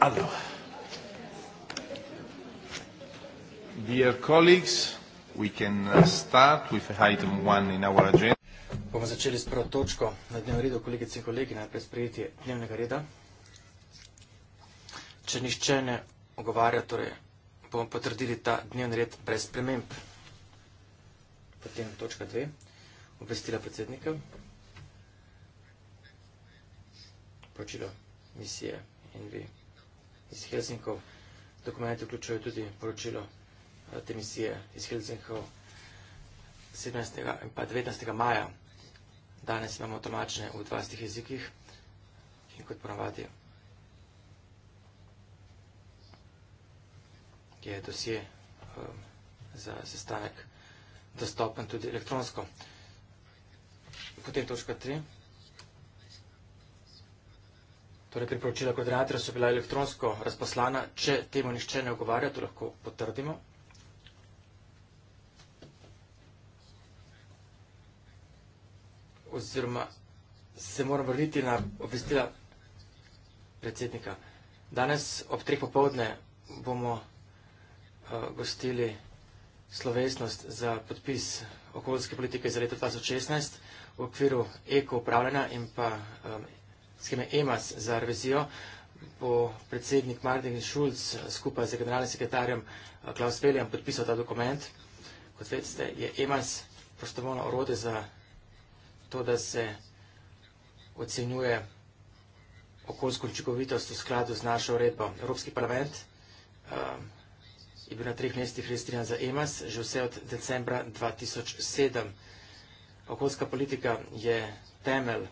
Allora. Dear colleagues, we can uh, start with item one in our agenda. Bomo začeli s prvo točko na dnevnem redu, kolegice in kolegi, najprej sprejetje dnevnega reda. Če nišče ne ogovarja, torej bomo potrdili ta dnevni red brez sprememb. Potem točka dve, obvestila predsednika, poročilo misije in vi iz Helsinkov. Dokumenti vključujejo tudi poročilo eh, te misije iz Helsinkov 17. in pa 19. maja. Danes imamo tolmačenje v 20 jezikih in kot ponavadi je dosje eh, za sestanek dostopen tudi elektronsko. Potem točka 3. Torej, priporočila koordinatorja so bila elektronsko razposlana, če temu nišče ne ogovarja, to lahko potrdimo. Oziroma, se moram vrniti na obvestila predsednika. Danes ob treh popovdne bomo uh, gostili slovesnost za podpis okoljske politike za leto 2016 v okviru eko upravljanja in pa um, skeme EMAS za revizijo bo predsednik Martin Schulz skupaj z generalnim sekretarjem eh, Klaus Veljem podpisal ta dokument. Kot vedste, je EMAS prostovoljno orode za to, da se ocenjuje okoljsko učinkovitost v skladu z našo uredbo. Evropski parlament eh, je bil na treh mestih registriran za EMAS že vse od decembra 2007. Okoljska politika je temelj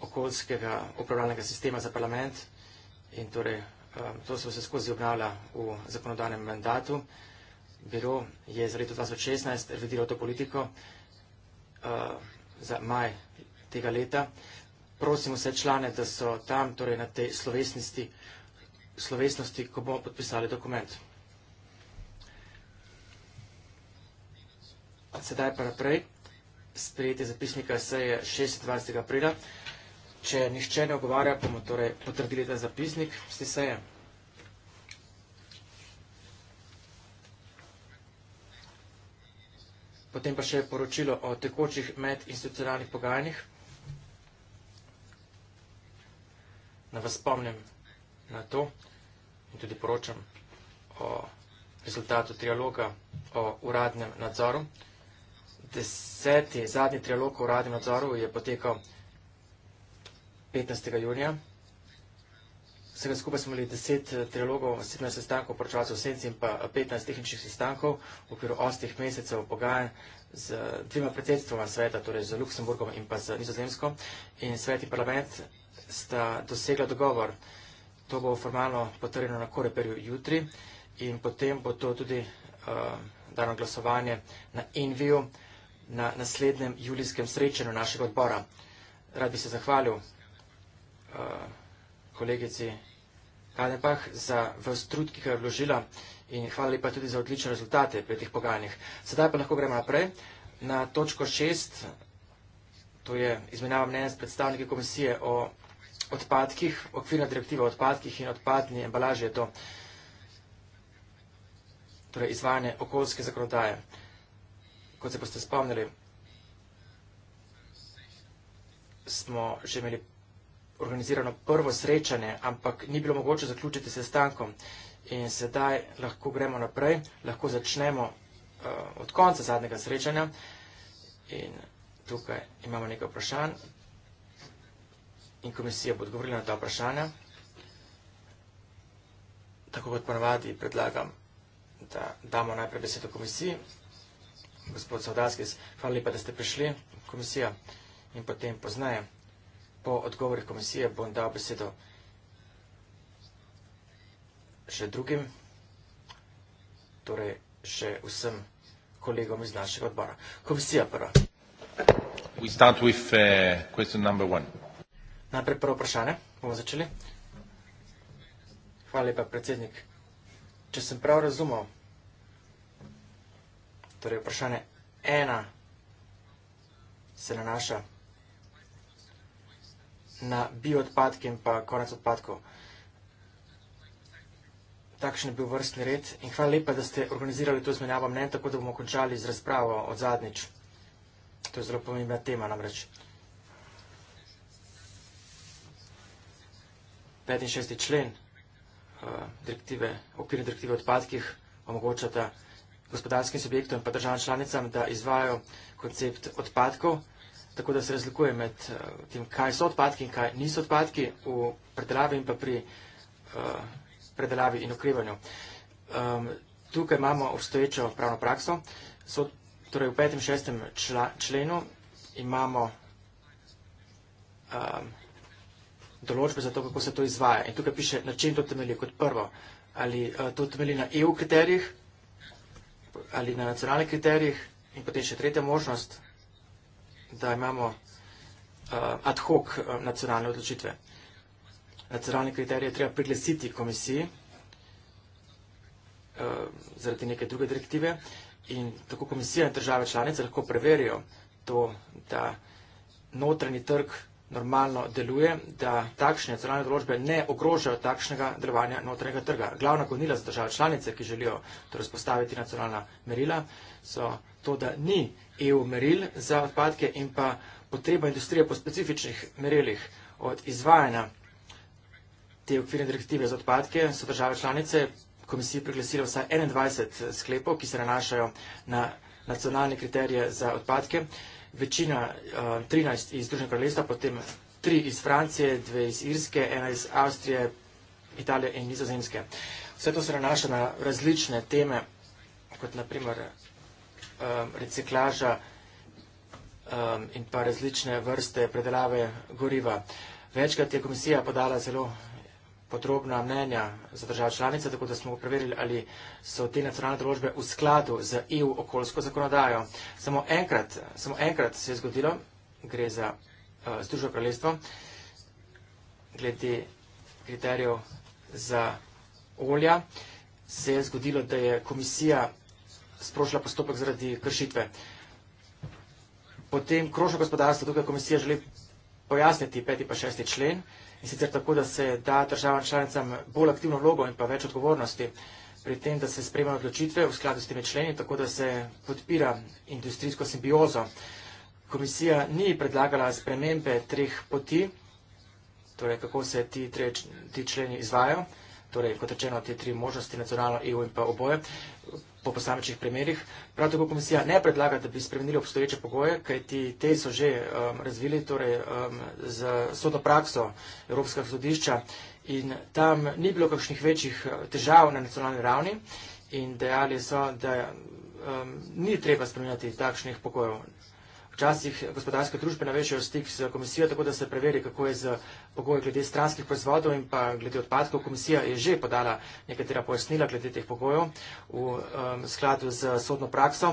okoljskega upravljalnega sistema za parlament in torej um, to so se skozi obnavlja v zakonodanem mandatu. Biro je za leto 2016 revidiral to politiko uh, za maj tega leta. Prosim vse člane, da so tam, torej na tej slovesnosti, ko bomo podpisali dokument. Sedaj pa naprej sprejeti zapisnika seje 26. aprila 2016. Če nihče ne ogovarja, bomo torej potrdili ta zapisnik. Vsi se je. Potem pa še poročilo o tekočih med institucionalnih pogajanjih. Na vas spomnim na to in tudi poročam o rezultatu trialoga o uradnem nadzoru. Deseti, zadnji trialog o uradnem nadzoru je potekal 15. junija. Vsega skupaj smo imeli 10 eh, trilogov, 17 sestankov, poročevalcev senc in pa 15 eh, tehničnih sestankov v okviru ostih mesecev pogajanj z eh, dvima predsedstvoma sveta, torej z Luksemburgom in pa z Nizozemsko. In sveti parlament sta dosegla dogovor. To bo formalno potrjeno na koreperju jutri in potem bo to tudi uh, dano glasovanje na Inviju na naslednjem julijskem srečanju našega odbora. Rad bi se zahvalil Eh, kolegici Kadepah za vas trud, ki ga je vložila in hvala lepa tudi za odlične rezultate pri teh pogajanjih. Sedaj pa lahko gremo naprej na točko šest, to je izmenjava mnenja s predstavniki komisije o odpadkih, okvirna direktiva o odpadkih in odpadni embalaži je to, torej izvajanje okoljske zakonodaje. Kot se boste spomnili, smo že imeli organizirano prvo srečanje, ampak ni bilo mogoče zaključiti sestankom. In sedaj lahko gremo naprej, lahko začnemo uh, od konca zadnjega srečanja. In tukaj imamo nekaj vprašanj in komisija bo odgovorila na ta vprašanja. Tako kot ponavadi predlagam, da damo najprej besedo komisiji. Gospod Saudaskis, hvala lepa, da ste prišli, komisija, in potem poznajem. Po odgovorih komisije bom dal besedo še drugim, torej še vsem kolegom iz našega odbora. Komisija prva. We start with, uh, question number one. Najprej prvo vprašanje, bomo začeli. Hvala lepa, predsednik. Če sem prav razumel, torej vprašanje ena se nanaša na bioodpadke in pa konec odpadkov. Takšen je bil vrstni red in hvala lepa, da ste organizirali to zmenjavo mnen, tako da bomo končali z razpravo od zadnjič. To je zelo pomembna tema namreč. 65. člen eh, okvirne direktive odpadkih omogočata gospodarskim subjektom in pa državnim članicam, da izvajo koncept odpadkov, tako da se razlikuje med uh, tem, kaj so odpadki in kaj niso odpadki v predelavi in pa pri uh, predelavi in okrevanju. Um, tukaj imamo obstoječo pravno prakso. So, torej v petem, šestem čla, členu imamo um, določbe za to, kako se to izvaja. In tukaj piše, na čem to temelji kot prvo. Ali uh, to temelji na EU kriterijih ali na nacionalnih kriterijih. In potem še tretja možnost, da imamo uh, ad hoc eh, nacionalne odločitve. Nacionalne kriterije treba priglesiti komisiji uh, zaradi neke druge direktive in tako komisija in države članice lahko preverijo to, da notranji trg normalno deluje, da takšne nacionalne določbe ne ogrožajo takšnega delovanja notranjega trga. Glavna gonila za države članice, ki želijo to torej razpostaviti nacionalna merila, so to, da ni EU meril za odpadke in pa potreba industrije po specifičnih merilih od izvajanja te okvirne direktive za odpadke so države članice komisiji priglasile vsaj 21 sklepov, ki se nanašajo na nacionalne kriterije za odpadke. Večina, 13 eh, iz Združenega kraljestva, potem 3 iz Francije, 2 iz Irske, 1 iz Avstrije, Italije in Nizozemske. Vse to se nanaša na različne teme, kot naprimer um, reciklaža um, in pa različne vrste predelave goriva. Večkrat je komisija podala zelo podrobna mnenja za države članice, tako da smo preverili, ali so te nacionalne določbe v skladu z EU okoljsko zakonodajo. Samo enkrat, samo enkrat se je zgodilo, gre za uh, Združeno kraljestvo, glede kriterijev za olja, se je zgodilo, da je komisija sprožila postopek zaradi kršitve. Potem krožno gospodarstvo, tukaj komisija želi pojasniti peti pa šesti člen in sicer tako, da se da državam članicam bolj aktivno vlogo in pa več odgovornosti pri tem, da se spremajo odločitve v skladu s temi členi, tako da se podpira industrijsko simbiozo. Komisija ni predlagala spremembe treh poti, torej kako se ti, tre, ti členi izvajo, torej kot rečeno te tri možnosti, nacionalno EU in pa oboje po posamečnih primerjih. Prav tako komisija ne predlaga, da bi spremenili obstoječe pogoje, kaj ti te so že um, razvili torej, um, z sodno prakso Evropskega sodišča in tam ni bilo kakšnih večjih uh, težav na nacionalni ravni in dejali so, da um, ni treba spremenjati takšnih pogojev včasih gospodarske družbe navežejo stik z komisijo, tako da se preveri, kako je z pogoji glede stranskih proizvodov in pa glede odpadkov. Komisija je že podala nekatera pojasnila glede teh pogojev v um, skladu z sodno prakso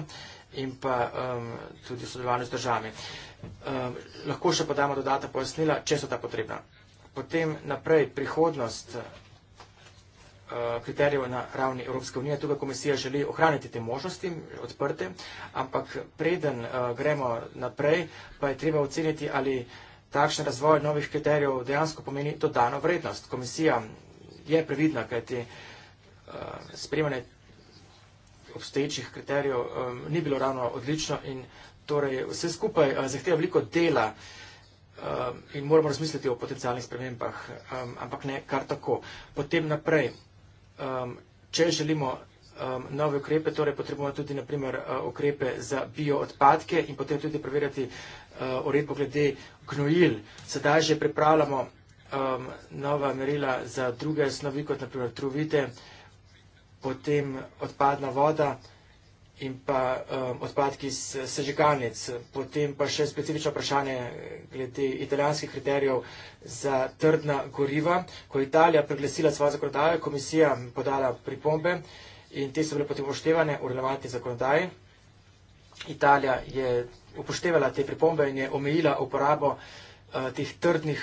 in pa um, tudi v sodelovanju z državami. Um, lahko še podamo dodata pojasnila, če so ta potrebna. Potem naprej prihodnost Eh, kriterijev na ravni Evropske unije. Tukaj komisija želi ohraniti te možnosti odprte, ampak preden eh, gremo naprej, pa je treba oceniti, ali takšen razvoj novih kriterijev dejansko pomeni dodano vrednost. Komisija je previdna, kajti eh, sprejemanje obstoječih kriterijev ni bilo ravno odlično in torej vse skupaj zahteva veliko dela in moramo razmisliti o potencijalnih spremembah, ampak ne kar tako. Potem naprej um, če želimo um, nove ukrepe, torej potrebujemo tudi naprimer uh, ukrepe za bioodpadke in potem tudi preverjati uh, uredbo uh, glede gnojil. Sedaj že pripravljamo um, nova merila za druge snovi, kot naprimer truvite, potem odpadna voda in pa um, odpadki iz sežigalnic. Potem pa še specifično vprašanje glede italijanskih kriterijev za trdna goriva. Ko je Italija preglesila svojo zakonodajo, je komisija podala pripombe in te so bile potem upoštevane v relevantni zakonodaji. Italija je upoštevala te pripombe in je omejila uporabo uh, teh trdnih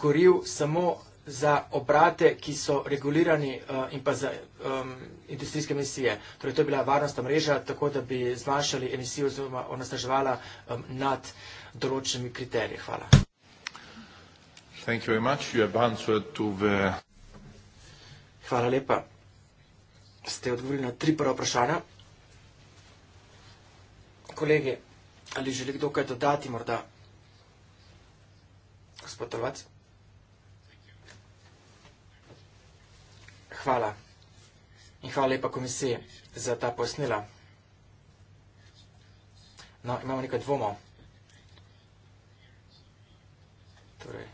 goriv samo za obrate, ki so regulirani uh, in pa za um, industrijske emisije. Torej, to je bila varnostna mreža, tako da bi zmanjšali emisijo oziroma onastraževala um, nad določenimi kriteriji. Hvala. Hvala lepa. Ste odgovorili na tri prva vprašanja. Kolege, ali želi kdo kaj dodati morda? Gospod Trvac. hvala. In hvala lepa komisiji za ta pojasnila. No, imamo nekaj dvomov. Torej,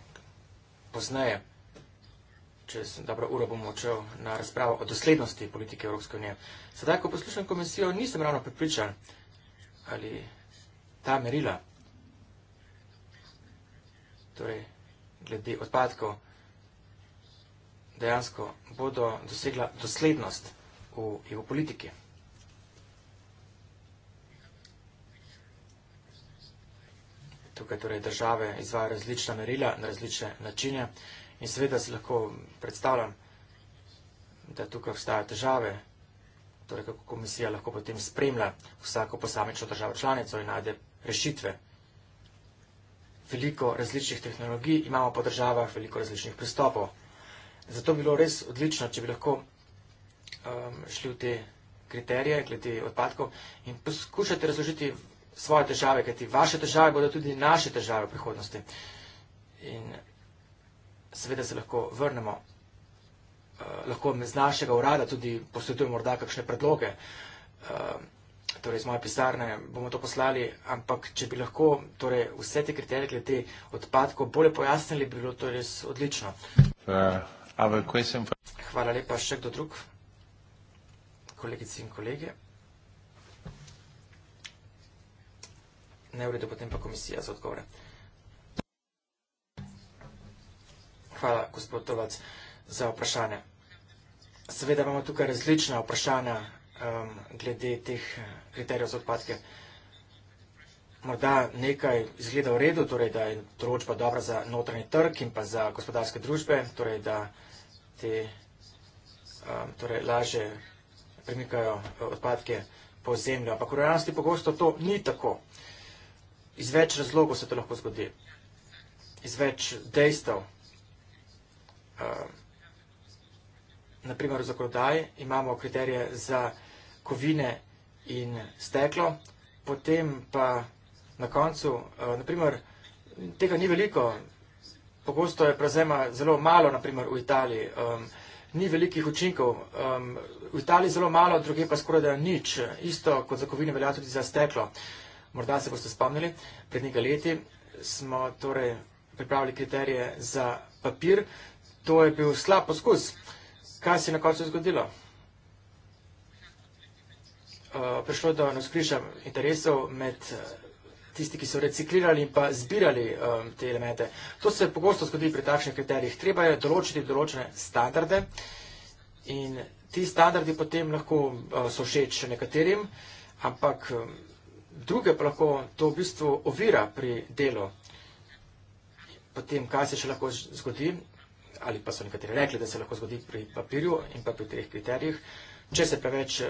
pozneje, čez dobro uro bom očel na razpravo o doslednosti politike Evropske unije. Sedaj, ko poslušam komisijo, nisem ravno pripričan, ali ta merila, torej, glede odpadkov, dejansko bodo dosegla doslednost v jeho politiki. Tukaj torej države izvajo različna merila na različne načine in seveda se lahko predstavljam, da tukaj vstajajo težave, torej kako komisija lahko potem spremlja vsako posamečno državo članico in najde rešitve. Veliko različnih tehnologij imamo po državah, veliko različnih pristopov. Zato bi bilo res odlično, če bi lahko um, šli v te kriterije glede odpadkov in poskušati razložiti svoje težave, kajti vaše težave bodo tudi naše težave v prihodnosti. In seveda se lahko vrnemo, uh, lahko z našega urada tudi posredujemo morda kakšne predloge. Uh, torej iz moje pisarne bomo to poslali, ampak če bi lahko torej, vse te kriterije glede odpadkov bolje pojasnili, bi bilo to res odlično. Uh. Hvala lepa. Še kdo drug? Kolegici in kolege? Ne v redu, potem pa komisija za odgovore. Hvala, gospod Tolac, za vprašanje. Seveda imamo tukaj različna vprašanja um, glede teh eh, kriterijev za odpadke. Morda nekaj izgleda v redu, torej da je določba dobra za notranji trg in pa za gospodarske družbe, torej da te um, torej laže premikajo uh, odpadke po zemljo. Ampak v realnosti pogosto to ni tako. Iz več razlogov se to lahko zgodi. Iz več dejstev. Um, naprimer v zakonodaji imamo kriterije za kovine in steklo, potem pa na koncu, uh, naprimer, tega ni veliko, pogosto je prazema zelo malo, naprimer v Italiji. Um, ni velikih učinkov. Um, v Italiji zelo malo, druge pa skoraj da nič. Isto kot za kovine velja tudi za steklo. Morda se boste spomnili, pred nekaj leti smo torej pripravili kriterije za papir. To je bil slab poskus. Kaj se je na koncu zgodilo? Uh, prišlo je do neuskriša interesov med. Uh, tisti, ki so reciklirali in pa zbirali um, te elemente. To se pogosto zgodi pri takšnih kriterijih. Treba je določiti določene standarde in ti standardi potem lahko uh, so všeč nekaterim, ampak um, druge pa lahko to v bistvu ovira pri delu. Potem, kaj se še lahko zgodi, ali pa so nekateri rekli, da se lahko zgodi pri papirju in pa pri teh kriterijih, če se preveč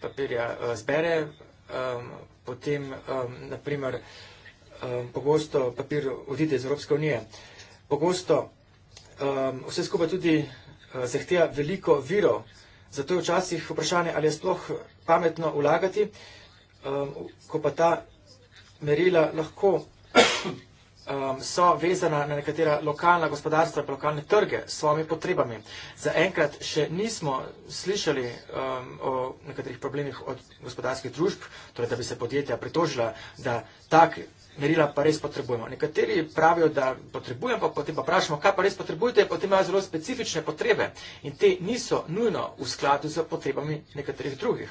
papirja uh, zbere, um, potem um, naprimer um, pogosto papir odide iz Evropske unije. Pogosto um, vse skupaj tudi uh, zahteva veliko virov, zato je včasih vprašanje, ali je sploh pametno ulagati, um, ko pa ta merila lahko um, so vezana na nekatera lokalna gospodarstva in lokalne trge s svojimi potrebami. Zaenkrat še nismo slišali um, o nekaterih problemih od gospodarskih družb, torej da bi se podjetja pritožila, da tak merila pa res potrebujemo. Nekateri pravijo, da potrebujemo, pa potem pa vprašamo, kaj pa res potrebujete, potem imajo zelo specifične potrebe in te niso nujno v skladu z potrebami nekaterih drugih.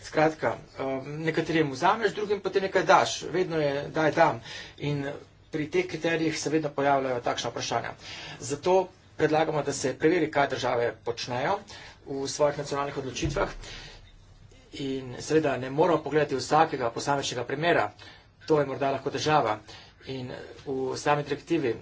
Skratka, um, nekaterim vzameš, drugim potem nekaj daš. Vedno je daj dam. In pri teh kriterijih se vedno pojavljajo takšna vprašanja. Zato predlagamo, da se preveri, kaj države počnejo v svojih nacionalnih odločitvah in seveda ne moramo pogledati vsakega posamečnega primera, to je morda lahko država in v sami direktivi,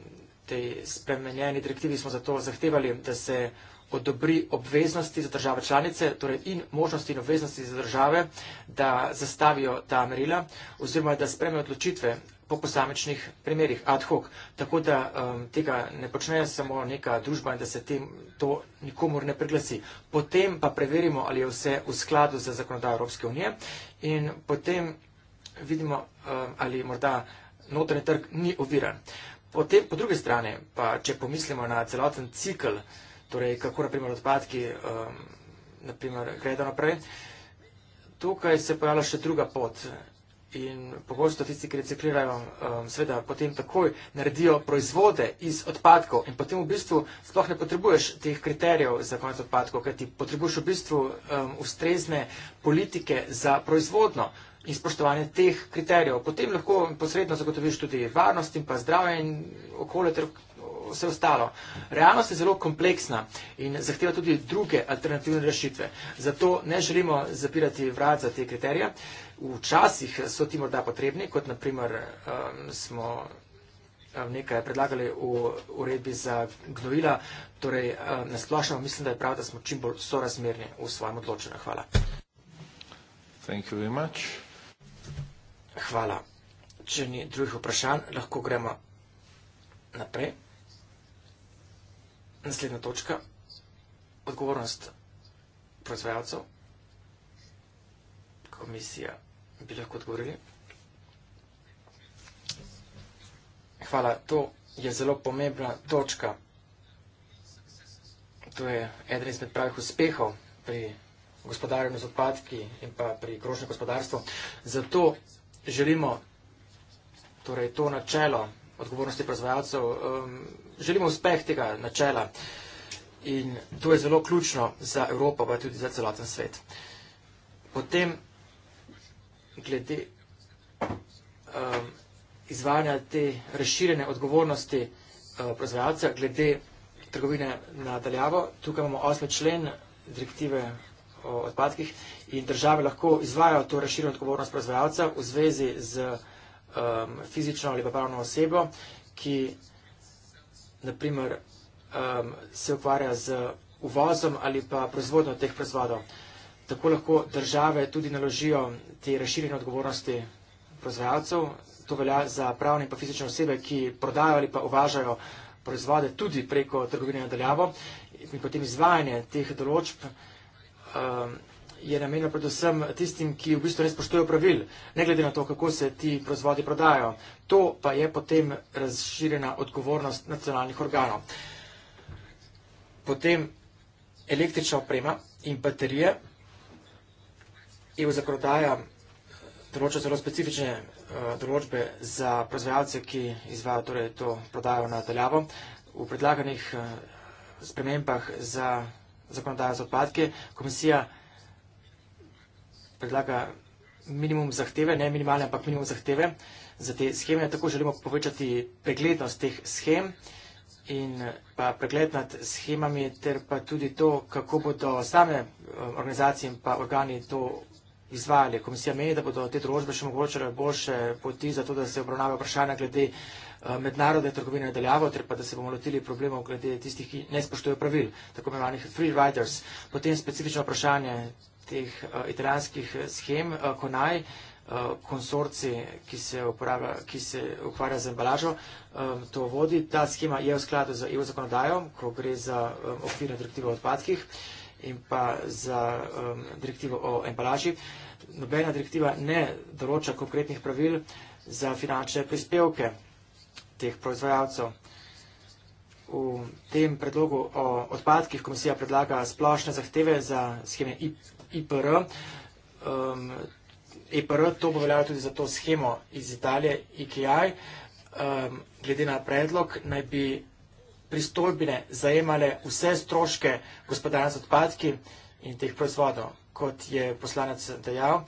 tej spremenjeni direktivi smo zato zahtevali, da se odobri obveznosti za države članice, torej in možnosti in obveznosti za države, da zastavijo ta merila oziroma da spreme odločitve po posamečnih primerjih, ad hoc. Tako da um, tega ne počne samo neka družba in da se tem, to nikomor ne priglasi. Potem pa preverimo, ali je vse v skladu z za zakonodajo Evropske unije in potem vidimo, um, ali morda notranji trg ni oviran. Potem, po druge strani, pa če pomislimo na celoten cikl, torej kako naprimer odpadki um, naprimer, gredo naprej, tukaj se pojavlja še druga pot. In pogosto tisti, ki reciklirajo, um, seveda potem takoj naredijo proizvode iz odpadkov in potem v bistvu sploh ne potrebuješ teh kriterijev za konec odpadkov, ker ti potrebuješ v bistvu um, ustrezne politike za proizvodno in spoštovanje teh kriterijev. Potem lahko posredno zagotoviš tudi varnost in pa zdravje in okolje ter vse ostalo. Realnost je zelo kompleksna in zahteva tudi druge alternativne rešitve. Zato ne želimo zapirati vrat za te kriterije. Uh, včasih so ti morda potrebni, kot naprimer um, smo um, nekaj predlagali v uredbi za gnojila. Torej, um, nasplošno mislim, da je prav, da smo čim bolj sorazmerni v svojem odločenju. Hvala. Hvala. Če ni drugih vprašanj, lahko gremo naprej. Naslednja točka. Odgovornost proizvajalcev. Komisija bi lahko odgovorili. Hvala. To je zelo pomembna točka. To je eden izmed pravih uspehov pri gospodarjenju z odpadki in pa pri krožnem gospodarstvu. Zato želimo torej, to načelo odgovornosti proizvajalcev, um, želimo uspeh tega načela in to je zelo ključno za Evropo, pa tudi za celoten svet. Potem glede um, izvajanja te razširjene odgovornosti uh, proizvajalca, glede trgovine nadaljavo. Tukaj imamo osmi člen direktive o odpadkih in države lahko izvajajo to razširjeno odgovornost proizvajalca v zvezi z um, fizično ali pa pravno osebo, ki naprimer um, se ukvarja z uvozom ali pa proizvodnjo teh proizvodov tako lahko države tudi naložijo te razširjene odgovornosti proizvajalcev. To velja za pravne in pa fizične osebe, ki prodajo ali pa uvažajo proizvode tudi preko trgovine nadaljavo. In potem izvajanje teh določb um, je namenjeno predvsem tistim, ki v bistvu ne spoštujejo pravil, ne glede na to, kako se ti proizvodi prodajo. To pa je potem razširjena odgovornost nacionalnih organov. Potem električna oprema in baterije. EU zakonodaja določa zelo specifične uh, določbe za proizvajalce, ki izvajo torej, to prodajo na daljavo. V predlaganih uh, spremembah za zakonodajo za odpadke komisija predlaga minimum zahteve, ne minimalne, ampak minimum zahteve za te scheme. Tako želimo povečati preglednost teh schem in eh, pa pregled nad schemami ter pa tudi to, kako bodo same organizacije in pa organi to izvajali. Komisija meni, da bodo te družbe še omogočile boljše poti za to, da se obravnava vprašanja glede eh, mednarodne trgovine nadaljavo, ter pa da se bomo lotili problemov glede tistih, ki ne spoštujejo pravil, tako imenovanih free riders. Potem specifično vprašanje teh eh, italijanskih schem, eh, konaj, konsorci, ki se, uporablja, ki se ukvarja z embalažo, to vodi. Ta schema je v skladu z EU zakonodajom, ko gre za okvirno direktivo odpadkih in pa za um, direktivo o embalaži. Nobena direktiva ne določa konkretnih pravil za finančne prispevke teh proizvajalcev. V tem predlogu o odpadkih komisija predlaga splošne zahteve za scheme IPR. Um, EPR, to bo veljalo tudi za to schemo iz Italije, IKI. Um, glede na predlog, naj bi pristolbine zajemale vse stroške gospodarja z odpadki in teh proizvodov, kot je poslanec dejal.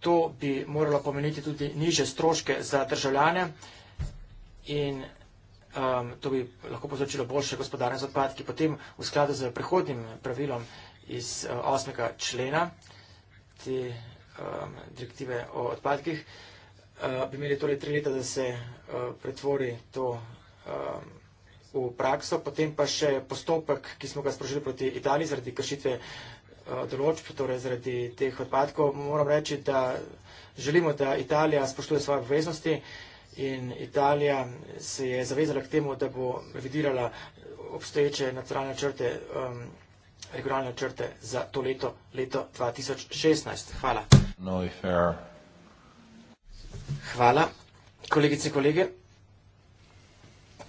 To bi moralo pomeniti tudi niže stroške za državljane in um, to bi lahko povzročilo boljše gospodarne z odpadki. Potem v skladu z prehodnim pravilom iz uh, 8. člena te um, direktive o odpadkih uh, bi imeli torej tri leta, da se uh, pretvori to. Um, v prakso, potem pa še postopek, ki smo ga sprožili proti Italiji zaradi kršitve eh, določb, torej zaradi teh odpadkov. Moram reči, da želimo, da Italija spoštuje svoje obveznosti in Italija se je zavezala k temu, da bo revidirala obstoječe nacionalne črte, um, regionalne črte za to leto, leto 2016. Hvala. No Hvala, kolegice in kolege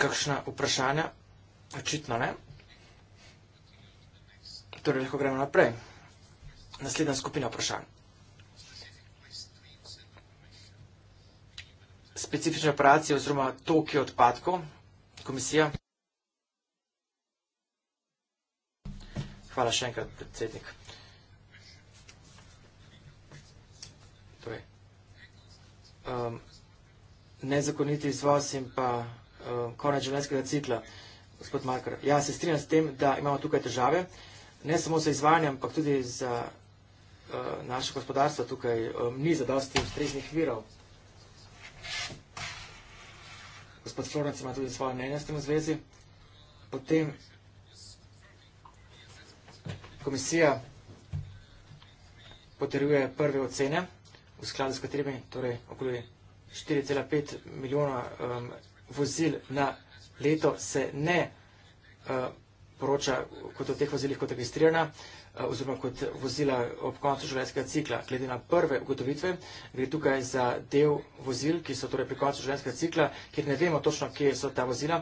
kakšna vprašanja? Očitno ne. Torej, lahko gremo naprej. Naslednja skupina vprašanj. Specifične operacije oziroma toki odpadkov, komisija. Hvala še enkrat, predsednik. Torej, um, nezakoniti izvoz in pa Eh, konec življenjskega cikla. Gospod Markar, ja, se strinjam s tem, da imamo tukaj težave, ne samo za izvajanje, ampak tudi za uh, naše gospodarstvo tukaj um, ni zadosti ustreznih virov. Gospod Florenc ima tudi svoje mnenje s tem v zvezi. Potem komisija potrjuje prve ocene, v skladu s katerimi, torej okoli 4,5 milijona um, vozil na leto se ne uh, poroča kot o teh vozilih kot registrirana eh, oziroma kot vozila ob koncu življenjskega cikla. Glede na prve ugotovitve, gre tukaj za del vozil, ki so torej pri koncu življenjskega cikla, kjer ne vemo točno, kje so ta vozila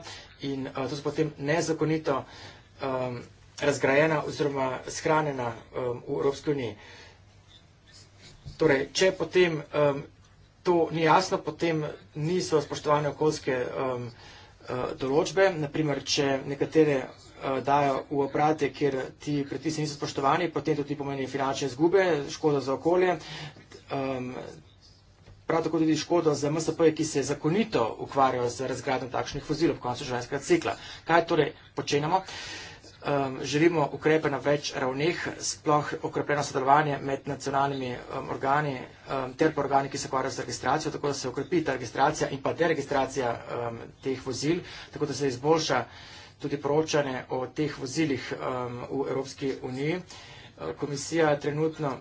in uh, to so potem nezakonito um, razgrajena oziroma shranjena um, v Evropski uniji. Torej, če potem um, to ni jasno, potem niso spoštovane okoljske um, uh, določbe. Naprimer, če nekatere uh, dajo v obrate, ker ti predpisi niso spoštovani, potem to ti pomeni finančne izgube, škoda za okolje. Um, prav tako tudi škodo za MSP-je, ki se zakonito ukvarjajo z razgradnjo takšnih vozil ob koncu življenjskega cikla. Kaj torej počenjamo? Uh, um, želimo ukrepe na več ravneh, sploh okrepljeno sodelovanje med nacionalnimi um, organi um, ter pa organi, ki se ukvarjajo z registracijo, tako da se ukrepi ta registracija in pa deregistracija um, teh vozil, tako da se izboljša tudi poročanje o teh vozilih um, v Evropski uniji. Komisija trenutno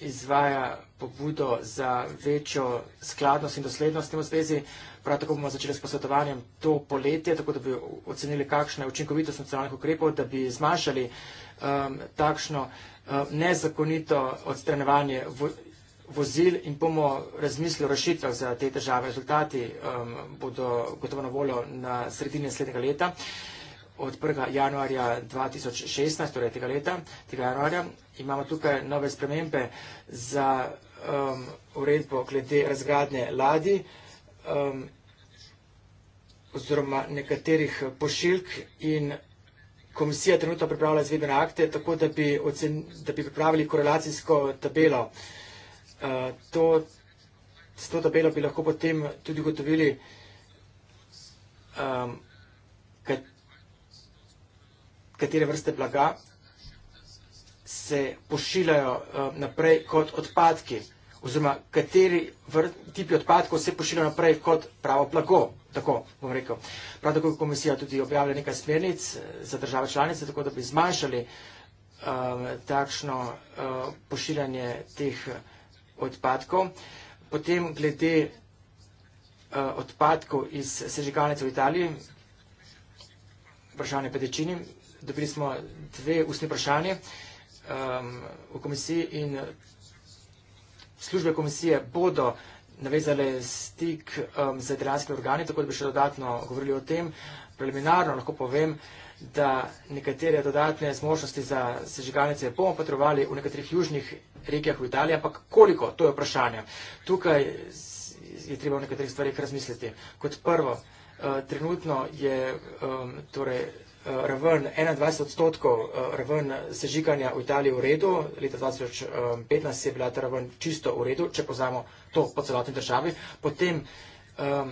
izvaja pobudo za večjo skladnost in doslednost v zvezi Prav tako bomo začeli s posvetovanjem to poletje, tako da bi ocenili, kakšna je učinkovitost nacionalnih ukrepov, da bi zmanjšali um, takšno um, nezakonito odstranevanje vo vozil in bomo razmislili o rešitvah za te države. Rezultati um, bodo gotovo na voljo na sredini naslednjega leta od 1. januarja 2016, torej tega leta, tega januarja. Imamo tukaj nove spremembe za um, uredbo glede razgradnje ladi um, oziroma nekaterih eh, pošiljk in komisija trenutno pripravlja izvedbene akte, tako da bi, ocen, da bi pripravili korelacijsko tabelo. Eh, to, s to tabelo bi lahko potem tudi ugotovili, ehm, katere vrste blaga se pošiljajo eh, naprej kot odpadki oziroma kateri tipi odpadkov se pošilja naprej kot pravo blago. Tako bom rekel. Prav tako je komisija tudi objavila nekaj smernic eh, za države članice, tako da bi zmanjšali uh, takšno uh, pošiljanje teh odpadkov. Potem glede uh, odpadkov iz sežigalnice v Italiji, vprašanje petečini, dobili smo dve ustne vprašanje um, v komisiji in službe komisije bodo navezale stik um, z dranskimi organi, tako da bi še dodatno govorili o tem. Preliminarno lahko povem, da nekatere dodatne zmožnosti za sežigalnice bomo potrebovali v nekaterih južnih regijah v Italiji, ampak koliko, to je vprašanje. Tukaj je treba v nekaterih stvarih razmisliti. Kot prvo, uh, trenutno je um, torej, Eh, raven 21 odstotkov eh, raven sežiganja v Italiji v redu, leta 2015 eh, je bila ta raven čisto v redu, če poznamo to po celotni državi. Potem um,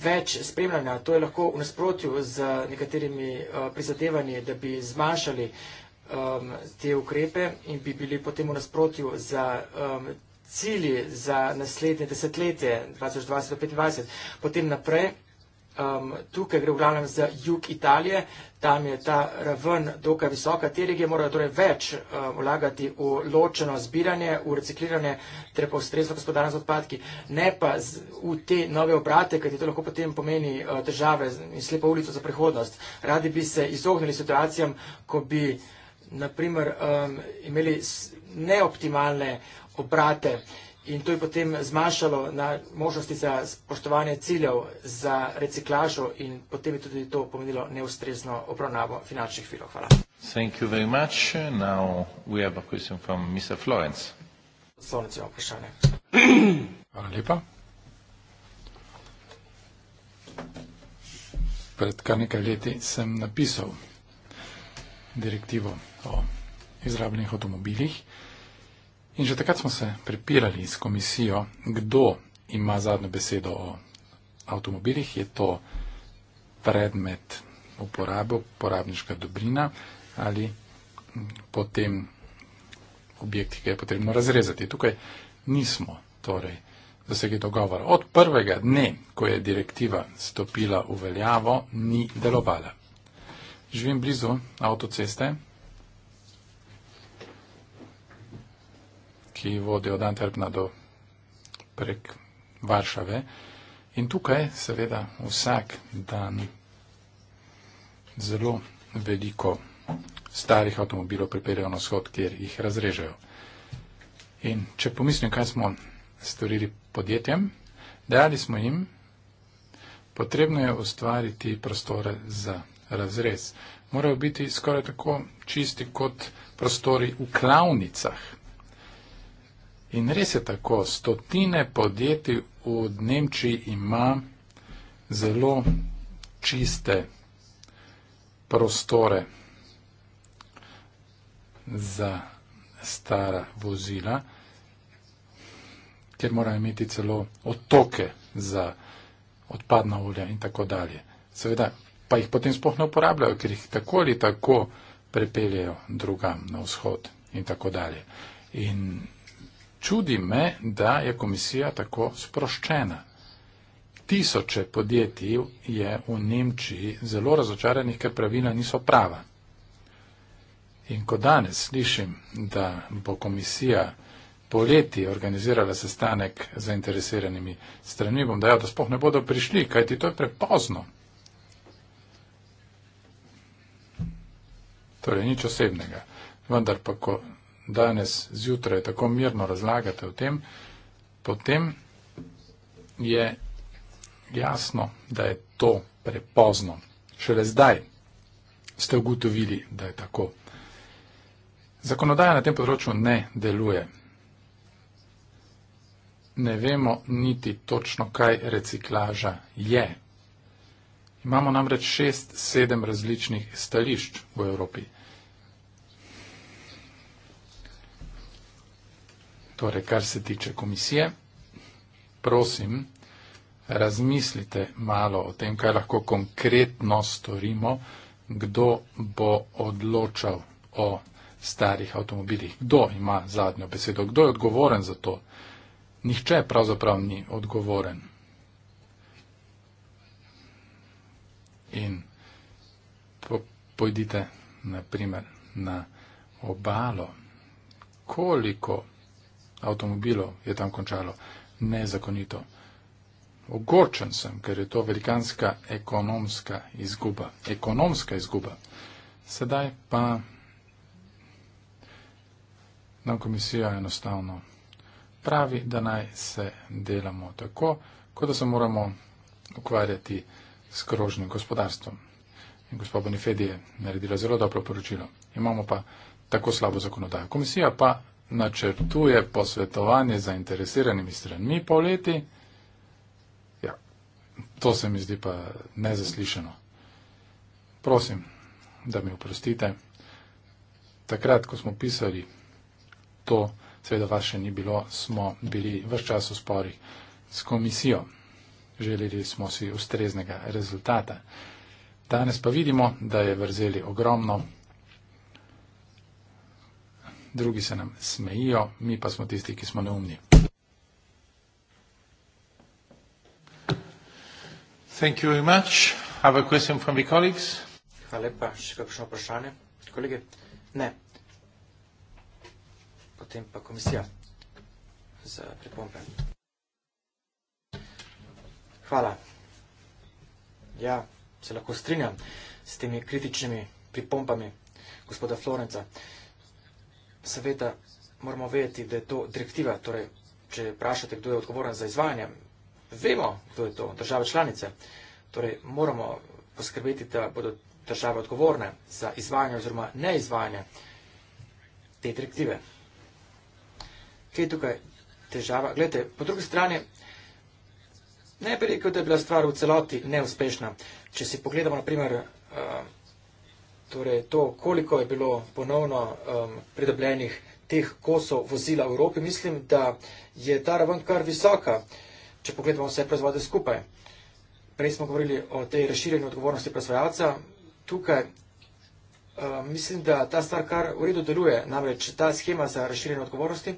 več spremljanja, to je lahko v nasprotju z nekaterimi prizadevanji, da bi zmanjšali um, te ukrepe in bi bili potem v nasprotju z um, cilji za naslednje desetletje 2020-2025. Potem naprej um, tukaj gre v glavnem za jug Italije, tam je ta raven dokaj visoka, te regije morajo torej več um, vlagati v ločeno zbiranje, v recikliranje, ter pa ustrezno gospodarno z odpadki, ne pa z, v te nove obrate, kajti to lahko potem pomeni uh, eh, države in slepo ulico za prihodnost. Radi bi se izognili situacijam, ko bi naprimer um, ehm, imeli neoptimalne obrate. In to je potem zmanjšalo na možnosti za spoštovanje ciljev za reciklažo in potem je tudi to pomenilo neustrezno obravnavo finančnih virov. Hvala. Thank you very much. Now we have a question from Mr. Florence. Florence, ima vprašanje. Hvala lepa. Pred kar nekaj leti sem napisal direktivo o izrabljenih avtomobilih. In že takrat smo se prepirali s komisijo, kdo ima zadnjo besedo o avtomobilih, je to predmet uporabe, uporabniška dobrina ali potem objekt, ki je potrebno razrezati. Tukaj nismo torej zasegli dogovora. Od prvega dne, ko je direktiva stopila v veljavo, ni delovala. Živim blizu avtoceste, ki vodi od Antwerpna do prek Varšave. In tukaj seveda vsak dan zelo veliko starih avtomobilov pripeljejo na shod, kjer jih razrežejo. In če pomislim, kaj smo storili podjetjem, dejali smo jim, potrebno je ustvariti prostore za razrez. Morajo biti skoraj tako čisti kot prostori v klavnicah, In res je tako, stotine podjetij v Nemčiji ima zelo čiste prostore za stara vozila, ker morajo imeti celo otoke za odpadna olja in tako dalje. Seveda pa jih potem sploh ne uporabljajo, ker jih tako ali tako prepeljejo drugam na vzhod in tako dalje. In Čudi me, da je komisija tako sproščena. Tisoče podjetij je v Nemčiji zelo razočaranih, ker pravila niso prava. In ko danes slišim, da bo komisija poleti organizirala sestanek z zainteresiranimi strani, bom dejal, da spoh ne bodo prišli, kajti to je prepozno. Torej, nič osebnega. Vendar pa, ko danes zjutraj tako mirno razlagate o tem, potem je jasno, da je to prepozno. Šele zdaj ste ugotovili, da je tako. Zakonodaja na tem področju ne deluje. Ne vemo niti točno, kaj reciklaža je. Imamo namreč šest, sedem različnih stališč v Evropi. Torej, kar se tiče komisije, prosim, razmislite malo o tem, kaj lahko konkretno storimo, kdo bo odločal o starih avtomobilih, kdo ima zadnjo besedo, kdo je odgovoren za to. Nihče pravzaprav ni odgovoren. In po, pojdite, naprimer, na obalo. Koliko avtomobilov je tam končalo nezakonito. Ogorčen sem, ker je to velikanska ekonomska izguba. Ekonomska izguba. Sedaj pa nam komisija enostavno pravi, da naj se delamo tako, kot da se moramo ukvarjati s krožnim gospodarstvom. In gospod Bonifedi je naredila zelo dobro poročilo. Imamo pa tako slabo zakonodajo. Komisija pa načrtuje posvetovanje zainteresiranimi stranmi poleti. Ja, to se mi zdi pa nezaslišano. Prosim, da mi oprostite. Takrat, ko smo pisali to, seveda vas še ni bilo, smo bili vse čas v sporih s komisijo. Želeli smo si ustreznega rezultata. Danes pa vidimo, da je vrzeli ogromno drugi se nam smejijo, mi pa smo tisti, ki smo neumni. Thank you very much. Have a question from the colleagues. Hvala lepa. Še kakšno vprašanje? Kolege? Ne. Potem pa komisija za pripombe. Hvala. Ja, se lahko strinjam s temi kritičnimi pripombami gospoda Florenca. Hvala seveda moramo vedeti, da je to direktiva. Torej, če vprašate, kdo je odgovoren za izvajanje, vemo, kdo je to, države članice. Torej, moramo poskrbeti, da bodo države odgovorne za izvajanje oziroma neizvajanje te direktive. Kje je tukaj težava? Glede, po drugi strani, ne bi rekel, da je bila stvar v celoti neuspešna. Če si pogledamo, na primer, uh, torej to, koliko je bilo ponovno um, pridobljenih teh kosov vozila v Evropi, mislim, da je ta raven kar visoka, če pogledamo vse proizvode skupaj. Prej smo govorili o tej razširjeni odgovornosti proizvajalca. Tukaj um, mislim, da ta stvar kar v redu deluje, namreč ta schema za razširjeno odgovornosti,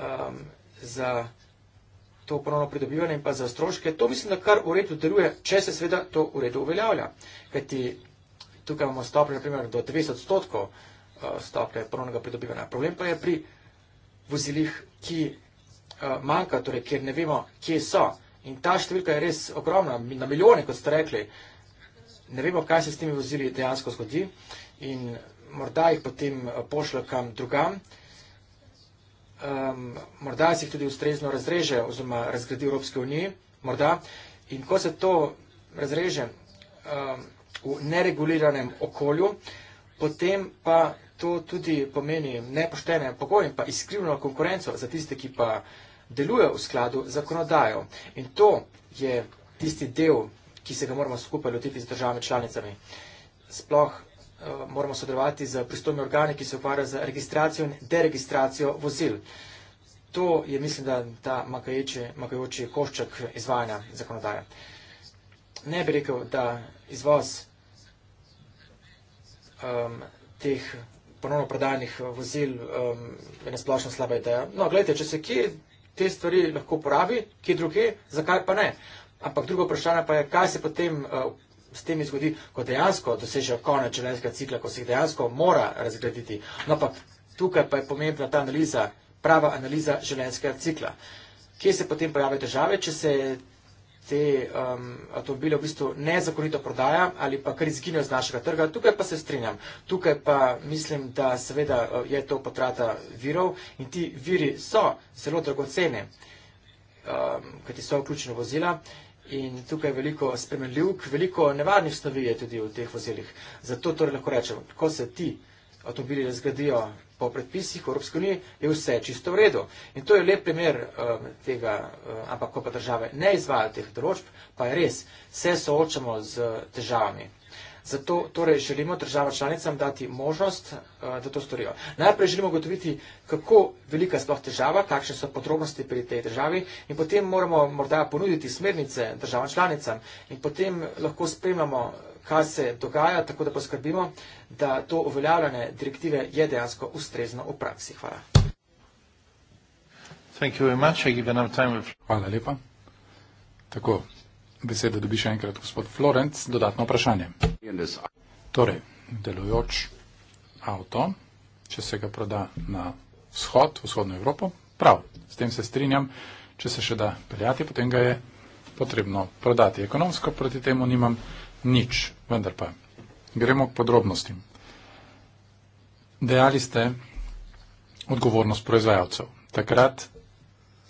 um, za to ponovno pridobivanje in pa za stroške, to mislim, da kar v redu deluje, če se seveda to v redu uveljavlja. Kajti tukaj imamo stopnje, naprimer, do 20 odstotkov eh, stopnje ponovnega pridobivanja. Problem pa je pri vozilih, ki eh, manjka, torej, ker ne vemo, kje so. In ta številka je res ogromna, na milijone, kot ste rekli. Ne vemo, kaj se s temi vozili dejansko zgodi in morda jih potem eh, pošlja kam drugam. Um, morda se jih tudi ustrezno razreže oziroma razgradi v Evropske unije, morda. In ko se to razreže, um, v nereguliranem okolju, potem pa to tudi pomeni nepoštene pogoje in pa iskrivno konkurenco za tiste, ki pa delujejo v skladu z zakonodajo. In to je tisti del, ki se ga moramo skupaj lotiti z državami članicami. Sploh uh, moramo sodelovati z pristojnimi organi, ki se ukvarjajo z registracijo in deregistracijo vozil. To je, mislim, da ta makajoči košček izvajanja zakonodaje. Uh, ne bi rekel, da izvoz um, teh ponovno prodajnih uh, vozil um, je nasplošno slaba ideja. No, gledajte, če se kje te stvari lahko uporabi, kje druge, zakaj pa ne? Ampak drugo vprašanje pa je, kaj se potem uh, s tem izgodi, ko dejansko dosežejo konec življenjskega cikla, ko se jih dejansko mora razgraditi. No, pa tukaj pa je pomembna ta analiza, prava analiza življenjskega cikla. Kje se potem pojavijo težave, če se te um, avtomobile v bistvu nezakonito prodaja ali pa kar izginejo z našega trga. Tukaj pa se strinjam. Tukaj pa mislim, da seveda uh, je to potrata virov in ti viri so zelo dragocene, um, kajti so vključene vozila. In tukaj je veliko spremenljivk, veliko nevarnih snovi je tudi v teh vozilih. Zato torej lahko rečem, ko se ti avtomobili razgradijo po predpisih Evropske unije je vse čisto v redu. In to je lep primer um, tega, um, ampak ko pa države ne izvajo teh določb, pa je res, se soočamo z težavami. Zato torej želimo državam članicam dati možnost, uh, da to storijo. Najprej želimo gotoviti, kako velika sploh težava, kakšne so podrobnosti pri tej državi in potem moramo morda ponuditi smernice državam članicam in potem lahko spremljamo kaj se dogaja, tako da poskrbimo, da to uveljavljanje direktive je dejansko ustrezno v praksi. Hvala. Hvala lepa. Tako, besedo dobi še enkrat gospod Florenc, dodatno vprašanje. Torej, delujoč avto, če se ga proda na vzhod, vzhodno Evropo, prav, s tem se strinjam, če se še da peljati, potem ga je potrebno prodati. Ekonomsko proti temu nimam nič. Vendar pa, gremo k podrobnostim. Dejali ste odgovornost proizvajalcev. Takrat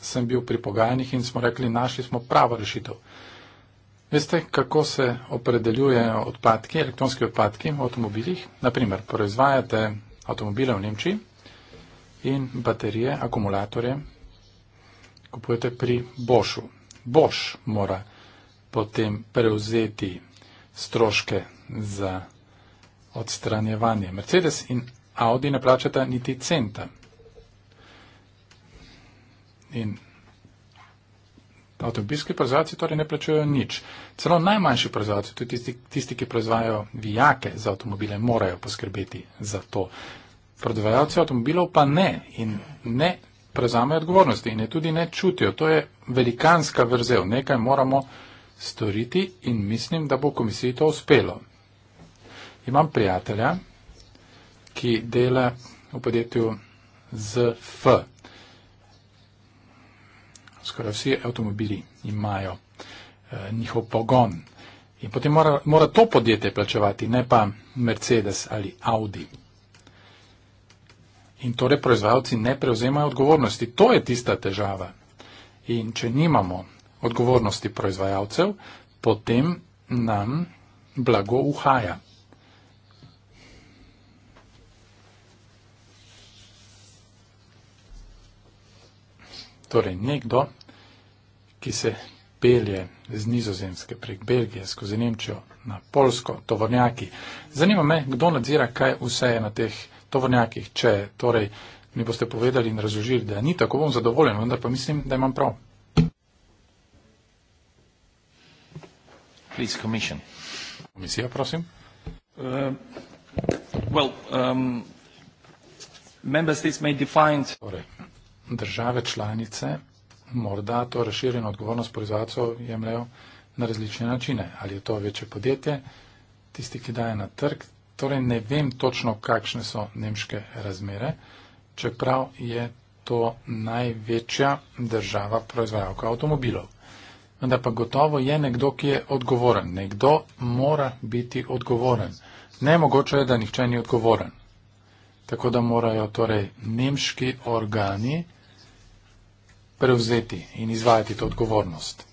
sem bil pri pogajanjih in smo rekli, našli smo pravo rešitev. Veste, kako se opredeljujejo odpadki, elektronski odpadki v avtomobilih? Naprimer, proizvajate avtomobile v Nemčiji in baterije, akumulatorje kupujete pri Boschu. Bosch mora potem prevzeti stroške za odstranjevanje. Mercedes in Audi ne plačata niti centa. In avtomobilski proizvajalci torej ne plačujejo nič. Celo najmanjši proizvajalci, tudi tisti, tisti, ki proizvajajo vijake za avtomobile, morajo poskrbeti za to. Prodajalci avtomobilov pa ne in ne prevzamejo odgovornosti in je tudi ne čutijo. To je velikanska vrzel. Nekaj moramo storiti in mislim, da bo komisiji to uspelo. Imam prijatelja, ki dela v podjetju ZF. Skoraj vsi avtomobili imajo eh, njihov pogon. In potem mora, mora to podjetje plačevati, ne pa Mercedes ali Audi. In torej proizvajalci ne prevzemajo odgovornosti. To je tista težava. In če nimamo odgovornosti proizvajalcev, potem nam blago uhaja. Torej, nekdo, ki se pelje z nizozemske prek Belgije skozi Nemčijo na Polsko, tovornjaki. Zanima me, kdo nadzira, kaj vse je na teh tovornjakih. Če torej, mi boste povedali in razložili, da ni tako, bom zadovoljen, vendar pa mislim, da imam prav. Please, Commission. Komisija, prosim. Uh, well, um, member states may define... Torej, države članice morda to razširjeno odgovornost proizvajalcev jemljajo na različne načine. Ali je to večje podjetje, tisti, ki daje na trg. Torej, ne vem točno, kakšne so nemške razmere, čeprav je to največja država proizvajalka avtomobilov vendar pa gotovo je nekdo, ki je odgovoren. Nekdo mora biti odgovoren. Nemogoče je, da nihče ni odgovoren. Tako da morajo torej nemški organi prevzeti in izvajati to odgovornost.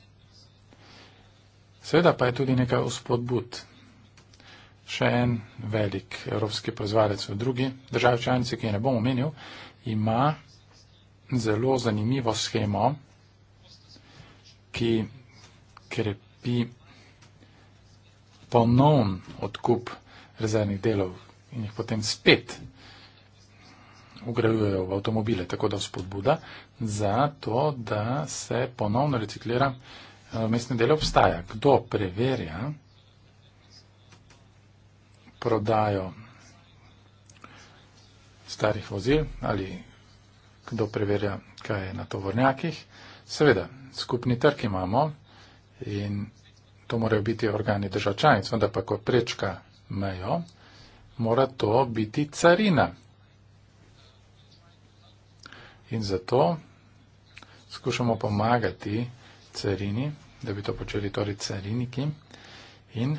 Seveda pa je tudi nekaj uspodbud. Še en velik evropski proizvajalec v drugi državi članici, ki je ne bom omenil, ima zelo zanimivo schemo, ki krepi ponovn odkup rezervnih delov in jih potem spet ugrajujejo v avtomobile, tako da vzpodbuda za to, da se ponovno reciklira eh, mestne dele obstaja. Kdo preverja prodajo starih vozil ali kdo preverja, kaj je na tovornjakih, seveda skupni trg imamo in to morajo biti organi držav članic, vendar pa ko prečka mejo, mora to biti carina. In zato skušamo pomagati carini, da bi to počeli torej cariniki in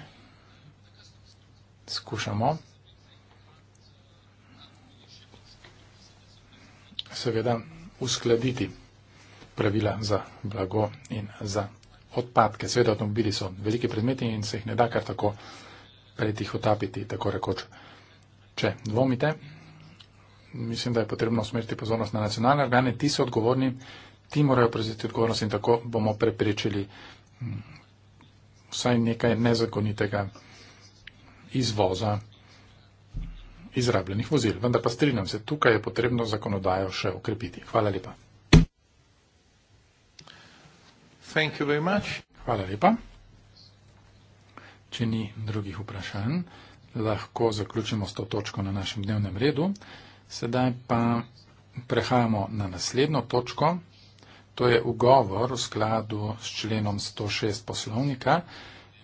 skušamo seveda uskladiti pravila za blago in za odpadke. Sveda avtomobili so veliki predmeti in se jih ne da kar tako pred jih otapiti, tako rekoč. Če dvomite, mislim, da je potrebno smeriti pozornost na nacionalne organe, ti so odgovorni, ti morajo prevzeti odgovornost in tako bomo preprečili hm, vsaj nekaj nezakonitega izvoza izrabljenih vozil. Vendar pa strinjam se, tukaj je potrebno zakonodajo še ukrepiti. Hvala lepa. Thank you very much. Hvala lepa. Če ni drugih vprašanj, lahko zaključimo s to točko na našem dnevnem redu. Sedaj pa prehajamo na naslednjo točko. To je ugovor v skladu s členom 106 poslovnika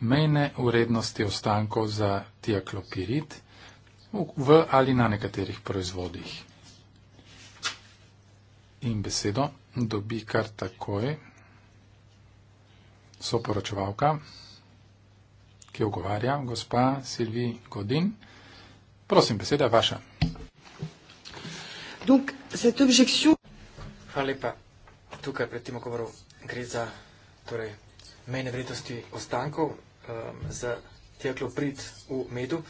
mejne urednosti ostankov za tiaklopirit v ali na nekaterih proizvodih. In besedo dobi kar takoj soporočevalka, ki ogovarja gospa Silvi Godin. Prosim, beseda je vaša. Donc, cette objection... Hvala lepa. Tukaj pred tem govorom gre za torej, mejne vrednosti ostankov um, za teoklopid v medu.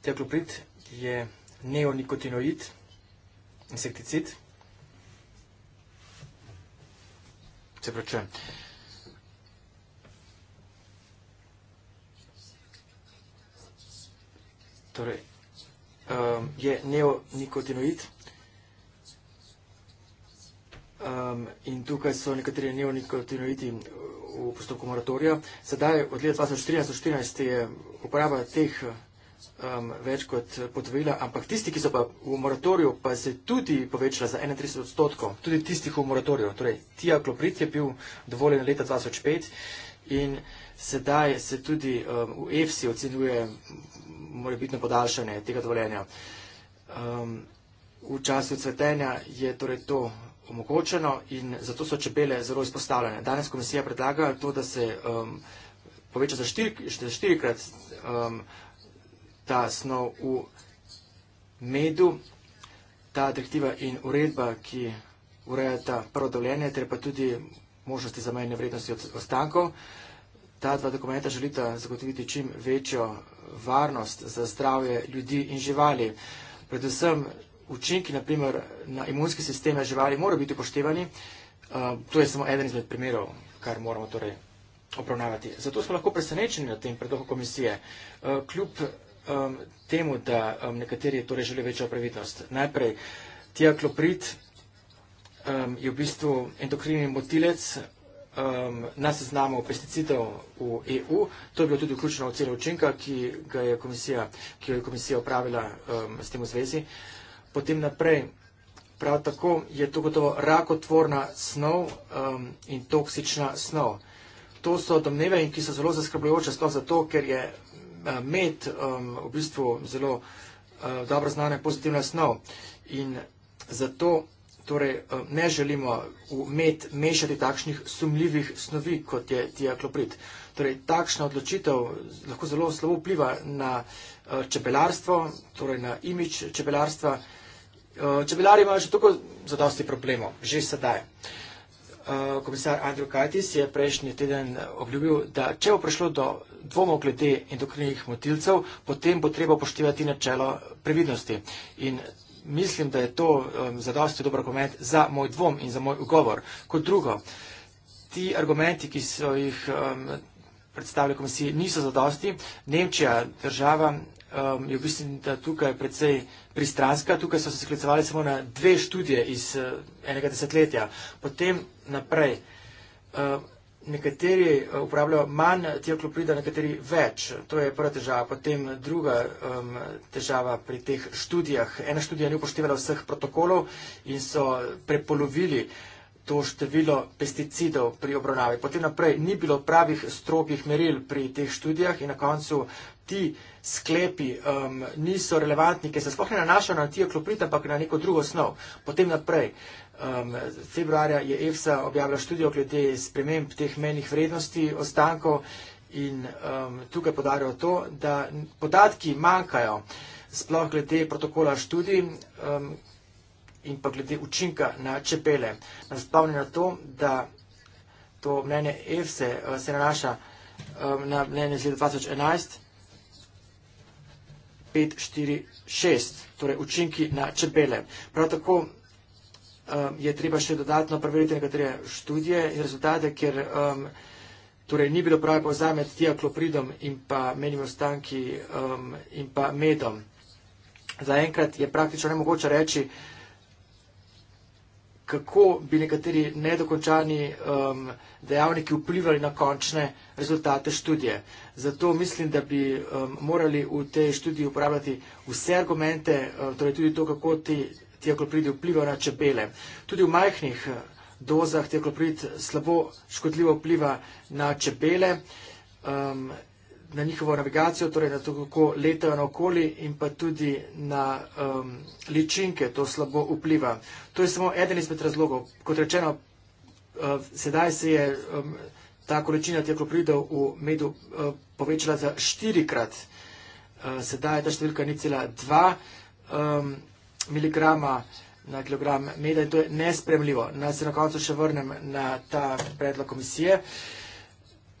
Teoklopid je neonikotinoid, insekticid. Se pravi, torej, um, je neonikotinoid. Um, in tukaj so nekateri neonikotinoidi v postopku moratorija. Sedaj od leta 2014 je uporaba teh um, več kot potvrdila, ampak tisti, ki so pa v moratoriju, pa se je tudi povečala za 31 odstotkov, tudi tistih v moratoriju. Torej, tija kloprit je bil dovoljen leta 2005 in sedaj se tudi um, v EFSI ocenjuje moje bitno podaljšanje tega dovoljenja. Um, v času cvetenja je torej to omogočeno in zato so čebele zelo izpostavljene. Danes komisija predlaga to, da se um, poveča za štirikrat štir um, ta snov v medu, ta direktiva in uredba, ki ureja ta prvo dovoljenje, ter pa tudi možnosti za manjne vrednosti od ostankov. Ta dva dokumenta želita zagotoviti čim večjo varnost, za zdravje ljudi in živali. Predvsem učinki naprimer, na imunski sistem živali morajo biti upoštevani. Uh, to je samo eden izmed primerov, kar moramo torej obravnavati. Zato smo lahko presenečeni na tem predlogu komisije. Uh, kljub um, temu, da um, nekateri torej želijo večjo previdnost. Najprej, tiaklopid um, je v bistvu endokrinni motilec, um, na seznamu pesticidov v EU. To je bilo tudi vključeno v cilj učinka, ki, je komisija, ki jo je komisija opravila um, s tem v zvezi. Potem naprej, prav tako je to gotovo rakotvorna snov um, in toksična snov. To so domneve, ki so zelo zaskrbljujoče, sploh zato, ker je uh, med um, v bistvu zelo uh, dobro znana pozitivna snov. In zato torej, eh, ne želimo v med mešati takšnih sumljivih snovi, kot je diakloprid. Torej, takšna odločitev lahko zelo slabo vpliva na eh, čebelarstvo, torej na imič čebelarstva. Eh, čebelari imajo še tako zadosti problemov, že sedaj. Komisar Andrew Kajtis je prejšnji teden obljubil, da če bo prišlo do dvomov glede endokrinih motilcev, potem bo treba upoštevati načelo previdnosti. In mislim, da je to um, zadosti dober argument za moj dvom in za moj ugovor. Kot drugo, ti argumenti, ki so jih um, predstavili komisiji, niso zadosti. Nemčija, država, um, je v bistvu tukaj predvsej pristranska. Tukaj so se sklicovali samo na dve študije iz uh, enega desetletja. Potem naprej. Uh, Nekateri eh, uporabljajo manj tioklopida, nekateri več. To je prva težava. Potem druga um, težava pri teh študijah. Ena študija ni upoštevala vseh protokolov in so prepolovili to število pesticidov pri obravnavi. Potem naprej ni bilo pravih strogih meril pri teh študijah in na koncu ti sklepi um, niso relevantni, ker se sploh ne nanašajo na tioklopid, ampak na neko drugo snov. Potem naprej. Uh, um, februarja je EFSA objavila študijo glede sprememb teh menjih vrednosti ostankov in um, tukaj podarijo to, da podatki manjkajo sploh glede protokola študij um, in pa glede učinka na čepele. Nasplavljeno na to, da to mnenje EFSE uh, se nanaša um, na mnenje z leta 2011. 5, 4, 6, torej učinki na čebele. Prav tako um, je treba še dodatno preveriti nekatere študije in rezultate, ker um, torej ni bilo prave povezave med tiakloprodom in pa menimo stanki um, in pa medom. Zaenkrat je praktično nemogoče reči, kako bi nekateri nedokončani um, dejavniki vplivali na končne rezultate študije. Zato mislim, da bi um, morali v tej študiji uporabljati vse argumente, um, torej tudi to, kako ti ti akoprid vplivajo na čebele. Tudi v majhnih eh, dozah ti akoprid slabo škodljivo vpliva na čebele, um, na njihovo navigacijo, torej na to, kako letajo na okoli in pa tudi na um, ličinke to slabo vpliva. To je samo eden izmed razlogov. Kot rečeno, uh, sedaj se je. Um, Ta količina teh kloprida v medu uh, povečala za štirikrat, uh, sedaj je ta številka ni cela dva. Um, miligrama na kilogram meda in to je nespremljivo. Na se na koncu še vrnem na ta predlog komisije.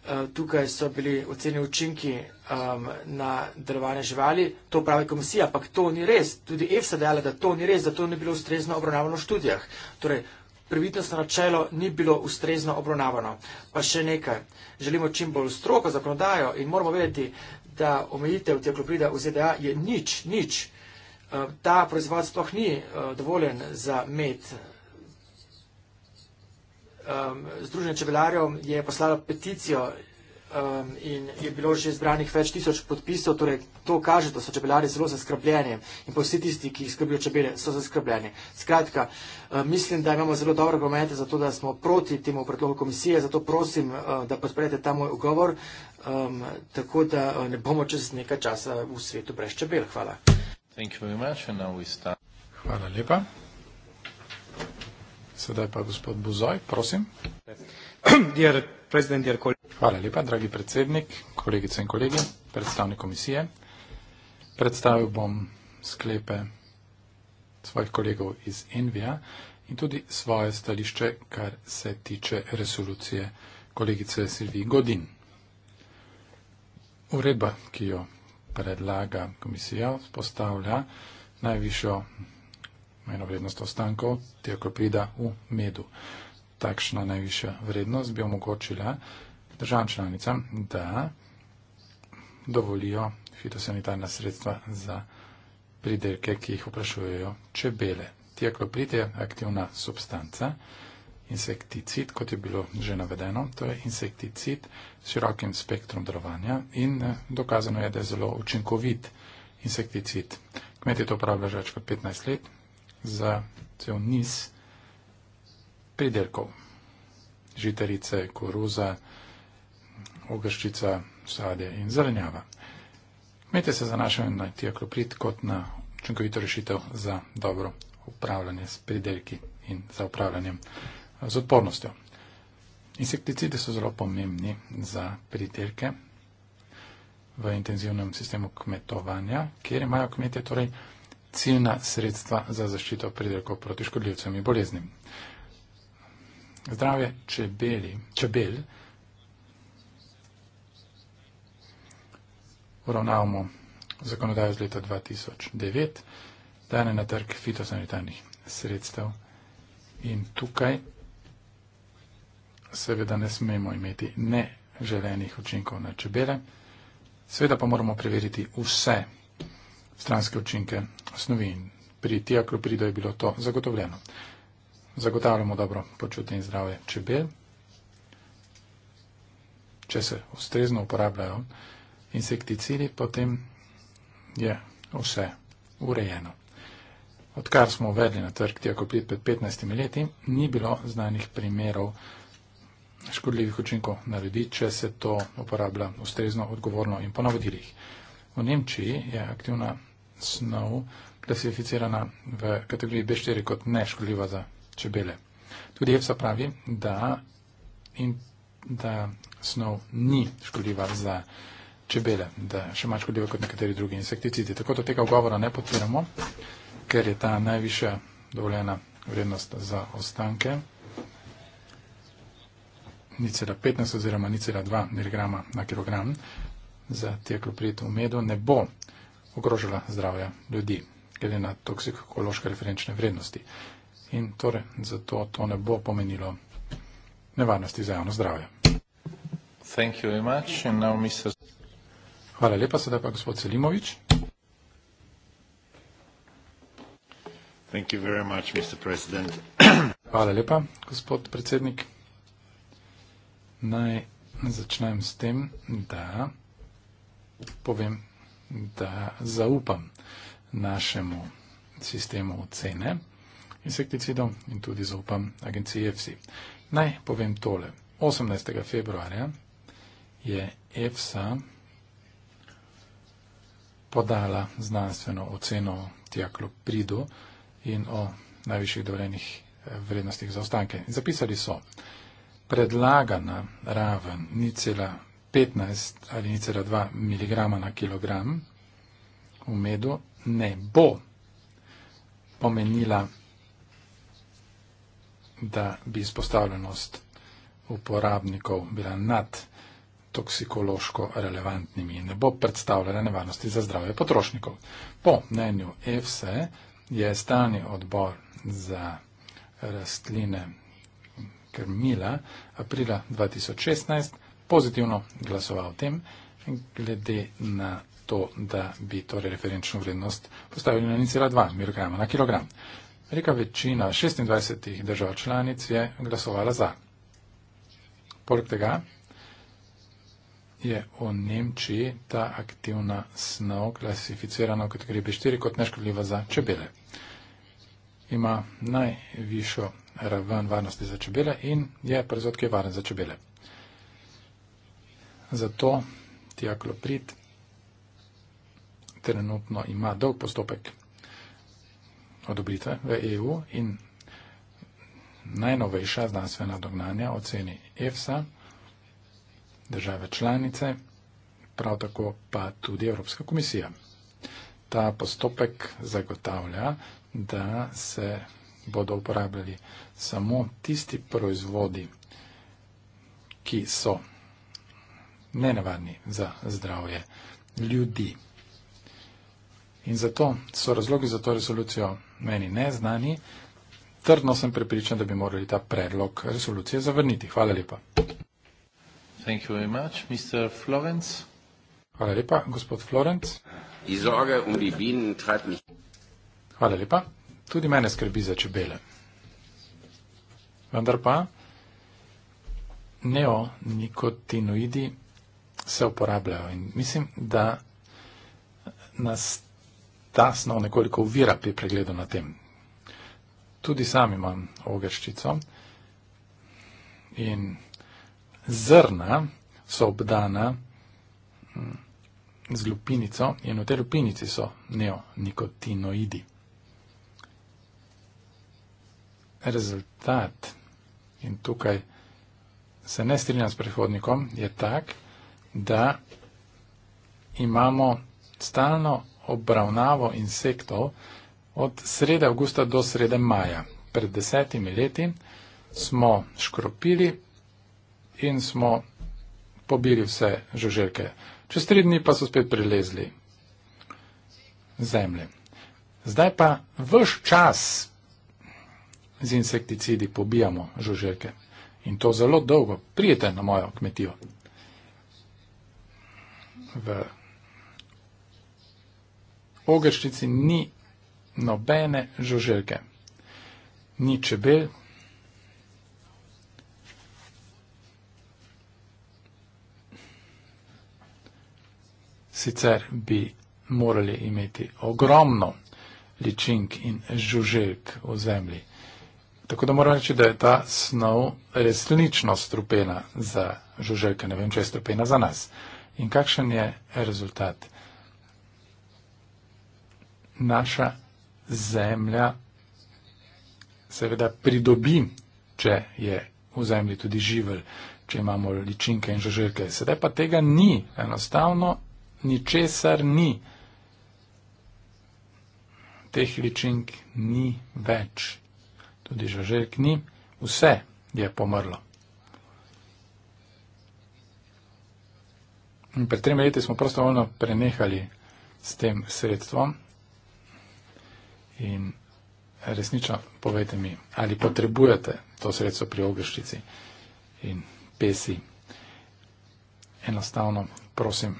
Eh, tukaj so bili oceni učinki um, na drvane živali. To pravi komisija, ampak to ni res. Tudi EFSA dejala, da to ni res, da to ni bilo ustrezno obravnavano v študijah. Torej, privitnostno načelo ni bilo ustrezno obravnavano. Pa še nekaj. Želimo čim bolj stroko zakonodajo in moramo vedeti, da omejitev tega klopida v ZDA je nič, nič. Eh, ta proizvod sploh ni eh, dovoljen za med. Združenje čebelarjev je poslalo peticijo in je bilo že izbranih več tisoč podpisov, torej to kaže, da so čebelari zelo zaskrbljeni in pa vsi tisti, ki jih skrbijo čebele, so zaskrbljeni. Skratka, mislim, da imamo zelo dobre argumente za to, da smo proti temu predlogu komisije, zato prosim, eh, da podprete ta moj ugovor, tako da ne bomo čez nekaj časa v svetu brez čebel. Hvala. Thank you very much and now we start. Hvala lepa. Sedaj pa gospod Buzoj, prosim. Dear president, dear Hvala lepa, dragi predsednik, kolegice in kolegi, predstavnik komisije. Predstavil bom sklepe svojih kolegov iz Envija in tudi svoje stališče, kar se tiče resolucije kolegice Silvi Godin. Uredba, ki jo predlaga komisija, postavlja najvišjo mejno vrednost ostankov teokoprida v medu. Takšna najvišja vrednost bi omogočila državam članicam, da dovolijo fitosanitarna sredstva za pridelke, ki jih vprašujejo čebele. Tiakloprid je aktivna substanca, insekticid, kot je bilo že navedeno, to je insekticid s širokim spektrom drovanja in eh, dokazano je, da je zelo učinkovit insekticid. Kmet je to uporabljal že več kot 15 let za cel niz pridelkov. Žiterice, koruza, ogrščica, sadje in zelenjava. Kmetje se zanašajo na tiakloprid kot na učinkovito rešitev za dobro upravljanje s pridelki in za upravljanjem z odpornostjo. Insekticidi so zelo pomembni za pridelke v intenzivnem sistemu kmetovanja, kjer imajo kmetje torej ciljna sredstva za zaščito pridelkov proti škodljivcem in boleznim. Zdravje čebeli, čebel uravnavamo zakonodajo z leta 2009, dane na trg fitosanitarnih sredstev in tukaj seveda ne smemo imeti neželenih učinkov na čebele. Seveda pa moramo preveriti vse stranske učinke snovi in pri tiaklopridu je bilo to zagotovljeno. Zagotavljamo dobro počutje in zdravje čebel, če se ustrezno uporabljajo insekticidi, potem je vse urejeno. Odkar smo uvedli na trg tiaklopid pred 15 leti, ni bilo znanih primerov škodljivih učinkov naredi, če se to uporablja ustrezno, odgovorno in po navodilih. V Nemčiji je aktivna snov klasificirana v kategoriji B4 kot neškodljiva za čebele. Tudi EFSA pravi, da, in, da snov ni škodljiva za čebele, da še manj škodljiva kot nekateri drugi insekticidi. Tako da tega govora ne podpiramo, ker je ta najviše dovoljena vrednost za ostanke. 0,15 oziroma 0,2 mg na kilogram za tiakloprid v medu ne bo ogrožala zdravja ljudi, glede na toksikološke referenčne vrednosti. In torej, zato to ne bo pomenilo nevarnosti za javno zdravje. Thank you very much. And now Mr. Hvala lepa, sedaj pa gospod Selimovič. Thank you very much, Mr. President. Hvala lepa, gospod predsednik. Naj začnem s tem, da povem, da zaupam našemu sistemu ocene insekticidov in tudi zaupam agenciji EFSI. Naj povem tole. 18. februarja je EFSA podala znanstveno oceno tiaklopridu in o najvišjih dovoljenih eh, vrednostih za ostanke. Zapisali so, da predlagana raven ni cela 15 ali ni cela 2 mg na kilogram v medu, ne bo pomenila, da bi izpostavljenost uporabnikov bila nad toksikološko relevantnimi in ne bo predstavljala nevarnosti za zdravje potrošnikov. Po mnenju EFSE je stani odbor za rastline Krmila aprila 2016 pozitivno glasoval o tem, glede na to, da bi torej referenčno vrednost postavili na 0,2 mg na kilogram. Velika večina 26 držav članic je glasovala za. Poleg tega je v Nemčiji ta aktivna snov klasificirana v kategoriji B4 kot neškodljiva za čebele. Ima najvišjo raven varnosti za čebele in je proizvod, ki je varen za čebele. Zato tiakloprit trenutno ima dolg postopek odobritve v EU in najnovejša znanstvena dognanja oceni EFSA, države članice, prav tako pa tudi Evropska komisija. Ta postopek zagotavlja, da se bodo uporabljali samo tisti proizvodi, ki so nenavadni za zdravje ljudi. In zato so razlogi za to rezolucijo meni neznani. Trdno sem pripričan, da bi morali ta predlog rezolucije zavrniti. Hvala lepa. Thank you very much, Mr. Florence. Hvala lepa, gospod Florence. Um Hvala lepa. Tudi mene skrbi za čebele. Vendar pa neonikotinoidi se uporabljajo in mislim, da nas ta snov nekoliko uvira pri pregledu na tem. Tudi sam imam ogrščico in zrna so obdana mm, z lupinico in v tej lupinici so neonikotinoidi. rezultat, in tukaj se ne strinjam s prehodnikom, je tak, da imamo stalno obravnavo insektov od srede avgusta do srede maja. Pred desetimi leti smo škropili in smo pobili vse žuželke. Čez tri dni pa so spet prilezli zemlje. Zdaj pa vš čas z insekticidi pobijamo žuželke. In to zelo dolgo. Prijete na mojo kmetijo. V ogrščici ni nobene žuželke. Ni čebel. Sicer bi morali imeti ogromno ličink in žuželk v zemlji tako da moram reči, da je ta snov resnično strupena za žuželke. Ne vem, če je strupena za nas. In kakšen je rezultat? Naša zemlja seveda pridobi, če je v zemlji tudi živel, če imamo ličinke in žuželke. Sedaj pa tega ni. Enostavno ničesar ni. Teh ličink ni več tudi žaželjk ni, vse je pomrlo. In pred tremi leti smo prostovoljno prenehali s tem sredstvom in resnično povejte mi, ali potrebujete to sredstvo pri ogreščici in pesi. Enostavno, prosim,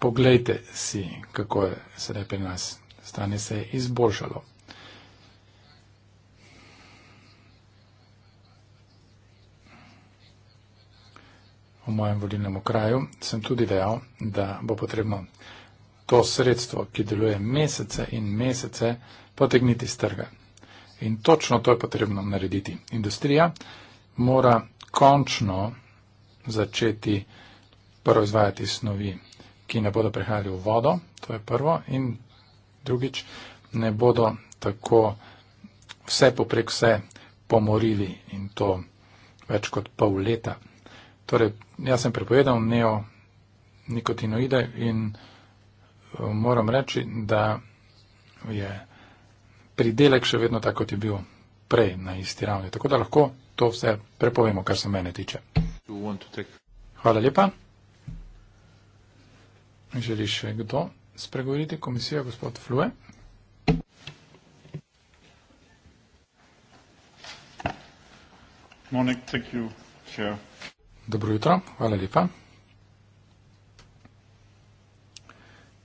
poglejte si, kako je sedaj pri nas. Stanje se je izboljšalo. v mojem volilnem okraju, sem tudi dejal, da bo potrebno to sredstvo, ki deluje mesece in mesece, potegniti iz trga. In točno to je potrebno narediti. Industrija mora končno začeti prvo izvajati snovi, ki ne bodo prehajali v vodo, to je prvo, in drugič, ne bodo tako vse poprek vse pomorili in to več kot pol leta. Torej, jaz sem prepovedal neonikotinoide in eh, moram reči, da je pridelek še vedno tako, kot je bil prej na isti ravni. Tako da lahko to vse prepovemo, kar se mene tiče. Hvala lepa. Želi še kdo spregovoriti? Komisija, gospod Flue. Morning, thank you, Chair. Dobro jutro, hvala lepa.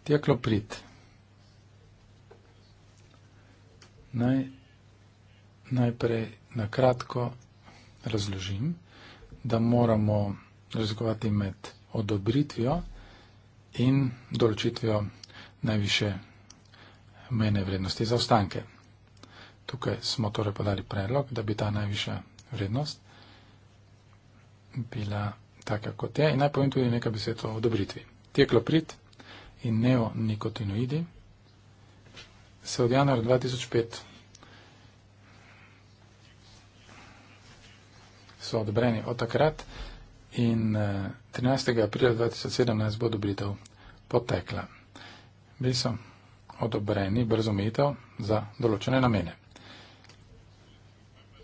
Tjekloprit. Naj, najprej na kratko razložim, da moramo razlikovati med odobritvijo in določitvijo najviše mejne vrednosti za ostanke. Tukaj smo torej podali predlog, da bi ta najviša vrednost bila taka kot je. In naj povem tudi nekaj besed o odobritvi. Tjekloprit in neonikotinoidi se od januara 2005 so odobreni od takrat in 13. Eh, aprila 2017 bo odobritev potekla. Bili so odobreni brzo za določene namene.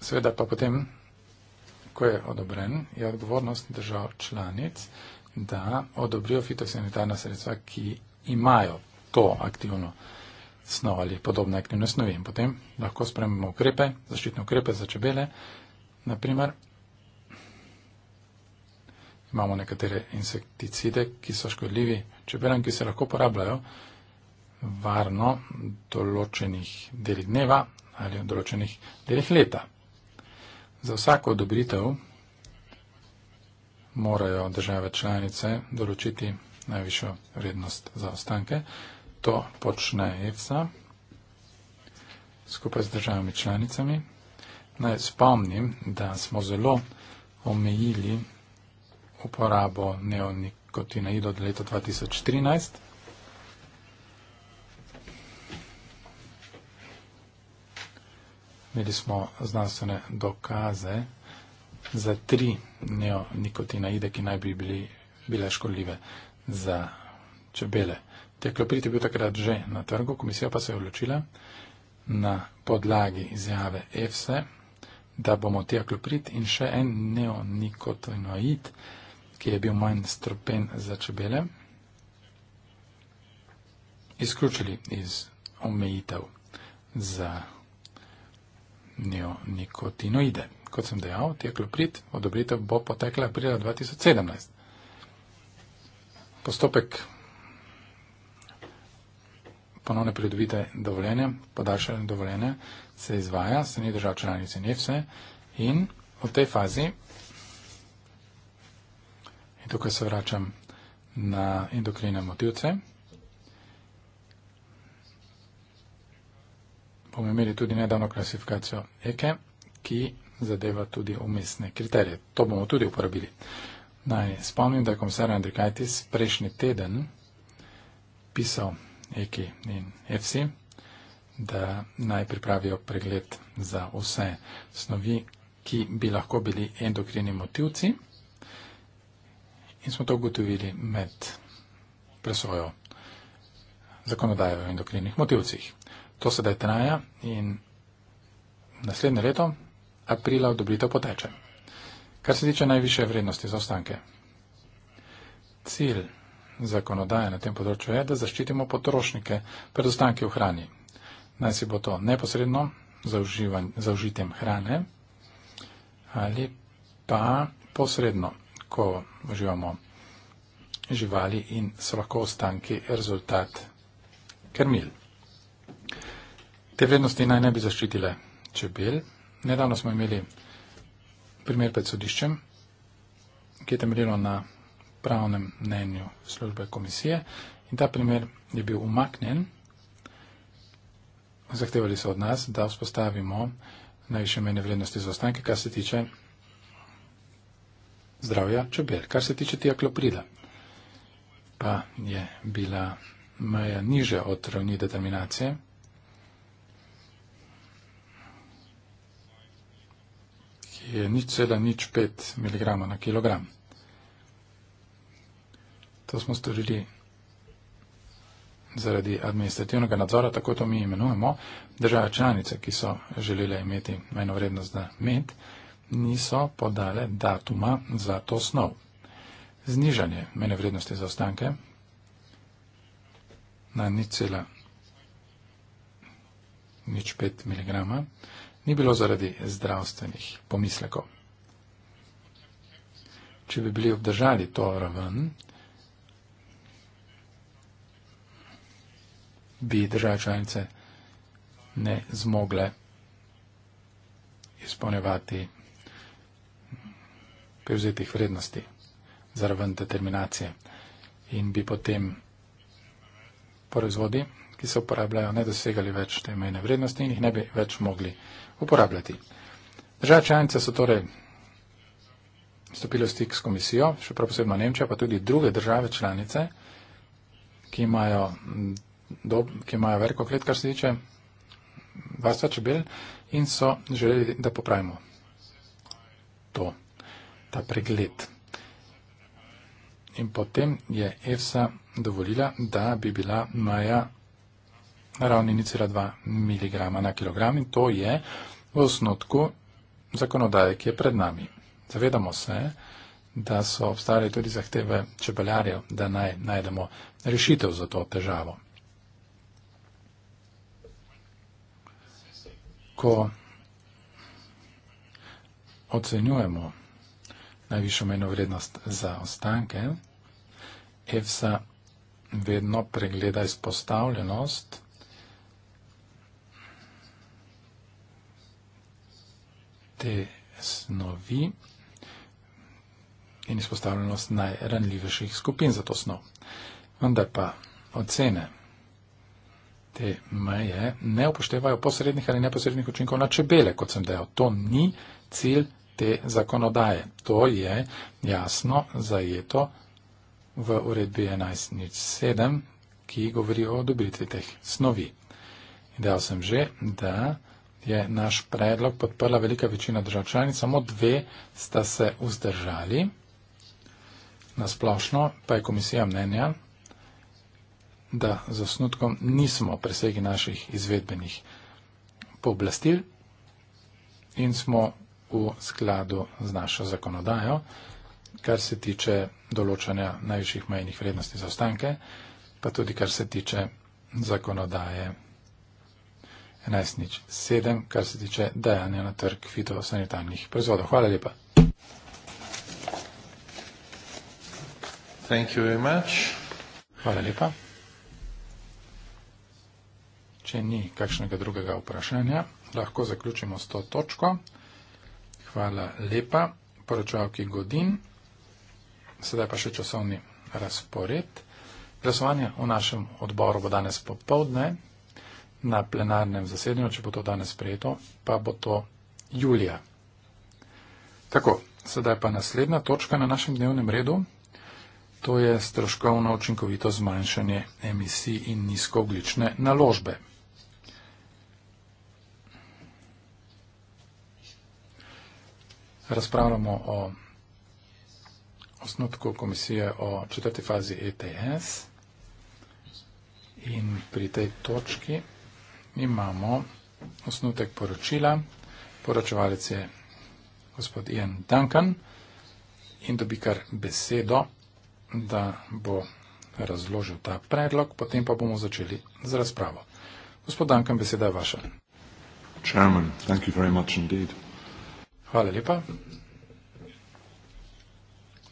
Seveda pa potem ko je odobren, je odgovornost držav članic, da odobrijo fitosanitarna sredstva, ki imajo to aktivno snov ali podobne aktivne snovi. In potem lahko spremljamo ukrepe, zaščitne ukrepe za čebele. Naprimer, imamo nekatere insekticide, ki so škodljivi čebelem, ki se lahko porabljajo varno določenih delih dneva ali določenih delih leta. Za vsako odobritev morajo države članice določiti najvišjo vrednost za ostanke. To počne EFSA skupaj z državami članicami. Naj spomnim, da smo zelo omejili uporabo neonikotinaidov do leta 2013. imeli smo znanstvene dokaze za tri neonikotinaide, ki naj bi bili, bile škodljive za čebele. Teklopirit je bil takrat že na trgu, komisija pa se je odločila na podlagi izjave EFSE, da bomo teklopirit in še en neonikotinoid, ki je bil manj stropen za čebele, izključili iz omejitev za čebele neonikotinoide. Kot sem dejal, teklo prid, odobritev bo potekla aprila 2017. Postopek ponovne pridobite dovoljenja, podaljšanje dovoljenja, se izvaja, se ni držav članice in vse in v tej fazi, in tukaj se vračam na endokrine motivce, bomo imeli tudi nedavno klasifikacijo EKE, ki zadeva tudi umestne kriterije. To bomo tudi uporabili. Naj spomnim, da je komisar Andrikajtis prejšnji teden pisal EKE in EFSI, da naj pripravijo pregled za vse snovi, ki bi lahko bili endokrini motivci. In smo to ugotovili med presojo zakonodajo o endokrinih motivcih. To sedaj traja in naslednje leto, aprila, odobritev poteče. Kar se tiče najviše vrednosti za ostanke. Cilj zakonodaje na tem področju je, da zaščitimo potrošnike pred ostanki v hrani. Naj si bo to neposredno za, uživan, za užitem hrane ali pa posredno, ko uživamo živali in so lahko ostanki rezultat krmil. Te vrednosti naj ne bi zaščitile čebel. Nedavno smo imeli primer pred sodiščem, ki je temeljilo na pravnem mnenju službe komisije in ta primer je bil umaknjen. Zahtevali so od nas, da vzpostavimo najviše mene vrednosti za ostanke, kar se tiče zdravja čebel. Kar se tiče tija kloprida, pa je bila meja niže od ravni determinacije, ki je 0,05 mg na kilogram. To smo storili zaradi administrativnega nadzora, tako to mi imenujemo, države članice, ki so želele imeti manjno vrednost za med, niso podale datuma za to snov. Znižanje mene vrednosti za ostanke na 0,05 mg ni bilo zaradi zdravstvenih pomislekov. Če bi bili obdržali to raven, bi države članice ne zmogle izpolnevati prevzetih vrednosti za raven determinacije in bi potem proizvodi ki se uporabljajo, ne dosegali več te mejne vrednosti in jih ne bi več mogli uporabljati. Države članice so torej stopile v stik s komisijo, še prav posebno Nemčija, pa tudi druge države članice, ki imajo, dob, ki imajo veliko klet, kar se tiče varstva čebel in so želeli, da popravimo to, ta pregled. In potem je EFSA dovolila, da bi bila maja ravni 0,2 mg na kg in to je v osnotku zakonodaje, ki je pred nami. Zavedamo se, da so obstale tudi zahteve čebeljarjev, da naj najdemo rešitev za to težavo. Ko ocenjujemo najvišjo menjo vrednost za ostanke, EFSA vedno pregleda izpostavljenost te snovi in izpostavljenost najranljivejših skupin za to snov. Vendar pa ocene te meje ne upoštevajo posrednih ali neposrednih učinkov na čebele, kot sem dejal. To ni cilj te zakonodaje. To je jasno zajeto v uredbi 11.7, ki govori o odobritvi teh snovi. Dejal sem že, da je naš predlog podprla velika večina držav članic, samo dve sta se vzdržali. Nasplošno pa je komisija mnenja, da z osnutkom nismo presegli naših izvedbenih pooblastil in smo v skladu z našo zakonodajo, kar se tiče določanja najvišjih majhnih vrednosti za ostanke, pa tudi kar se tiče zakonodaje 11.7, kar se tiče dajanja na trg fitosanitarnih proizvodov. Hvala lepa. Thank you very much. Hvala lepa. Če ni kakšnega drugega vprašanja, lahko zaključimo s to točko. Hvala lepa poročavki Godin. Sedaj pa še časovni razpored. Glasovanje v našem odboru bo danes popovdne, na plenarnem zasedanju, če bo to danes sprejeto, pa bo to julija. Tako, sedaj pa naslednja točka na našem dnevnem redu, to je stroškovno učinkovito zmanjšanje emisij in nizkooglične naložbe. Razpravljamo o osnutku komisije o četrti fazi ETS in pri tej točki imamo osnutek poročila. Poročevalec je gospod Ian Duncan in dobi kar besedo, da bo razložil ta predlog, potem pa bomo začeli z razpravo. Gospod Duncan, beseda je vaša. Chairman, thank you very much indeed. Hvala lepa.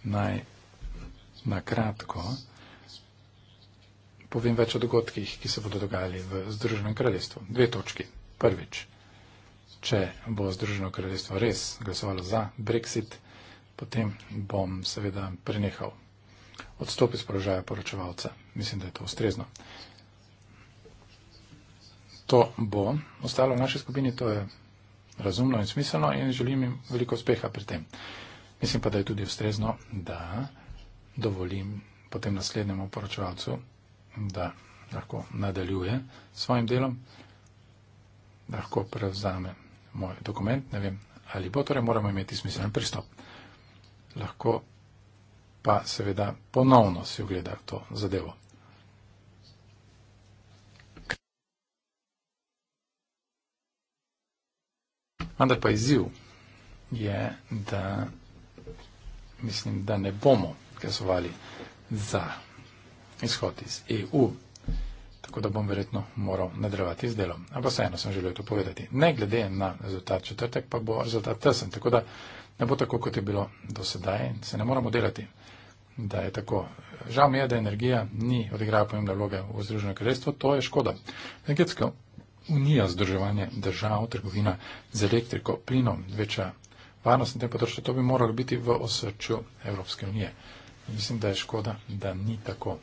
Naj na kratko povem več o dogodkih, ki se bodo dogajali v Združenem kraljestvu. Dve točki. Prvič, če bo Združeno kraljestvo res glasovalo za Brexit, potem bom seveda prenehal odstopi z položaja poročevalca. Mislim, da je to ustrezno. To bo ostalo v naši skupini, to je razumno in smiselno in želim jim veliko uspeha pri tem. Mislim pa, da je tudi ustrezno, da dovolim potem naslednjemu poročevalcu da lahko nadaljuje s svojim delom, lahko prevzame moj dokument, ne vem, ali bo, torej moramo imeti smiselen pristop. Lahko pa seveda ponovno si ogleda to zadevo. Vendar pa izziv je, da mislim, da ne bomo glasovali za izhod iz EU. Tako da bom verjetno moral nadaljevati z delom. Ampak vseeno sem želel to povedati. Ne glede na rezultat četrtek, pa bo rezultat tesen. Tako da ne bo tako, kot je bilo do sedaj. Se ne moramo delati, da je tako. Žal mi je, da energija ni odigrala pomembne vloge v Združenem kraljestvu. To je škoda. Energetska unija, združevanje držav, trgovina z elektriko, plinom, večja varnost na tem področju, to bi moralo biti v osrčju Evropske unije. Mislim, da je škoda, da ni tako.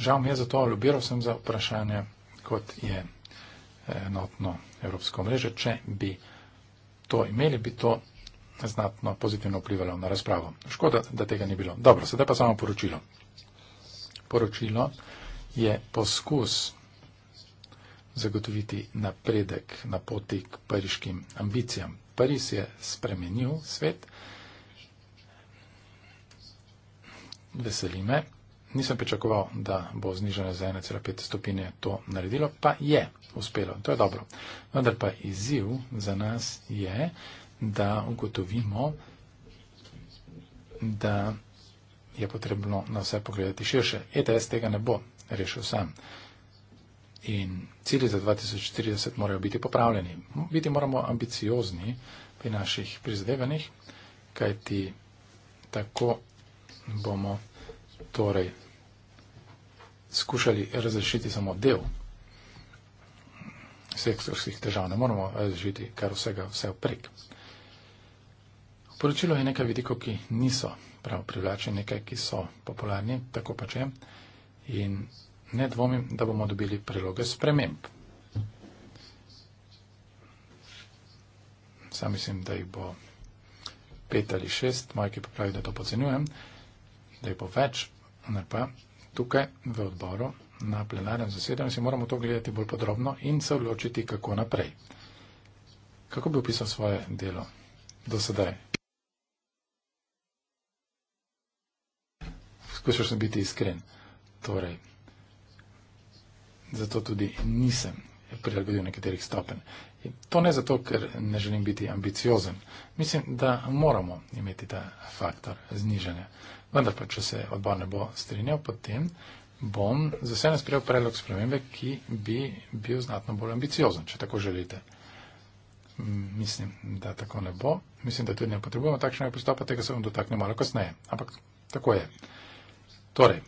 Žal mi je zato, lobiral sem za vprašanje, kot je enotno Evropsko mreže. Če bi to imeli, bi to znatno pozitivno vplivalo na razpravo. Škoda, da tega ni bilo. Dobro, sedaj pa samo poročilo. Poročilo je poskus zagotoviti napredek na poti k pariškim ambicijam. Pariz je spremenil svet. Veseli me, nisem pričakoval, da bo znižanje za 1,5 stopinje to naredilo, pa je uspelo. To je dobro. Vendar pa izziv za nas je, da ugotovimo, da je potrebno na vse pogledati širše. ETS tega ne bo rešil sam. In cilji za 2040 morajo biti popravljeni. Biti moramo ambiciozni pri naših prizadevanjih, kajti tako bomo torej skušali razrešiti samo del sektorskih težav, ne moramo razrešiti kar vsega vse oprek. Poročilo je nekaj vidikov, ki niso prav privlačeni, nekaj, ki so popularni, tako pa če. In ne dvomim, da bomo dobili priloge sprememb. Sam mislim, da jih bo pet ali šest, moj ki pa pravi, da to pocenjujem, da jih bo več, ne pa tukaj v odboru na plenarnem zasedanju si moramo to gledati bolj podrobno in se odločiti, kako naprej. Kako bi opisal svoje delo do sedaj? Skušal sem biti iskren. Torej, zato tudi nisem prilagodil nekaterih stopenj. To ne zato, ker ne želim biti ambiciozen. Mislim, da moramo imeti ta faktor znižanja. Vendar pa, če se odbor ne bo strinjal, potem bom za vse nas prijel predlog spremembe, ki bi bil znatno bolj ambiciozen, če tako želite. Mislim, da tako ne bo. Mislim, da tudi ne potrebujemo takšnega postopka, tega se bom dotaknil malo kasneje. Ampak tako je. Torej,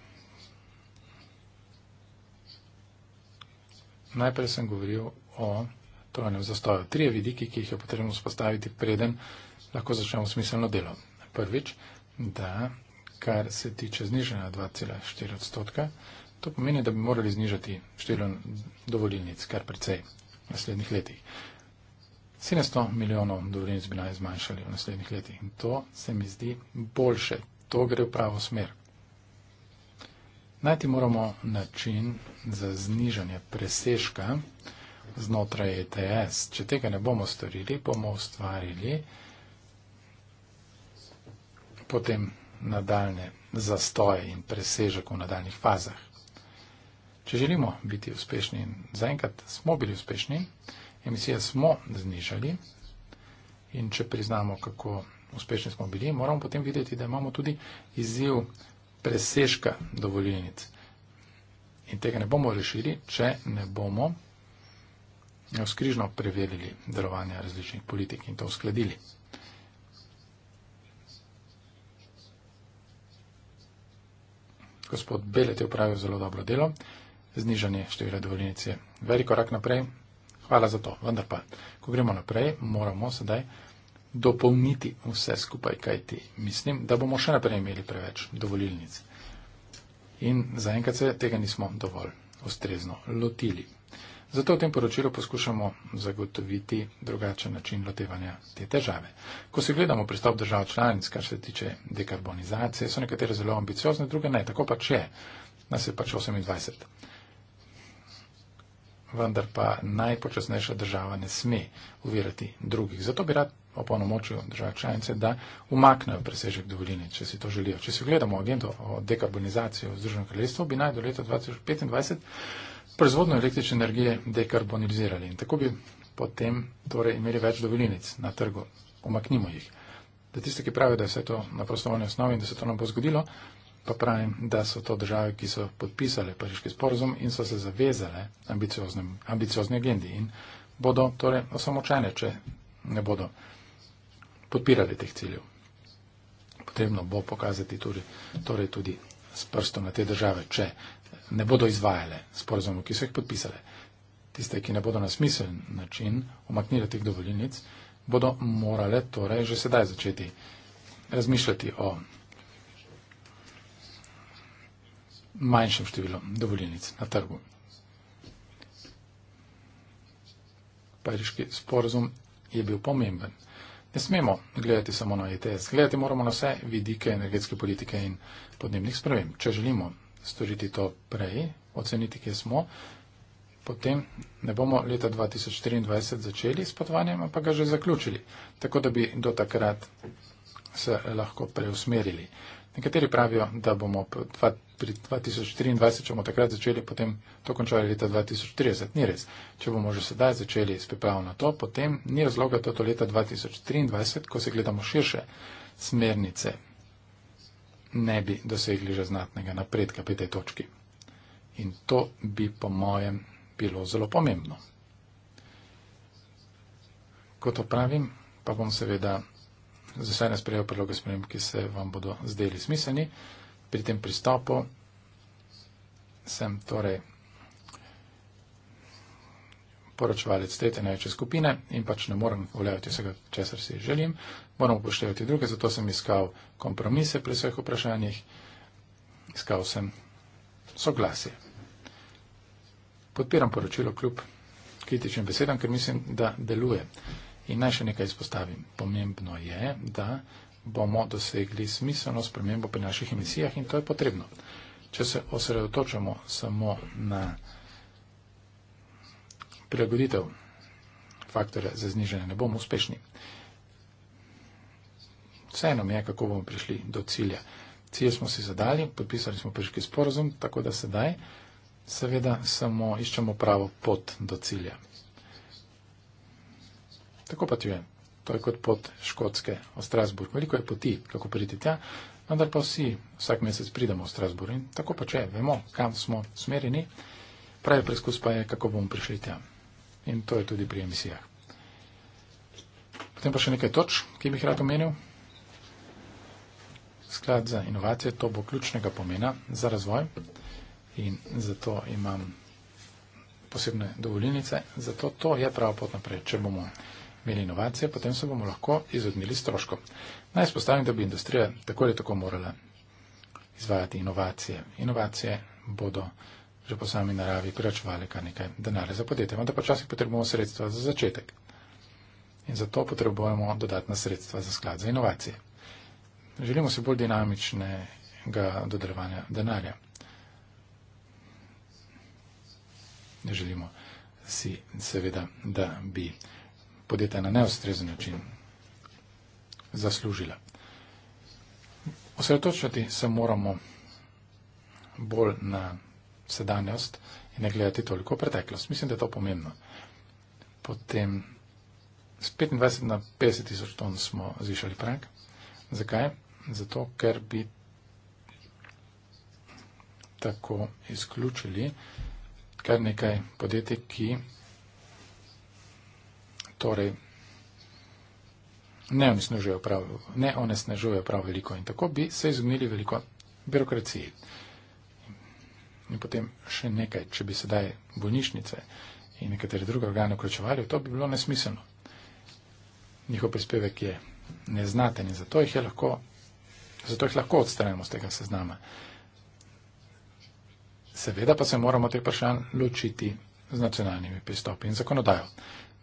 najprej sem govoril o trojnem zastoju. Trije vidiki, ki jih je potrebno spostaviti, preden lahko začnemo smiselno delo. Prvič, da kar se tiče znižanja 2,4 odstotka. To pomeni, da bi morali znižati število dovoljenic kar precej v naslednjih letih. 700 milijonov dovoljenic bi naj zmanjšali v naslednjih letih in to se mi zdi boljše. To gre v pravo smer. Najti moramo način za znižanje presežka znotraj ETS. Če tega ne bomo storili, bomo ustvarili potem nadaljne zastoje in presežek v nadaljnih fazah. Če želimo biti uspešni in zaenkrat smo bili uspešni, emisije smo znižali in če priznamo, kako uspešni smo bili, moramo potem videti, da imamo tudi izziv presežka dovoljenic. In tega ne bomo rešili, če ne bomo skrižno preverili delovanja različnih politik in to uskladili. gospod Belet je upravil zelo dobro delo, znižanje števila dovoljenic je velik korak naprej, hvala za to, vendar pa, ko gremo naprej, moramo sedaj dopolniti vse skupaj, kaj ti mislim, da bomo še naprej imeli preveč dovoljenic. In zaenkrat se tega nismo dovolj ustrezno lotili. Zato v tem poročilu poskušamo zagotoviti drugačen način lotevanja te težave. Ko si gledamo pristop držav članic, kar se tiče dekarbonizacije, so nekatere zelo ambiciozne, druge ne. Tako pač je. Nas je pač 28. Vendar pa najpočasnejša država ne sme uvirati drugih. Zato bi rad opolnomočil države članice, da umaknejo presežek dovoljenja, če si to želijo. Če si gledamo agendo o dekarbonizaciji v Združenem kraljestvu, bi naj do leta 2025 proizvodno električne energije dekarbonizirali in tako bi potem torej imeli več dovoljenic na trgu. Omaknimo jih. Da tiste, ki pravijo, da se je to na prostovoljni osnovi in da se to ne bo zgodilo, pa pravim, da so to države, ki so podpisale pariški sporozum in so se zavezale ambiciozni agendi in bodo torej osamočene, če ne bodo podpirali teh ciljev. Potrebno bo pokazati tudi, torej tudi s prstom na te države, če ne bodo izvajale sporozumov, ki so jih podpisale. Tiste, ki ne bodo na smiseln način omaknile teh dovoljenic, bodo morale torej že sedaj začeti razmišljati o manjšem številu dovoljenic na trgu. Pariški sporozum je bil pomemben. Ne smemo gledati samo na ETS, gledati moramo na vse vidike energetske politike in podnebnih sprememb. Če želimo storiti to prej, oceniti, kje smo. Potem ne bomo leta 2024 začeli s potovanjem, ampak ga že zaključili, tako da bi do takrat se lahko preusmerili. Nekateri pravijo, da bomo dva, pri 2024, če bomo takrat začeli, potem to končali leta 2030. Ni res. Če bomo že sedaj začeli s pripravo na to, potem ni razloga to leta 2023, ko se gledamo širše smernice ne bi dosegli že znatnega napredka pri tej točki. In to bi po mojem bilo zelo pomembno. Ko to pravim, pa bom seveda za vse nasprejel predloge sprememb, ki se vam bodo zdeli smiselni. Pri tem pristopu sem torej poročevalec tretje največje skupine in pač ne morem uveljaviti vsega, česar si želim, moram upoštevati druge, zato sem iskal kompromise pri vseh vprašanjih, iskal sem soglasje. Podpiram poročilo kljub kritičnim besedam, ker mislim, da deluje. In naj še nekaj izpostavim. Pomembno je, da bomo dosegli smiselno spremembo pri naših emisijah in to je potrebno. Če se osredotočamo samo na prilagoditev faktorja za znižanje, ne bomo uspešni vseeno mi je, kako bomo prišli do cilja. Cilje smo si zadali, podpisali smo priški sporozum, tako da sedaj seveda samo iščemo pravo pot do cilja. Tako pa ti je. To je kot pot Škotske v Strasburg. Veliko je poti, kako priti tja, vendar pa vsi vsak mesec pridemo v Strasburg in tako pa če vemo, kam smo smerjeni, pravi preizkus pa je, kako bomo prišli tja. In to je tudi pri emisijah. Potem pa še nekaj toč, ki bih rad omenil. Sklad za inovacije to bo ključnega pomena za razvoj in zato imam posebne dovoljenice. Zato to je prava pot naprej. Če bomo imeli inovacije, potem se bomo lahko izognili stroškom. Naj spostavim, da bi industrija tako ali tako morala izvajati inovacije. Inovacije bodo že po sami naravi priračevali kar nekaj denarja za podjetje, vendar pa včasih potrebujemo sredstva za začetek. In zato potrebujemo dodatna sredstva za sklad za inovacije. Želimo si bolj dinamičnega dodelovanja denarja. Ne želimo si seveda, da bi podjetja na neustrezen način zaslužila. Osredotočati se moramo bolj na sedanjost in ne gledati toliko v preteklost. Mislim, da je to pomembno. Potem z 25 na 50 tisoč ton smo zvišali prak. Zakaj? zato ker bi tako izključili kar nekaj podjetij, ki torej ne onesnažujejo prav, ne onesnažujejo prav veliko in tako bi se izognili veliko birokraciji. In potem še nekaj, če bi sedaj bolnišnice in nekatere druge organe vključevali, to bi bilo nesmiselno. Njihov prispevek je neznaten in zato jih je lahko Zato jih lahko odstranimo z tega seznama. Seveda pa se moramo te vprašanj ločiti z nacionalnimi pristopi in zakonodajo.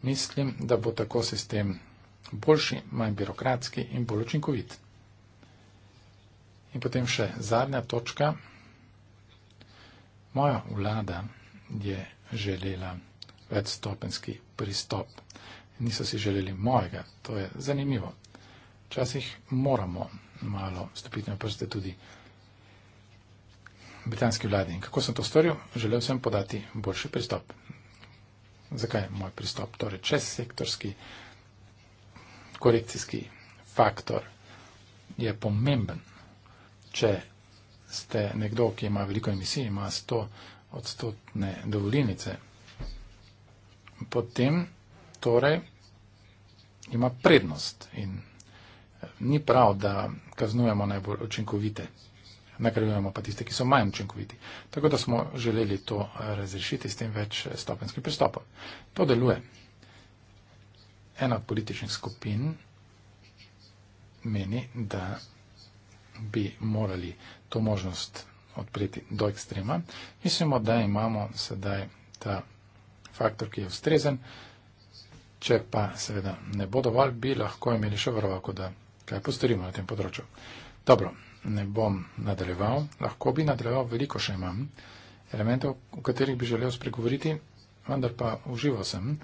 Mislim, da bo tako sistem boljši, manj birokratski in bolj učinkovit. In potem še zadnja točka. Moja vlada je želela večstopenski pristop. Niso si želeli mojega. To je zanimivo. Včasih moramo malo stopiti na prste tudi britanski vladi. In kako sem to storil? Želel sem podati boljši pristop. Zakaj je moj pristop? Torej, čez sektorski korekcijski faktor je pomemben. Če ste nekdo, ki ima veliko emisij, ima 100 odstotne dovolinice, potem torej ima prednost in ni prav, da kaznujemo najbolj učinkovite, nagrajujemo pa tiste, ki so manj učinkoviti. Tako da smo želeli to razrešiti s tem več stopenskim pristopom. To deluje. Ena od političnih skupin meni, da bi morali to možnost odpreti do ekstrema. Mislimo, da imamo sedaj ta faktor, ki je ustrezen. Če pa seveda ne bo dovolj, bi lahko imeli še varovako, da kaj postorimo na tem področju. Dobro, ne bom nadaljeval, lahko bi nadaljeval, veliko še imam elementov, o katerih bi želel spregovoriti, vendar pa užival sem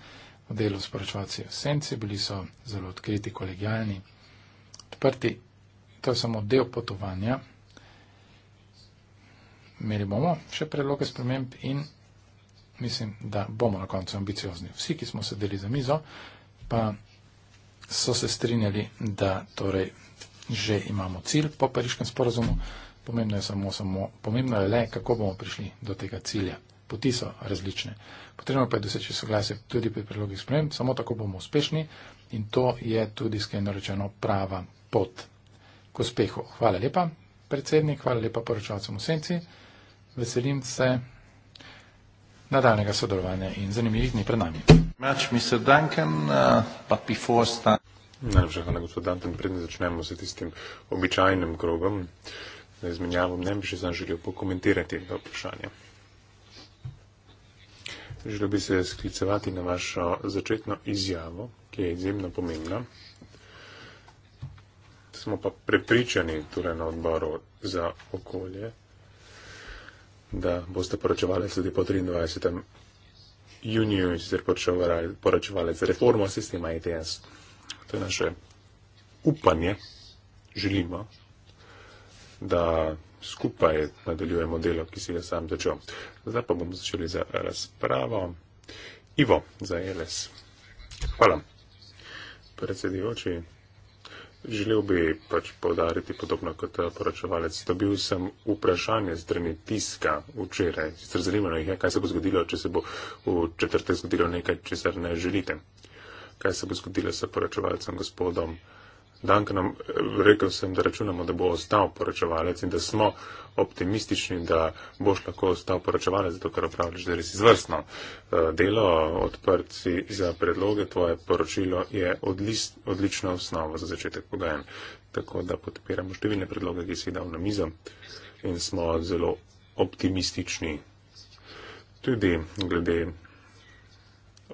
v delu s poročvalci v senci, bili so zelo odkriti, kolegijalni, odprti, to je samo del potovanja. Imeli bomo še predloge sprememb in mislim, da bomo na koncu ambiciozni. Vsi, ki smo sedeli za mizo, pa so se strinjali, da torej že imamo cilj po pariškem sporazumu. Pomembno je, samo, samo, pomembno je le, kako bomo prišli do tega cilja. Poti so različne. Potrebno pa je doseči soglasje tudi pri predlogih sprememb, samo tako bomo uspešni in to je tudi skeno rečeno prava pot k uspehu. Hvala lepa, predsednik, hvala lepa poročavcem v senci. Veselim se nadaljnega sodelovanja in zanimivih dni pred nami. Uh, Najlepša hvala, gospod Danten. Predne začnemo s tistim običajnim krogom na izmenjavo mnen, bi še sam želel pokomentirati to vprašanje. Želel bi se sklicevati na vašo začetno izjavo, ki je izjemno pomembna. Smo pa prepričani, torej na odboru za okolje, da boste poročevali sledi po 23 juniju in sicer poročevali za reformo sistema ETS. To je naše upanje, želimo, da skupaj nadaljujemo delo, ki si ga sam začel. Zdaj pa bomo začeli za razpravo. Ivo, za e LS. Hvala. Predsedujoči. Želel bi pač povdariti podobno kot eh, poročevalec. Dobil sem vprašanje strani tiska včeraj. Sicer zanimalo jih je, kaj se bo zgodilo, če se bo v četrte zgodilo nekaj, če se ne želite. Kaj se bo zgodilo s poročevalcem gospodom? dan, ko nam rekel sem, da računamo, da bo ostal poročevalec in da smo optimistični, da boš lahko ostal poročevalec, zato ker opravljaš res izvrstno eh, delo, odprt si za predloge, tvoje poročilo je odlist, odlična osnova za začetek pogajanj. Tako da podpiramo številne predloge, ki si jih dal na mizo in smo zelo optimistični tudi glede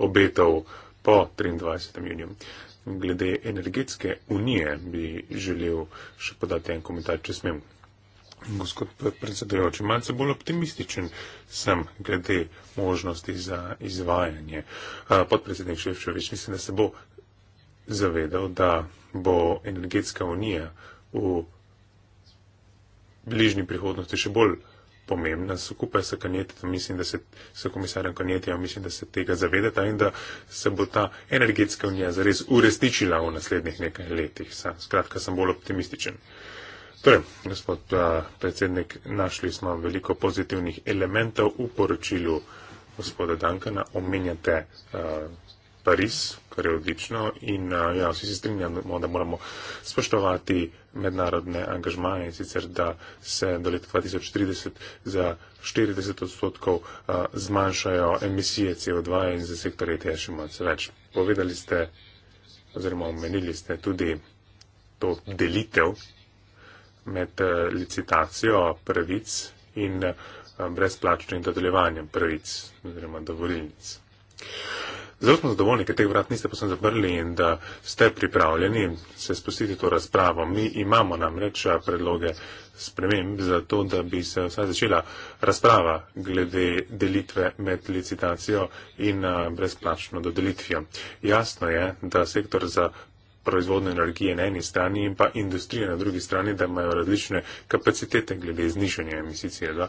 obetov po 23. juniju glede energetske unije bi želel še podati en komentar, če smem. Gospod predsedujoči, malce bolj optimističen sem glede možnosti za izvajanje. Podpredsednik Ševčevič, mislim, da se bo zavedal, da bo energetska unija v bližnji prihodnosti še bolj pomembna. Skupaj s kanjetom, mislim, da se, s komisarjem kanjetom, mislim, da se tega zavedata in da se bo ta energetska unija zares uresničila v naslednjih nekaj letih. Skratka, sem bolj optimističen. Torej, gospod a, eh, predsednik, našli smo veliko pozitivnih elementov v poročilu gospoda Dankana. Omenjate a, eh, Pariz, kar je odlično in eh, ja, vsi se strinjamo, da moramo spoštovati mednarodne angažmaje in sicer, da se do leta 2030 za 40 odstotkov eh, zmanjšajo emisije CO2 in za sektorje tešimo se več. Povedali ste oziroma omenili ste tudi to delitev med eh, licitacijo pravic in brezplačnim dodeljevanjem pravic oziroma dovoljnic. Zelo smo zadovoljni, ker teh vrat niste posem zaprli in da ste pripravljeni se spustiti to razpravo. Mi imamo namreč eh, predloge sprememb za to, da bi se vsaj začela razprava glede delitve med licitacijo in eh, brezplačno dodelitvijo. Jasno je, da sektor za proizvodne energije na eni strani in pa industrije na drugi strani, da imajo različne kapacitete glede znišanja emisij CO2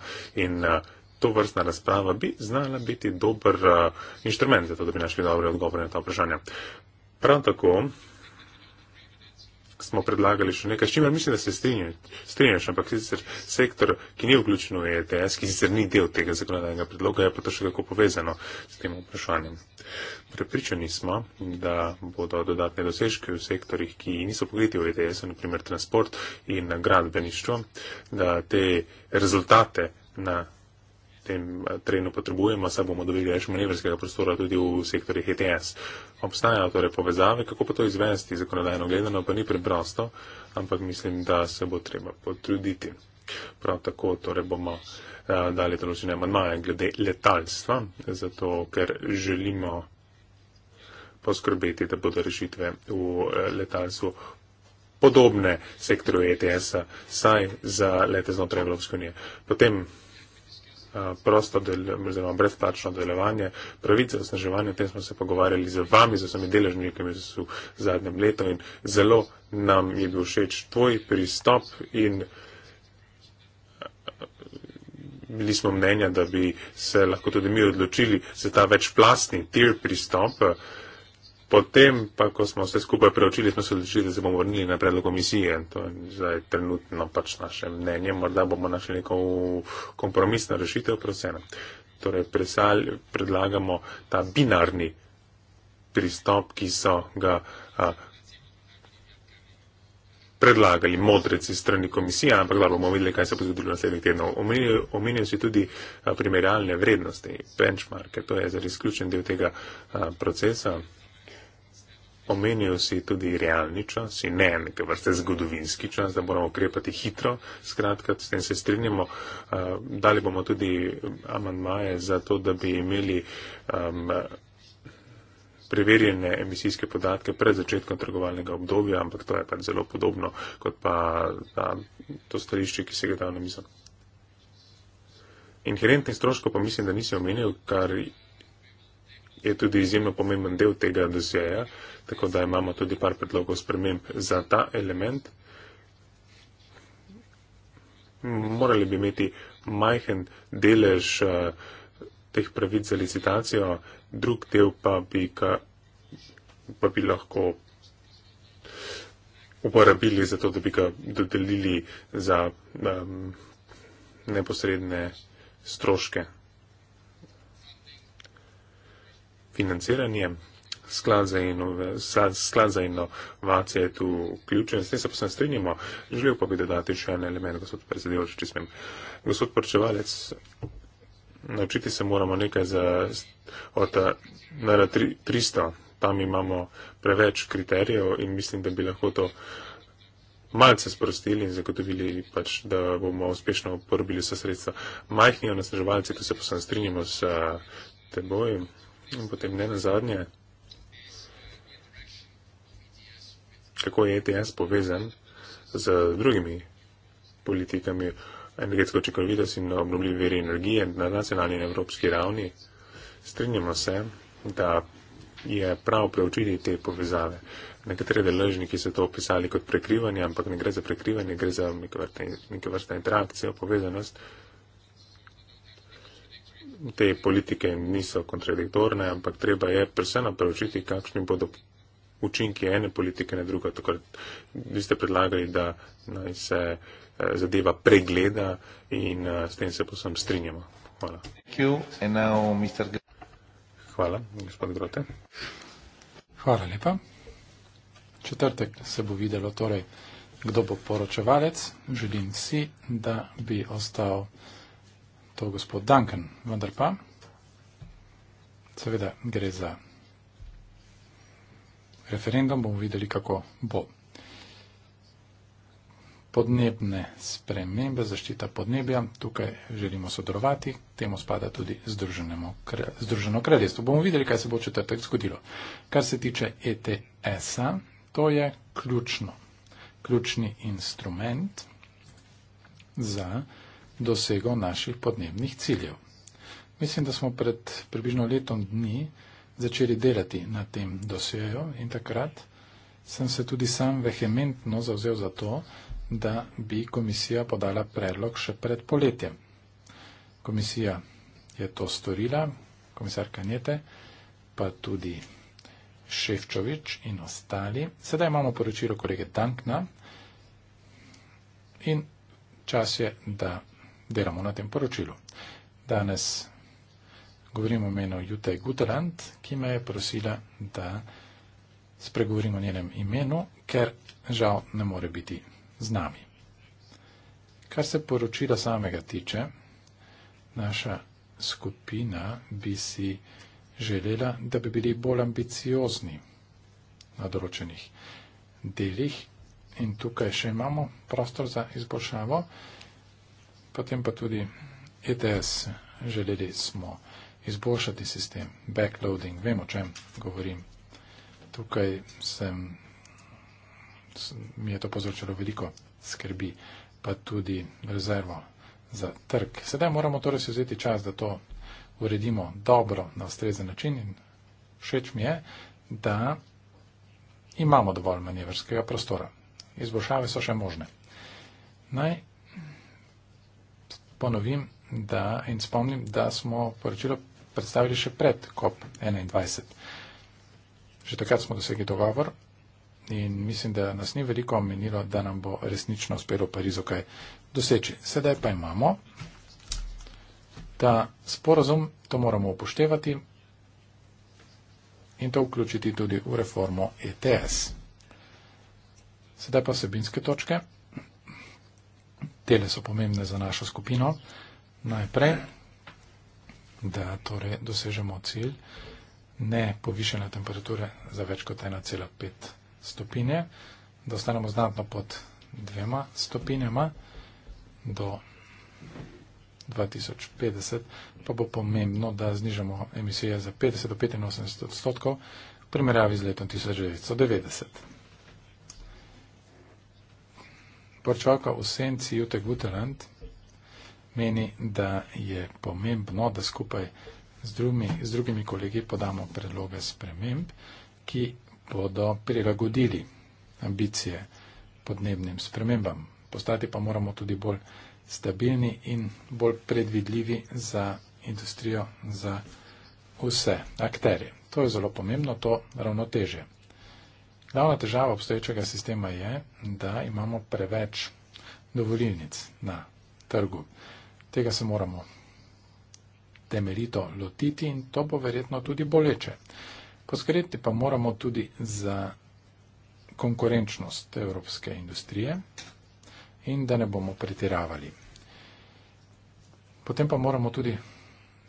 in uh, to vrstna razprava bi znala biti dober eh, inštrument za to, da bi našli dobre odgovore na ta vprašanja. Prav tako smo predlagali še nekaj, s čimer mislim, da se strinjaš, ampak sicer sektor, ki ni vključen v ETS, ki sicer ni del tega zakonodajnega predloga, je pa to še kako povezano s tem vprašanjem. Prepričani smo, da bodo dodatne dosežke v sektorjih, ki niso pokriti v ETS, naprimer transport in gradbeništvo, da te rezultate na tem eh, trenu potrebujemo, saj bomo dobili več manevrskega prostora tudi v sektorjih ETS. Obstajajo torej povezave, kako pa to izvesti zakonodajno gledano, pa ni preprosto, ampak mislim, da se bo treba potruditi. Prav tako torej bomo uh, dali določene manjmaje glede letalstva, zato ker želimo poskrbeti, da bodo rešitve v eh, letalstvu podobne sektorju ETS-a, saj za lete znotraj Evropske unije. Potem Eh, prosto del, oziroma brezplačno delovanje, pravice osnaževanja, o tem smo se pogovarjali z vami, z vsemi deležniki v zadnjem letu in zelo nam je bil všeč tvoj pristop in eh, bili smo mnenja, da bi se lahko tudi mi odločili za ta večplastni tir pristop. Uh, Potem pa, ko smo vse skupaj preučili, smo se odločili, da se bomo vrnili na predlog komisije. To je zdaj trenutno pač naše mnenje. Morda bomo našli neko kompromisno rešitev, prosim. Torej, presalj, predlagamo ta binarni pristop, ki so ga a, predlagali modreci strani komisije, ampak da bomo videli, kaj se bo zgodilo naslednjih tednov. Omenijo si tudi a, primerjalne vrednosti, benchmarke. To je zares ključen del tega a, procesa. Omenil si tudi realni čas in ne neke vrste zgodovinski čas, da moramo ukrepati hitro. Skratka, s tem se strinjamo. Dali bomo tudi amantmaje za to, da bi imeli um, preverjene emisijske podatke pred začetkom trgovalnega obdobja, ampak to je pa zelo podobno kot pa ta, to stališče, ki se ga da na mizo. Inherentnih stroškov pa mislim, da nisi omenil, kar je tudi izjemno pomemben del tega dosjeja, tako da imamo tudi par predlogov sprememb za ta element. Morali bi imeti majhen delež eh, teh pravic za licitacijo, drug del pa bi, ka, pa bi lahko uporabili za to, da bi ga dodelili za um, neposredne stroške. financiranje. Sklad za, sklad za inovacije je tu vključen, s tem se pa se strinjamo. Želel pa bi dodati še en element, gospod predsedujoči, če smem. Gospod porčevalec, naučiti se moramo nekaj za, od eh, NR300. Tam imamo preveč kriterijev in mislim, da bi lahko to malce sprostili in zagotovili, pač, da bomo uspešno uporabili vse sredstva. Majhni onesnaževalci, tu se pa se strinjamo s eh, tebojem. In potem ne na zadnje, kako je ETS povezan z drugimi politikami energetsko očekovitost in obnovljivi veri energije na nacionalni in evropski ravni. Strinjamo se, da je prav preučiti te povezave. Nekateri deležniki so to opisali kot prekrivanje, ampak ne gre za prekrivanje, gre za neke vrste, neke vrste interakcije, povezanost te politike niso kontradiktorne, ampak treba je preseeno preučiti, kakšni bodo učinki ene politike na drugo. Tukaj, vi ste predlagali, da naj se eh, zadeva pregleda in eh, s tem se posem strinjamo. Hvala. Hvala, gospod Grote. Hvala lepa. Četrtek se bo videlo, torej, kdo bo poročevalec. Želim si, da bi ostal to gospod Duncan, vendar pa seveda gre za referendum, bomo videli, kako bo. Podnebne spremembe, zaštita podnebja, tukaj želimo sodelovati, temu spada tudi Združeno kraljestvo. Bomo videli, kaj se bo četrtek zgodilo. Kar se tiče ETS-a, to je ključno, ključni instrument za dosego naših podnebnih ciljev. Mislim, da smo pred približno letom dni začeli delati na tem dosjeju in takrat sem se tudi sam vehementno zauzel za to, da bi komisija podala predlog še pred poletjem. Komisija je to storila, komisar Kanjete, pa tudi Ševčovič in ostali. Sedaj imamo poročilo kolege Dankna in čas je, da delamo na tem poročilu. Danes govorimo o imenu Jute Guterand, ki me je prosila, da spregovorimo o njenem imenu, ker žal ne more biti z nami. Kar se poročila samega tiče, naša skupina bi si želela, da bi bili bolj ambiciozni na določenih delih in tukaj še imamo prostor za izboljšavo potem pa tudi ETS želeli smo izboljšati sistem, backloading, vem o čem govorim. Tukaj sem, mi je to povzročilo veliko skrbi, pa tudi rezervo za trg. Sedaj moramo torej si vzeti čas, da to uredimo dobro na ustrezen način in všeč mi je, da imamo dovolj manjeverskega prostora. Izboljšave so še možne. Naj ponovim da, in spomnim, da smo poročilo predstavili še pred COP21. Že takrat smo dosegli dogovor in mislim, da nas ni veliko omenilo, da nam bo resnično uspelo Parizo kaj doseči. Sedaj pa imamo ta sporozum, to moramo upoštevati in to vključiti tudi v reformo ETS. Sedaj pa vsebinske točke tele so pomembne za našo skupino. Najprej, da torej dosežemo cilj ne povišene temperature za več kot 1,5 stopinje, da ostanemo znatno pod dvema stopinjama do 2050, pa bo pomembno, da znižamo emisije za 50 do 85 odstotkov v primerjavi z letom 1990. počaka v senci Jute Guterand, meni, da je pomembno, da skupaj z drugimi, z drugimi kolegi podamo predloge sprememb, ki bodo prilagodili ambicije podnebnim spremembam. Postati pa moramo tudi bolj stabilni in bolj predvidljivi za industrijo, za vse akterje. To je zelo pomembno, to ravnoteže. Glavna težava obstoječega sistema je, da imamo preveč dovoljenic na trgu. Tega se moramo temeljito lotiti in to bo verjetno tudi boleče. Poskrbeti pa moramo tudi za konkurenčnost evropske industrije in da ne bomo pretiravali. Potem pa moramo tudi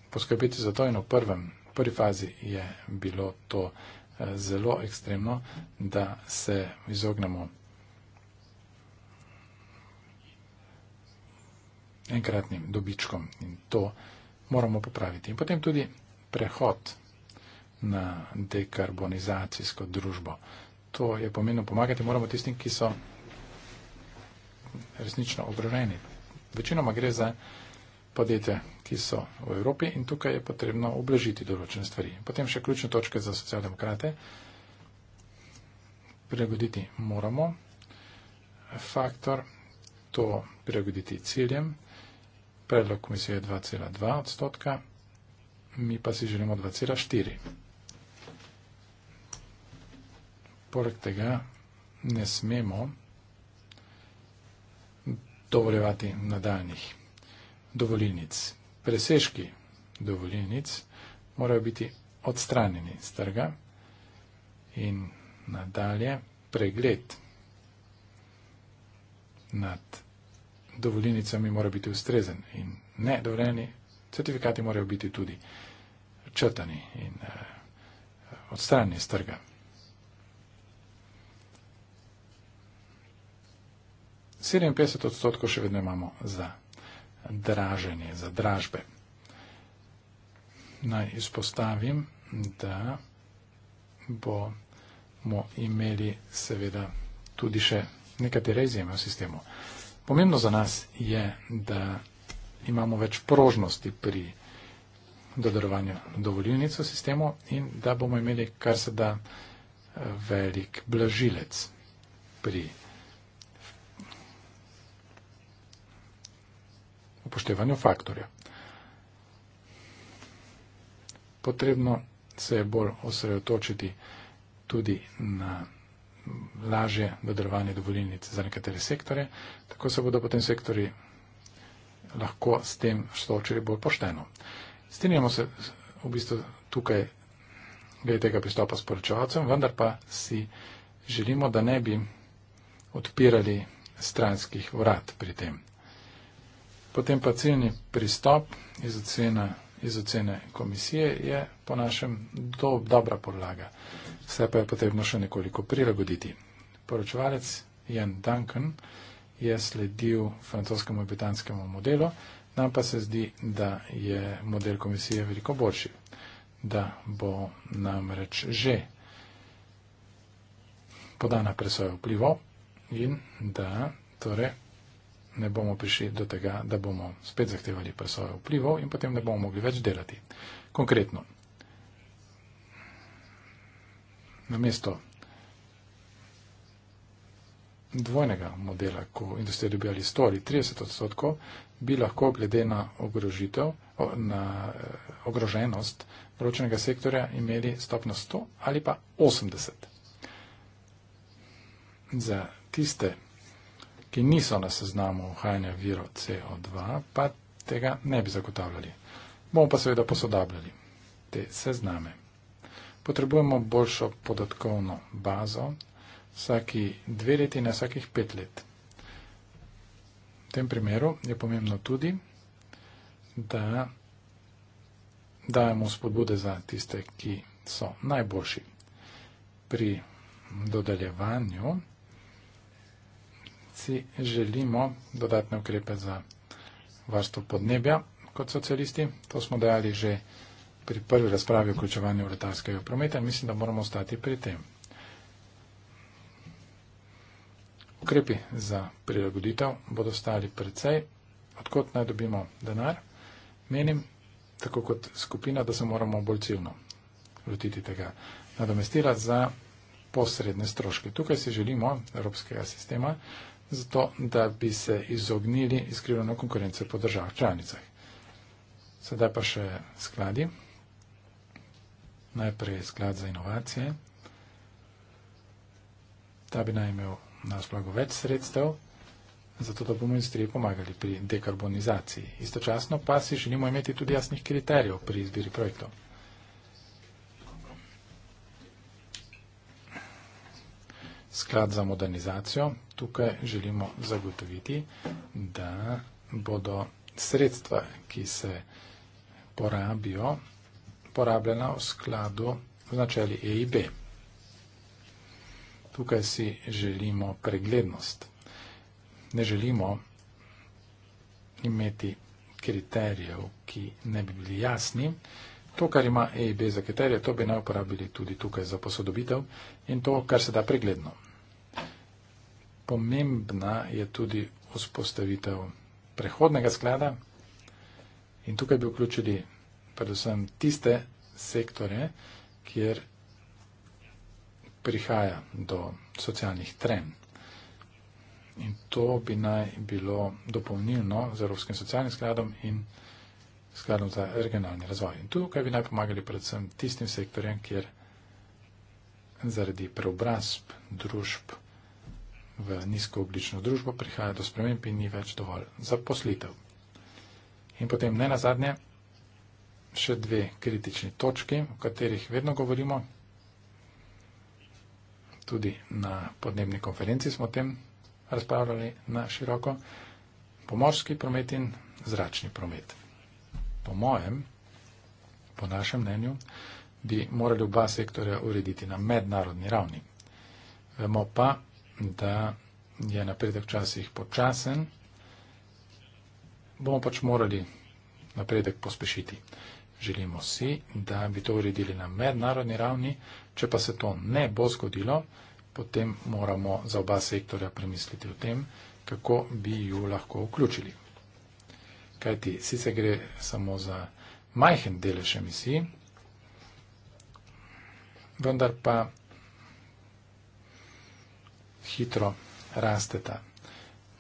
poskrbeti za to in v prvem, prvi fazi je bilo to zelo ekstremno, da se izognemo. enkratnim dobičkom in to moramo popraviti. In potem tudi prehod na dekarbonizacijsko družbo. To je pomenilo pomagati moramo tistim, ki so resnično ogroženi. Večinoma gre za uh, podjetja, ki so v Evropi in tukaj je potrebno oblažiti določene stvari. Potem še ključne točke za socialdemokrate. Prilagoditi moramo faktor, to prilagoditi ciljem. Predlog komisije je 2,2 odstotka, mi pa si želimo 2,4. Poleg tega ne smemo dovoljevati nadaljnih dovolilnic. Presežki dovolilnic morajo biti odstranjeni z trga in nadalje pregled nad dovolilnicami mora biti ustrezen in nedovoljeni certifikati morajo biti tudi črtani in eh, odstranjeni z trga. Sedem petdeset odstotkov še vedno imamo za trga draženje, za dražbe. Naj izpostavim, da bomo imeli seveda tudi še nekatere izjeme v sistemu. Pomembno za nas je, da imamo več prožnosti pri dodarovanju dovoljenic v sistemu in da bomo imeli kar se da eh, velik blažilec pri dodarovanju. upoštevanju faktorja. Potrebno se je bolj osredotočiti tudi na laže dodelovanje dovoljenic za nekatere sektore, tako se bodo potem sektori lahko s tem soočili bolj pošteno. Strinjamo se v bistvu tukaj glede tega pristopa s poročevalcem, vendar pa si želimo, da ne bi odpirali stranskih vrat pri tem. Potem pa ciljni pristop iz ocene, iz ocene komisije je po našem do, dobra podlaga. Vse pa je potrebno še nekoliko prilagoditi. Poročevalec Jan Duncan je sledil francoskemu in britanskemu modelu, nam pa se zdi, da je model komisije veliko boljši, da bo namreč že podana presoja vplivo in da torej ne bomo prišli do tega, da bomo spet zahtevali presojo vplivov in potem ne bomo mogli več delati. Konkretno, namesto dvojnega modela, ko industrija dobi ali stori 30 odstotkov, bi lahko glede na ogrožitev, na eh, ogroženost določenega sektorja imeli stopno 100 ali pa 80. Za tiste ki niso na seznamu ohajanja virov CO2, pa tega ne bi zagotavljali. Bomo pa seveda posodabljali te sezname. Potrebujemo boljšo podatkovno bazo, vsaki dve leti na vsakih pet let. V tem primeru je pomembno tudi, da dajemo spodbude za tiste, ki so najboljši pri dodeljevanju si želimo dodatne ukrepe za varstvo podnebja kot socialisti. To smo dejali že pri prvi razpravi o vključevanju letalskega prometa in mislim, da moramo ostati pri tem. Ukrepi za prilagoditev bodo stali precej, odkot naj dobimo denar. Menim, tako kot skupina, da se moramo bolj ciljno lotiti tega nadomestila za posredne stroške. Tukaj si želimo evropskega sistema, zato da bi se izognili izkrivljeno konkurence po državah članicah. Sedaj pa še skladi. Najprej sklad za inovacije. Ta bi naj imel na splago več sredstev, zato da bomo industriji pomagali pri dekarbonizaciji. Istočasno pa si želimo imeti tudi jasnih kriterijev pri izbiri projektov. sklad za modernizacijo. Tukaj želimo zagotoviti, da bodo sredstva, ki se porabijo, porabljena v skladu z načeli EIB. Tukaj si želimo preglednost. Ne želimo imeti kriterijev, ki ne bi bili jasni. To, kar ima EIB za kriterije, to bi naj uporabili tudi tukaj za posodobitev in to, kar se da pregledno. Pomembna je tudi vzpostavitev prehodnega sklada in tukaj bi vključili predvsem tiste sektore, kjer prihaja do socialnih trenj. In to bi naj bilo dopolnilno z Evropskim socialnim skladom in skladno za regionalni razvoj. In tukaj bi naj pomagali predvsem tistim sektorjem, kjer zaradi preobrazb družb v nizkooglično družbo prihaja do sprememb in ni več dovolj za poslitev. In potem ne nazadnje, še dve kritični točki, o katerih vedno govorimo. Tudi na podnebni konferenci smo o tem razpravljali na široko. Pomorski promet in zračni promet po mojem, po našem mnenju, bi morali oba sektorja urediti na mednarodni ravni. Vemo pa, da je napredek včasih počasen, bomo pač morali napredek pospešiti. Želimo si, da bi to uredili na mednarodni ravni, če pa se to ne bo zgodilo, potem moramo za oba sektorja premisliti o tem, kako bi ju lahko vključili kajti sicer gre samo za majhen delež emisij, vendar pa hitro rasteta.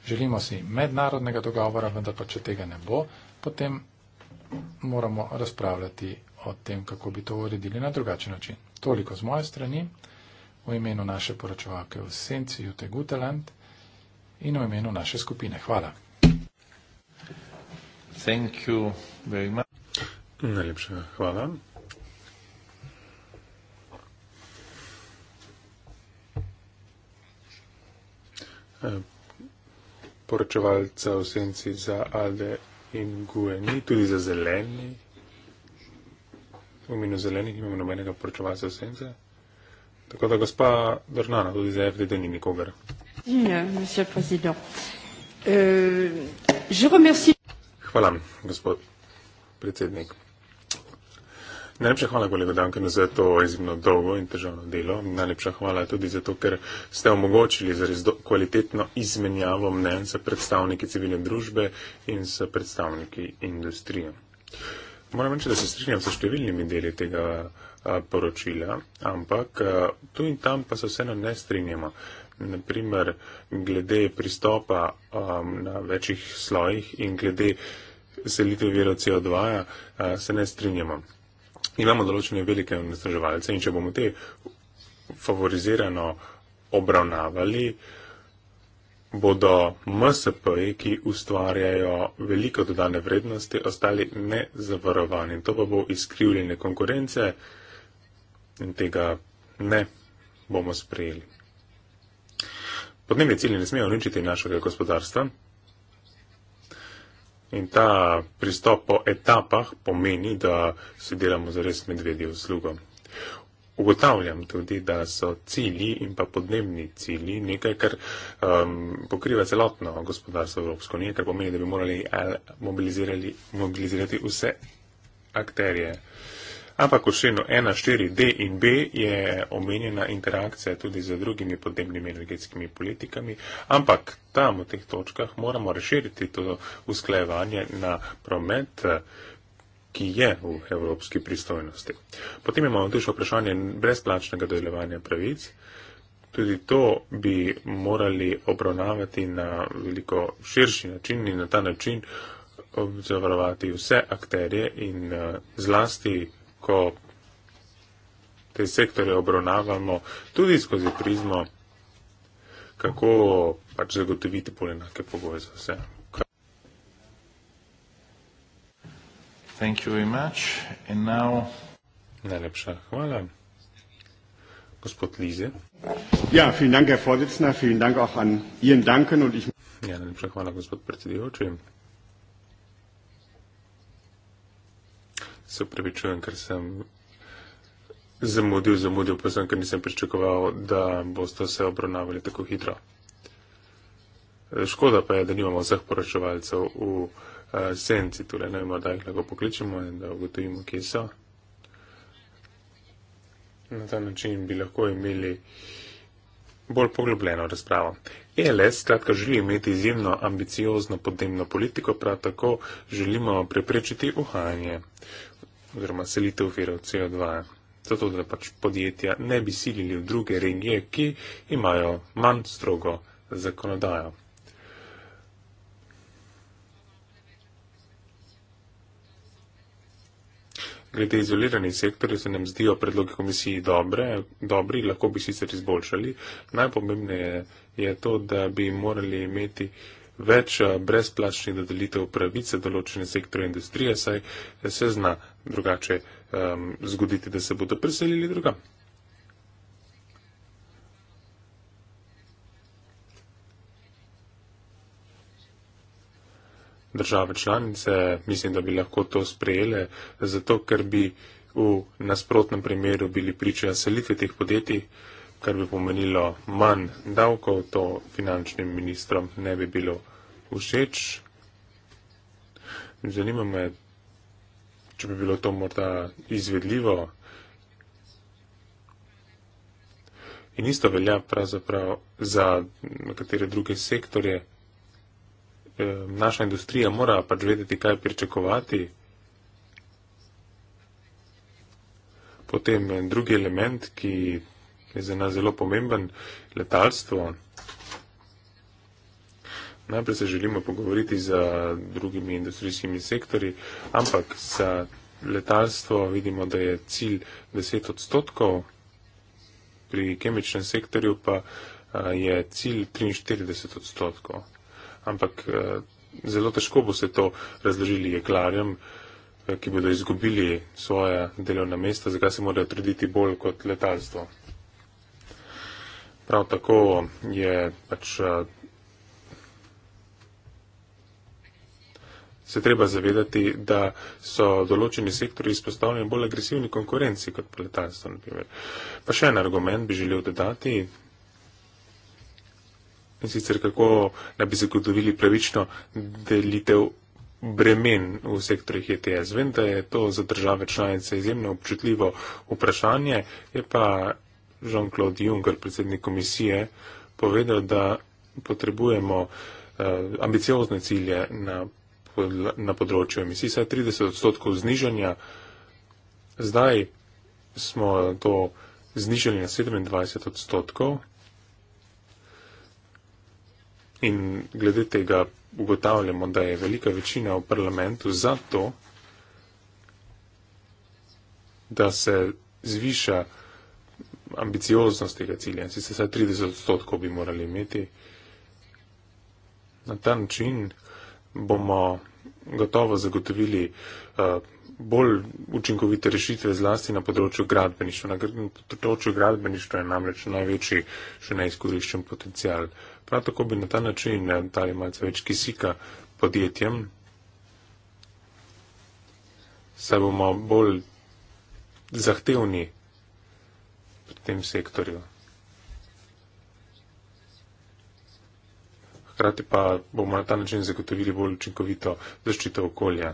Želimo si mednarodnega dogovora, vendar pa če tega ne bo, potem moramo razpravljati o tem, kako bi to uredili na drugačen način. Toliko z moje strani, v imenu naše poročevalke v Senci Jute Guteland in v imenu naše skupine. Hvala. Thank you very much. Najlepša hvala. E, poročevalca v senci za Alde in Gueni, tudi za zeleni. V imenu zelenih imamo nobenega poročevalca v senci. Tako da gospa Dornana, tudi za FDD ni nikogar. Ja, monsieur prezident. Uh, je remercie Hvala, gospod predsednik. Najlepša hvala, kolega Dankan, za to izjemno dolgo in težavno delo. Najlepša hvala tudi zato, ker ste omogočili za res kvalitetno izmenjavo mnen sa predstavniki civilne družbe in sa predstavniki industrije. Moram reči, da se strinjam sa številnimi deli tega poročila, ampak tu in tam pa se vseeno ne strinjamo. Naprimer, glede pristopa um, na večjih slojih in glede uh, selitve virov CO2, se ne strinjamo. Imamo določene velike onesnaževalce in če bomo te favorizirano obravnavali, bodo MSP-ji, ki ustvarjajo veliko dodane vrednosti, ostali nezavarovani. To pa bo izkrivljene konkurence in tega ne bomo sprejeli. Podnebni cilji ne smejo uničiti našega gospodarstva, In ta pristop po etapah pomeni, da se delamo za res medvedje uslugo. Ugotavljam tudi, da so cilji in pa podnebni cilji nekaj, kar um, pokriva celotno gospodarstvo Evropsko unije, kar pomeni, da bi morali eh, mobilizirati vse akterje. Ampak vseeno 1.4.D in B je omenjena interakcija tudi z drugimi podnebnimi energetskimi politikami, ampak tam v teh točkah moramo razširiti to usklajevanje na promet ki je v evropski pristojnosti. Potem imamo tudi še vprašanje brezplačnega dojelevanja pravic. Tudi to bi morali obravnavati na veliko širši način in na ta način obzavarovati vse akterje in eh, zlasti ko te sektore obravnavamo, tudi skozi prizmo, kako pač zagotoviti bolj enake pogoje za vse. Now... Najlepša hvala. Gospod Lize. Ja, vielen Dank, Herr Vorsitzender, vielen Dank auch an Ihren Danken und ich. Ja, najlepša hvala, gospod predsedujoči. se upravičujem, ker sem zamudil, zamudil pa sem, ker nisem pričakoval, da boste vse obravnavali tako hitro. Škoda pa je, da nimamo vseh poročevalcev v uh, senci, torej ne vemo, da jih lahko pokličemo in da ugotovimo, kje so. Na ta način bi lahko imeli bolj poglobljeno razpravo. ELS, skratka, želi imeti izjemno ambiciozno podnebno politiko, prav tako želimo preprečiti uhajanje oziroma selitev virov CO2, zato da pač podjetja ne bi silili v druge regije, ki imajo manj strogo zakonodajo. Glede izoliranih sektorjev se nam zdijo predloge komisiji dobre, dobri, lahko bi sicer izboljšali. Najpomembneje je to, da bi morali imeti uh, več eh, brezplačnih dodelitev pravice določene sektore industrije, saj se zna drugače um, zgoditi, da se bodo preselili druga. Države članice mislim, da bi lahko to sprejele, zato ker bi v nasprotnem primeru bili priča selitve teh podjetij kar bi pomenilo manj davkov, to finančnim ministrom ne bi bilo všeč. Zanima me, če bi bilo to morda izvedljivo. In isto velja pravzaprav za nekatere druge sektorje. E, naša industrija mora pač vedeti, kaj pričakovati. Potem drugi element, ki ki je za nas zelo pomemben, letalstvo. Najprej se želimo pogovoriti z drugimi industrijskimi sektori, ampak za letalstvo vidimo, da je cilj 10 odstotkov, pri kemičnem sektorju pa je cilj 43 odstotkov. Ampak zelo težko bo se to razložili jeklarjem, ki bodo izgubili svoje delovna mesta, zakaj se morajo trditi bolj kot letalstvo. Prav tako je pač eh, se treba zavedati, da so določeni sektori izpostavljeni bolj agresivni konkurenci kot poletarstvo. Pa še en argument bi želel dodati. In sicer kako naj bi zagotovili pravično delitev bremen v sektorjih ETS. Vem, da je to za države članice izjemno občutljivo vprašanje, je pa Jean-Claude Juncker, predsednik komisije, povedal, da potrebujemo eh, ambiciozne cilje na, na področju emisij, saj 30 odstotkov znižanja. Zdaj smo to znižali na 27 odstotkov. In glede tega ugotavljamo, da je velika večina v parlamentu za to, da se zviša ambicioznost tega cilja. Si se saj 30 odstotkov bi morali imeti. Na ta način bomo gotovo zagotovili eh, bolj učinkovite rešitve zlasti na področju gradbeništva. Na področju gradbeništva je namreč največji še neizkoriščen potencial. Prav tako bi na ta način eh, dali malce več kisika podjetjem, saj bomo bolj zahtevni pri tem sektorju. Hkrati pa bomo na ta način zagotovili bolj učinkovito zaščito okolja.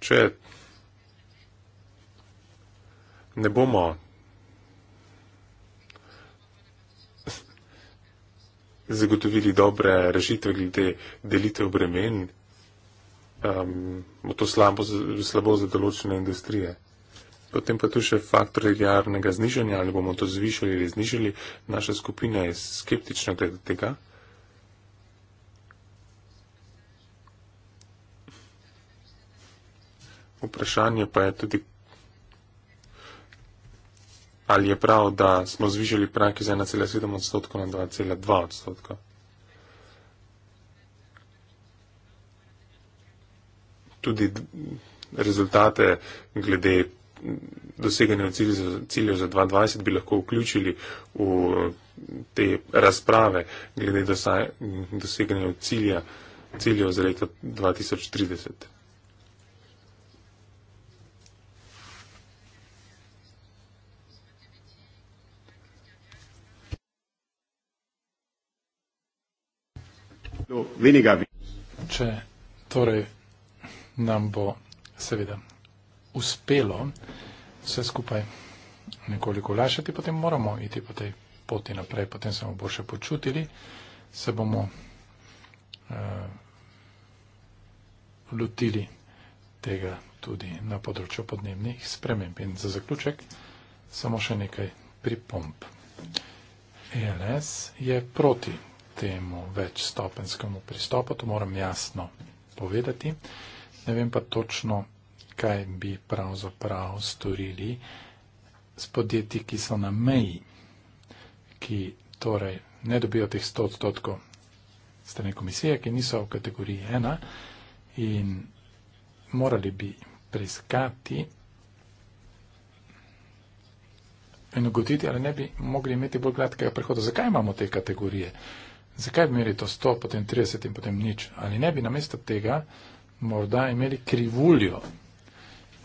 Če ne bomo zagotovili dobre rešitve glede delitev bremen, um, bo to slabo, slabo za določene industrije. Potem pa tu še faktor linearnega znižanja, ali bomo to zvišali ali znižali. Naša skupina je skeptična glede tega. Vprašanje pa je tudi, ali je prav, da smo zvišali prak iz 1,7 odstotka na 2,2 odstotka. Tudi rezultate glede doseganja ciljev za 2020 bi lahko vključili v te razprave glede doseganja ciljev za leto 2030. No, Če torej nam bo seveda uspelo vse skupaj nekoliko lajšati, potem moramo iti po tej poti naprej, potem se bomo boljše počutili, se bomo uh, lotili tega tudi na področju podnebnih sprememb. In za zaključek samo še nekaj pripomp. ELS je proti temu večstopenskemu pristopu, to moram jasno povedati. Ne vem pa točno, kaj bi pravzaprav storili s podjetji, ki so na meji, ki torej ne dobijo teh 100 odstotkov strani komisije, ki niso v kategoriji 1 in morali bi preiskati in ugotiti, ali ne bi mogli imeti bolj gladkega prehoda. Zakaj imamo te kategorije? Zakaj bi imeli to 100, potem 30 in potem nič? Ali ne bi namesto tega morda imeli krivuljo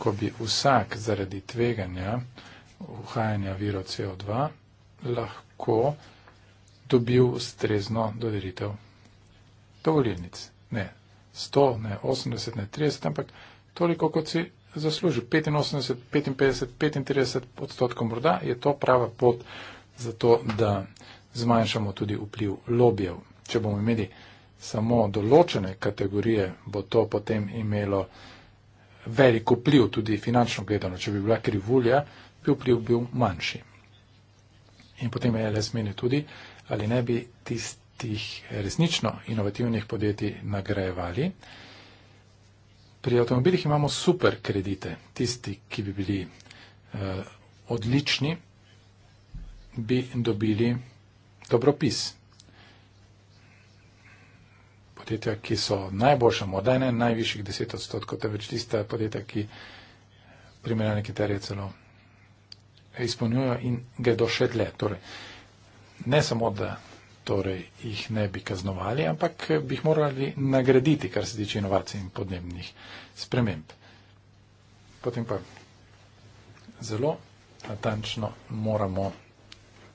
ko bi vsak zaradi tveganja uhajanja viro CO2 lahko dobil ustrezno dodelitev dovoljenic. Ne 100, ne 80, ne 30, ampak toliko, kot si zasluži. 85, 55, 35 odstotkov morda je to prava pot za to, da zmanjšamo tudi vpliv lobijev. Če bomo imeli samo določene kategorije, bo to potem imelo uh, velik vpliv, tudi finančno gledano, če bi bila krivulja, bi vpliv bil manjši. In potem je le zmenil tudi, ali ne bi tistih resnično inovativnih podjetij nagrajevali. Pri avtomobilih imamo super kredite. Tisti, ki bi bili eh, odlični, bi dobili dobropis podjetja, ki so najboljša, morda ne najvišjih 10 odstotkov, temveč tista podjetja, ki primerjalne kriterije celo izpolnjujo in gredo še dlje. Torej, ne samo, da torej, jih ne bi kaznovali, ampak bi jih morali nagraditi, kar se tiče inovacij in podnebnih sprememb. Potem pa zelo natančno moramo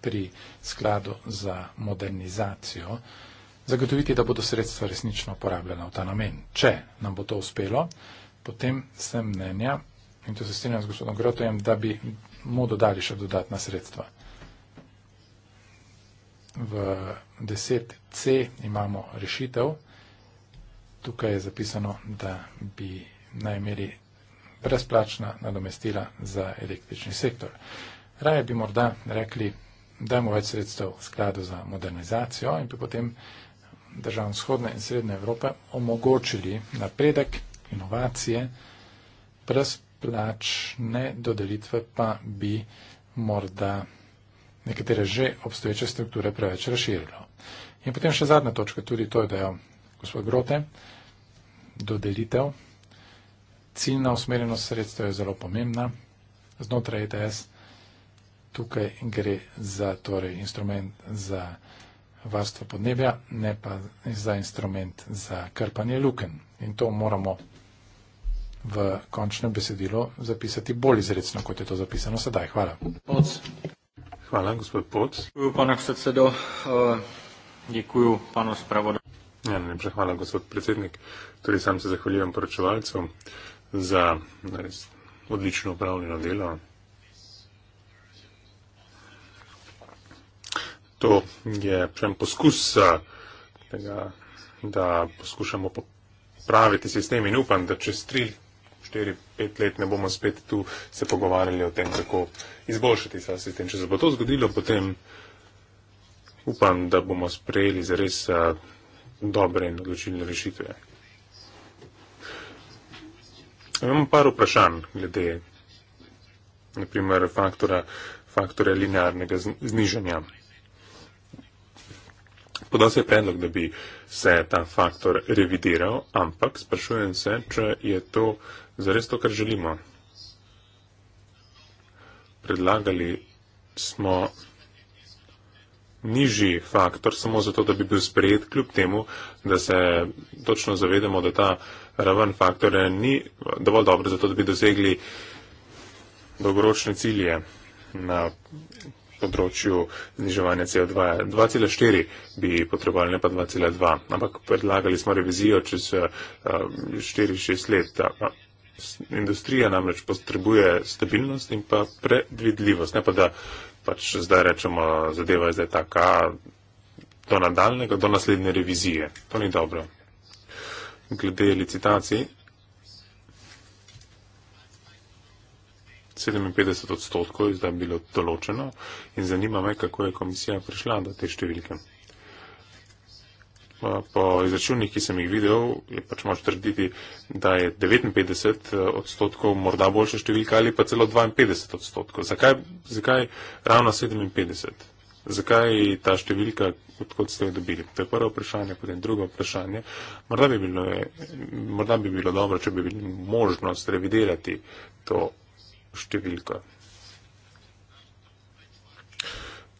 pri skladu za modernizacijo uh, zagotoviti, da bodo sredstva resnično porabljena v ta namen. Če nam bo to uspelo, potem sem mnenja, in to se strinjam z gospodom Grotojem, da bi mu dodali še dodatna sredstva. V 10c imamo rešitev. Tukaj je zapisano, da bi naj imeli brezplačna nadomestila za električni sektor. Raje bi morda rekli, dajmo več sredstev skladu za modernizacijo in bi potem državam vzhodne in srednje Evrope omogočili napredek, inovacije, brez plačne dodelitve pa bi morda nekatere že obstoječe strukture preveč razširilo. In potem še zadnja točka, tudi to je dejal gospod Grote, dodelitev, ciljna usmerjenost sredstva je zelo pomembna znotraj ETS. Tukaj gre za torej, instrument za varstvo podnebja, ne pa za instrument za krpanje luken. In to moramo v končnem besedilu zapisati bolj izredno, kot je to zapisano sedaj. Hvala. Poc. Hvala, gospod Poc. Upanak se cedo, eh, děkuju panu spravodu. Ja, ne, ne, hvala, gospod predsednik. Torej sam se zahvaljujem poročevalcu za ne, odlično upravljeno delo. to je prejem poskus eh, tega, da poskušamo popraviti sistem in upam, da čez 3, 4, 5 let ne bomo spet tu se pogovarjali o tem, kako izboljšati ta sistem. Če se bo to zgodilo, potem upam, da bomo sprejeli zares eh, dobre in odločilne rešitve. Imamo par vprašanj glede naprimer faktora, faktore linearnega znižanja. Podal se je predlog, da bi se ta faktor revidiral, ampak sprašujem se, če je to zares to, kar želimo. Predlagali smo nižji faktor, samo zato, da bi bil sprejet, kljub temu, da se točno zavedamo, da ta raven faktore ni dovolj dobro, zato da bi dosegli dolgoročne cilje na področju zniževanja CO2. 2,4 bi potrebovali, ne pa 2,2. Ampak predlagali smo revizijo čez 4-6 eh, let. Industrija namreč potrebuje stabilnost in pa predvidljivost. Ne pa da pač zdaj rečemo, zadeva je zdaj taka do nadaljnega, do naslednje revizije. To ni dobro. Glede licitacij. 57 odstotkov je zdaj bilo določeno in zanima me, kako je komisija prišla do te številke. Po izračunih, ki sem jih videl, je pač moč trditi, da je 59 eh, odstotkov morda boljša številka ali pa celo 52 odstotkov. Zakaj, zakaj ravno 57? Zakaj ta številka, odkot ste jo dobili? To je prvo vprašanje, potem drugo vprašanje. Morda bi bilo, je, eh, morda bi bilo dobro, če bi bilo možnost revidirati to številka.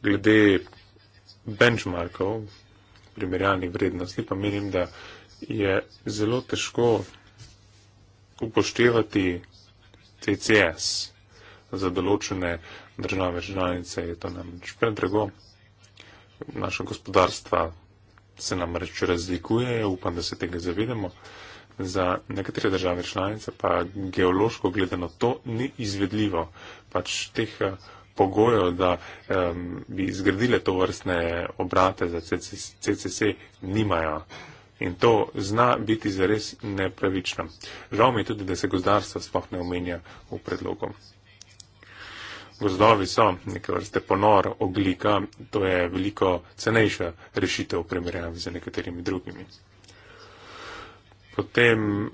Glede benchmarkov, primerjalnih vrednosti, pa menim, da je zelo težko upoštevati CCS za določene države članice. Je to namreč predrago. Naša gospodarstva se namreč razlikujejo, upam, da se tega zavedamo. Uh, za nekatere države članice pa geološko gledano to ni izvedljivo. Pač teh eh, pogojev, da um, bi zgradile to vrstne obrate za CCC, nimajo. In to zna biti zares nepravično. Žal mi je tudi, da se gozdarstvo sploh ne omenja v predlogu. Gozdovi so neke vrste ponor, oglika, to je veliko cenejša rešitev v primerjavi z nekaterimi drugimi potem um,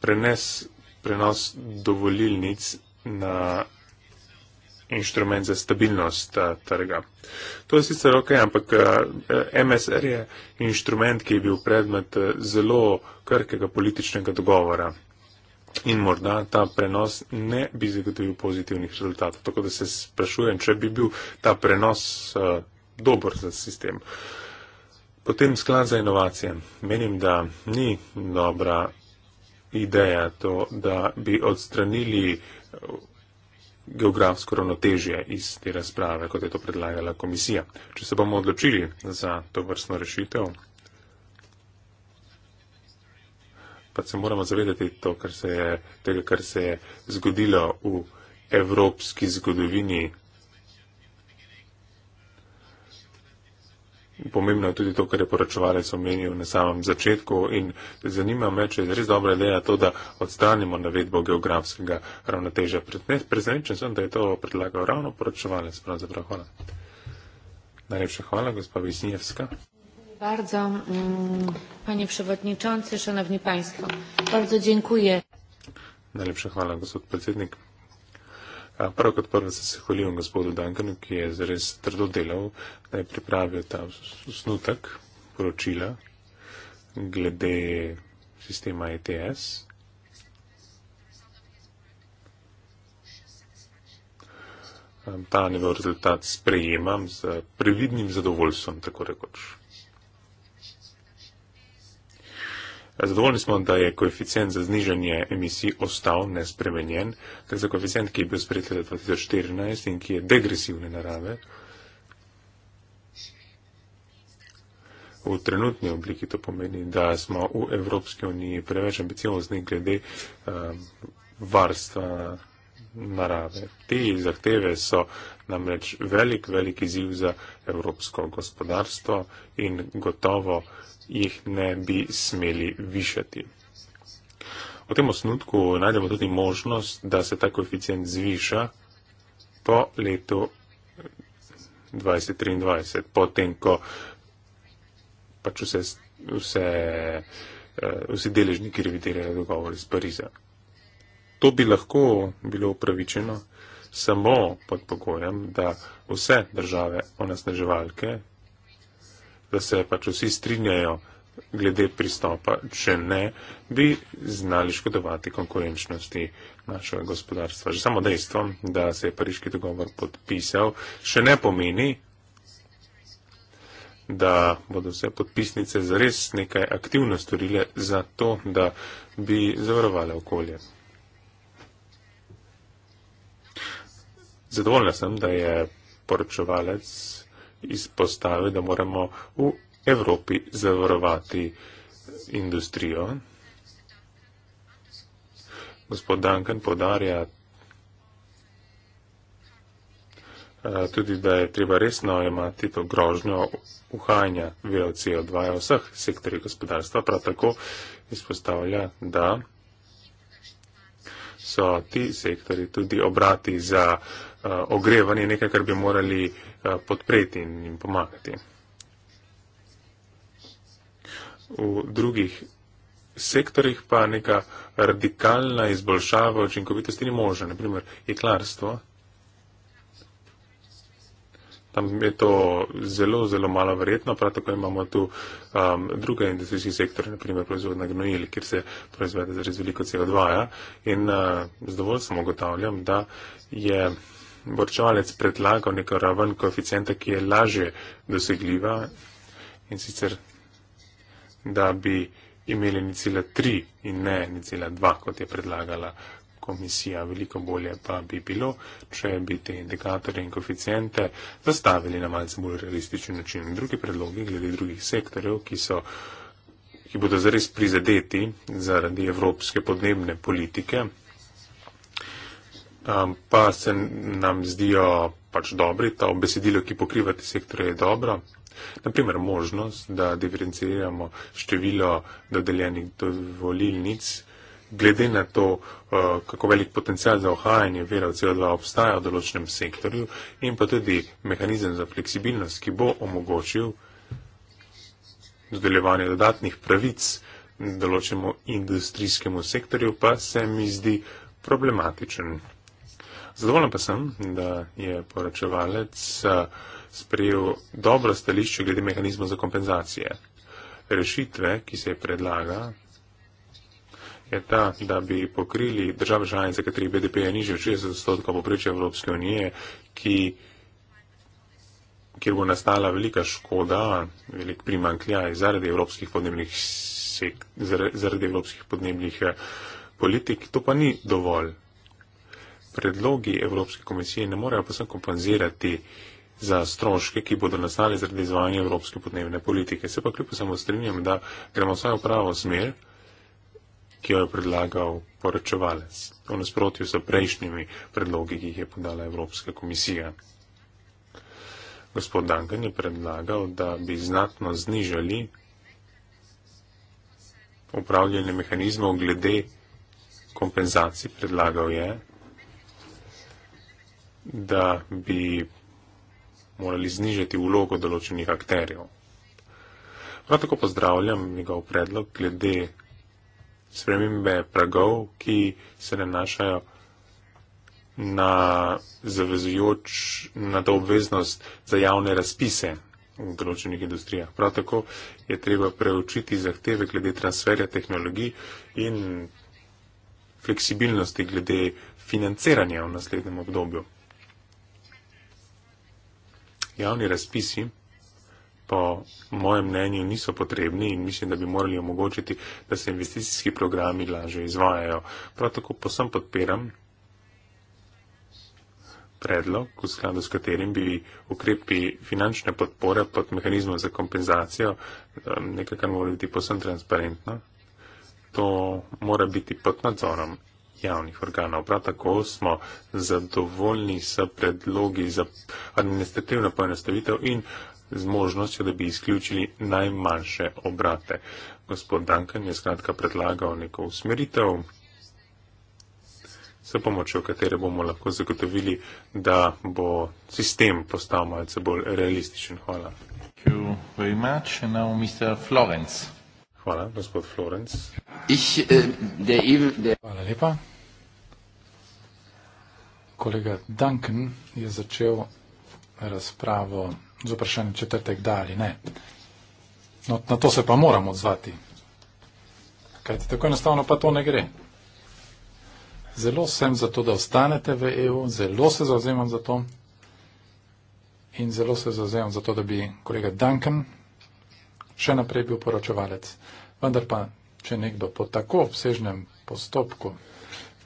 prenes, prenos dovolilnic na inštrument za stabilnost uh, trga. To je sicer ok, ampak uh, MSR je inštrument, ki je bil predmet zelo krkega političnega dogovora. In morda ta prenos ne bi zagotovil pozitivnih rezultatov. Tako da se sprašujem, če bi bil ta prenos uh, dober za sistem. Uh, Potem sklad za inovacije. Menim, da ni dobra ideja to, da bi odstranili eh, geografsko ravnotežje iz te razprave, kot je to predlagala komisija. Če se bomo odločili za to vrstno rešitev, pa se moramo zavedati to, kar se je, tega, kar se je zgodilo v evropski zgodovini pomembno je tudi to, kar je poročevalec omenil na samem začetku in zanima me, če je res dobra ideja to, da odstranimo navedbo geografskega ravnotežja. Prezenečen sem, da je to predlagal ravno poročevalec. Pravzaprav hvala. Najlepša hvala, gospa Visnjevska. Bardzo, mm, panie przewodniczący, szanowni państwo, bardzo dziękuję. Najlepsza chwała, gospod przewodnik. Prav kot prvo se zahvaljujem gospodu Dankanu, ki je zares trdo delal, da je pripravil ta osnutek poročila glede sistema ETS. Ta njegov rezultat sprejemam z previdnim zadovoljstvom, tako rekoč. Zadovoljni smo, da je koeficient za znižanje emisij ostal nespremenjen, ker za koeficient, ki je bil sprejet leta 2014 in ki je degresivne narave, V trenutni obliki to pomeni, da smo v Evropski uniji preveč ambiciozni glede um, varstva narave. Te zahteve so namreč velik, velik izziv za evropsko gospodarstvo in gotovo uh, jih ne bi smeli višati. V tem osnutku najdemo tudi možnost, da se ta koeficient zviša po letu 2023, potem, ko pač vse, vse, eh, vsi deležniki revidirajo dogovor iz Pariza. To bi lahko bilo upravičeno samo pod pogojem, da vse države onesnaževalke, da se pač vsi strinjajo glede pristopa, če ne, bi znali škodovati konkurenčnosti našega gospodarstva. Že samo dejstvo, da se je pariški dogovor podpisal, še ne pomeni, da bodo vse podpisnice zares nekaj aktivno storile za to, da bi zavarovale okolje. Zadovoljna sem, da je poročevalec izpostavil, da moramo v Evropi zavarovati industrijo. Gospod Duncan podarja eh, tudi, da je treba resno imati to grožnjo uhajanja VOCO2 v vseh sektorjih gospodarstva. Prav tako izpostavlja, da so ti sektori tudi obrati za uh, uh, ogrevanje nekaj, kar bi morali uh, podpreti in, in pomagati. V drugih sektorjih pa neka radikalna izboljšava očinkovitosti ni možna, naprimer jeklarstvo. Tam je to zelo, zelo malo verjetno, prav tako imamo tu um, druge industrijske sektore, naprimer proizvodna gnojil, kjer se proizvede zares veliko CO2 in uh, eh, z dovolj sem ugotavljam, da je vrčevalec predlagal neko raven koeficienta, ki je lažje dosegljiva in sicer, da bi imeli nicela 3 in ne nicela 2, kot je predlagala komisija. Veliko bolje pa bi bilo, če bi te indikatorje in koeficiente zastavili na malce bolj realističen način. Drugi predlogi glede drugih sektorjev, ki so ki bodo zares prizadeti zaradi evropske podnebne politike, um, pa se nam zdijo pač dobri, ta obesedilo, ki pokriva te sektore, je dobro. Naprimer, možnost, da diferenciramo število dodeljenih dovolilnic, glede na to, eh, kako velik potencial za ohajanje vera v CO2 obstaja v določenem sektorju in pa tudi mehanizem za fleksibilnost, ki bo omogočil zdeljevanje dodatnih pravic določenemu industrijskemu sektorju, pa se mi zdi problematičen. Zadovoljna pa sem, da je poročevalec eh, sprejel dobro stališče glede mehanizma za kompenzacije. Rešitve, ki se je predlaga, je ta, da bi pokrili države žalice, katerih BDP je nižji od 60 odstotkov poprečja Evropske unije, ki, kjer bo nastala velika škoda, velik primankljaj zaradi evropskih podnebnih, sek, zaradi evropskih podnebnih eh, politik. To pa ni dovolj predlogi Evropske komisije ne morejo posebej kompenzirati za stroške, ki bodo nastali zaradi izvajanja Evropske podnebne politike. Se pa kljub samo strinjam, da gremo vsaj v pravo smer, ki jo je predlagal poročevalec. V nasprotju so prejšnjimi predlogi, ki jih je podala Evropska komisija. Gospod Duncan je predlagal, da bi znatno znižali upravljanje mehanizmov glede kompenzacij. Predlagal je, da bi morali znižati vlogo določenih akterjev. Prav tako pozdravljam njegov predlog glede spremembe pragov, ki se nanašajo na zavezujoč, na to obveznost za javne razpise v določenih industrijah. Prav tako je treba preučiti zahteve glede transferja tehnologij in fleksibilnosti glede financiranja v naslednjem obdobju. Javni razpisi po mojem mnenju niso potrebni in mislim, da bi morali omogočiti, da se investicijski programi lažje izvajajo. Prav tako posem podpiram predlog, v skladu s katerim bi ukrepi finančne podpore pod mehanizmom za kompenzacijo ehm, nekaj, kar mora biti posem transparentno. To mora biti pod nadzorom javnih organov. Prav tako smo zadovoljni s predlogi za administrativno poenostavitev in z možnostjo, da bi izključili najmanjše obrate. Gospod Duncan je skratka predlagal neko usmeritev, s pomočjo katere bomo lahko zagotovili, da bo sistem postal malce bolj realističen. Hvala. Hvala, gospod Florence. Äh, Hvala lepa. Kolega Duncan je začel razpravo z vprašanjem četrtek, da ali ne. No, na to se pa moramo odzvati. Kaj ti tako enostavno pa to ne gre? Zelo sem za to, da ostanete v EU, zelo se zauzemam za to in zelo se zauzemam za to, da bi kolega Duncan še naprej bil poročevalec. Vendar pa, če nekdo po tako obsežnem postopku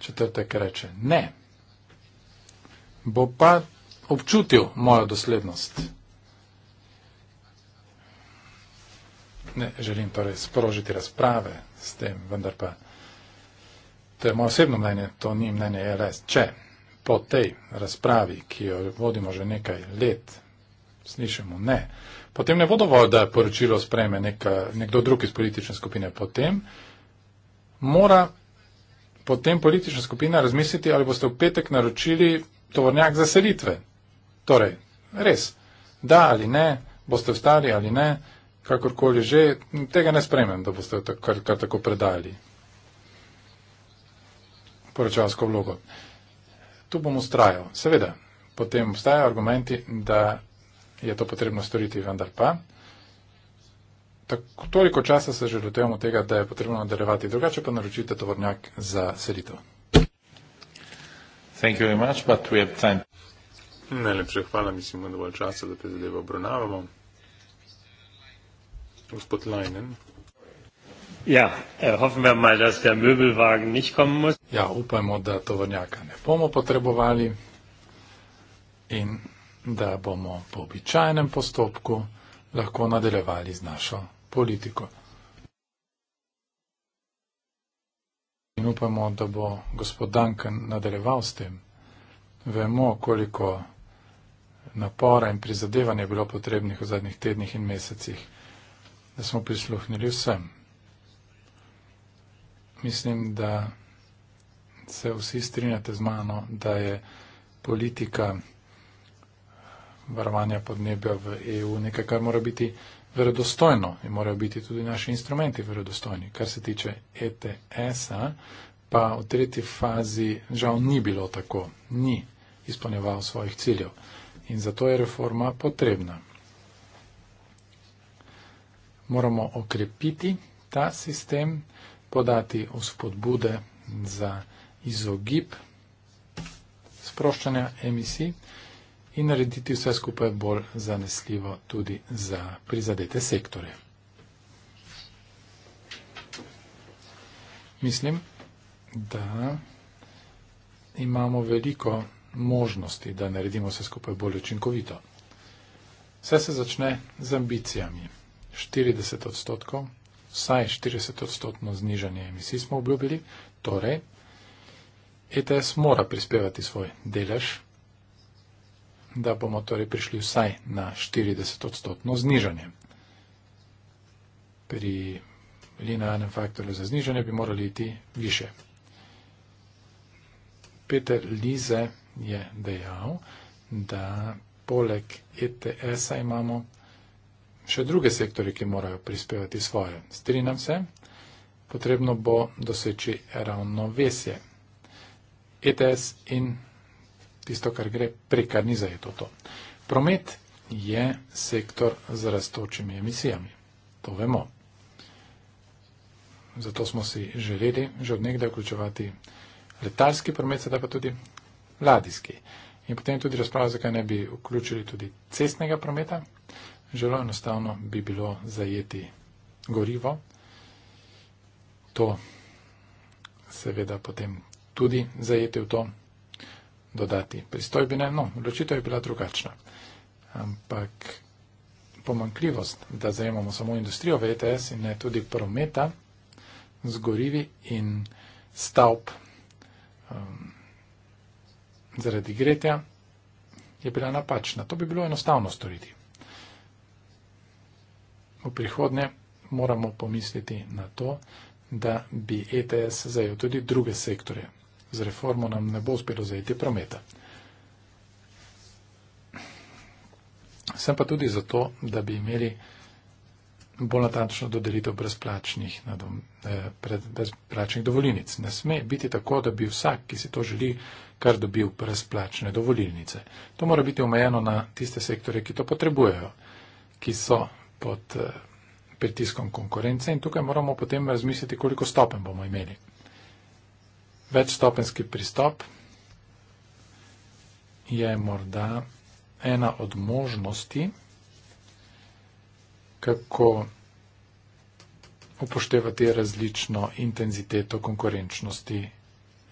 četrtek reče ne, bo pa občutil mojo doslednost. Ne želim pa res torej sprožiti razprave s tem, vendar pa to je moje osebno mnenje, to ni mnenje LS. Če po tej razpravi, ki jo vodimo že nekaj let, slišimo ne, potem ne bo dovolj, da poročilo spreme neka, nekdo drug iz politične skupine, potem mora potem politična skupina razmisliti, ali boste v petek naročili tovornjak za selitve. Torej, res, da ali ne, boste ostali ali ne, kakorkoli že, tega ne spremem, da boste tako, kar, kar tako predali poročevalsko vlogo. Tu bom ustrajal. Seveda, potem obstajajo argumenti, da je to potrebno storiti, vendar pa. Tako, toliko časa se že lotevamo tega, da je potrebno nadaljevati, drugače pa naročite tovornjak za selitev. Thank you very much, but we have time. Najlepša hvala, mislim, da dovolj časa, da te zadeve obravnavamo. Gospod Leinen. Ja, eh, hoffen mal, da se möbelwagen nicht kommen muss. Ja, upajmo, da tovornjaka ne bomo potrebovali in da bomo po običajnem postopku lahko nadaljevali z našo politiko. upamo, da bo gospod Duncan nadaljeval s tem. Vemo, koliko napora in prizadevanja je bilo potrebnih v zadnjih tednih in mesecih, da smo prisluhnili vsem. Mislim, da se vsi strinjate z mano, da je politika varovanja podnebja v EU nekaj, kar mora biti verodostojno in morajo biti tudi naši instrumenti verodostojni. Kar se tiče ETS-a, pa v tretji fazi žal ni bilo tako, ni izpolnjeval svojih ciljev in zato je reforma potrebna. Moramo okrepiti ta sistem, podati vzpodbude za izogib sproščanja emisij in narediti vse skupaj bolj zanesljivo tudi za prizadete sektore. Mislim, da imamo veliko možnosti, da naredimo vse skupaj bolj učinkovito. Vse se začne z ambicijami. 40 odstotkov, vsaj 40 odstotno znižanje emisij smo obljubili, torej ETS mora prispevati svoj delež da bomo torej prišli vsaj na 40 odstotno znižanje. Pri linearnem faktorju za znižanje bi morali iti više. Peter Lize je dejal, da poleg ETS-a imamo še druge sektore, ki morajo prispevati svoje. Strinam se, potrebno bo doseči ravnovesje. ETS in tisto, kar gre prekarni za je to to. Promet je sektor z rastočimi emisijami. To vemo. Zato smo si želeli že od nekdaj vključevati letalski promet, sedaj pa tudi ladijski. In potem tudi razprava, zakaj ne bi vključili tudi cestnega prometa. Želo enostavno bi bilo zajeti gorivo. To seveda potem tudi zajeti v to dodati pristojbine. No, odločitev je bila drugačna. Ampak pomankljivost, da zajemamo samo industrijo VTS e in ne tudi prometa z gorivi in stavb um, zaradi gretja, je bila napačna. To bi bilo enostavno storiti. V prihodnje moramo pomisliti na to, da bi ETS zajel tudi druge sektore z reformo nam ne bo uspelo zajeti prometa. Sem pa tudi zato, da bi imeli bolj natančno dodelitev brezplačnih, nadom, eh, brezplačnih dovolilnic. Ne sme biti tako, da bi vsak, ki si to želi, kar dobil brezplačne dovolilnice. To mora biti omejeno na tiste sektore, ki to potrebujejo, ki so pod eh, pritiskom konkurence in tukaj moramo potem razmisliti, koliko stopen bomo imeli. Večstopenski pristop je morda ena od možnosti, kako upoštevati različno intenziteto konkurenčnosti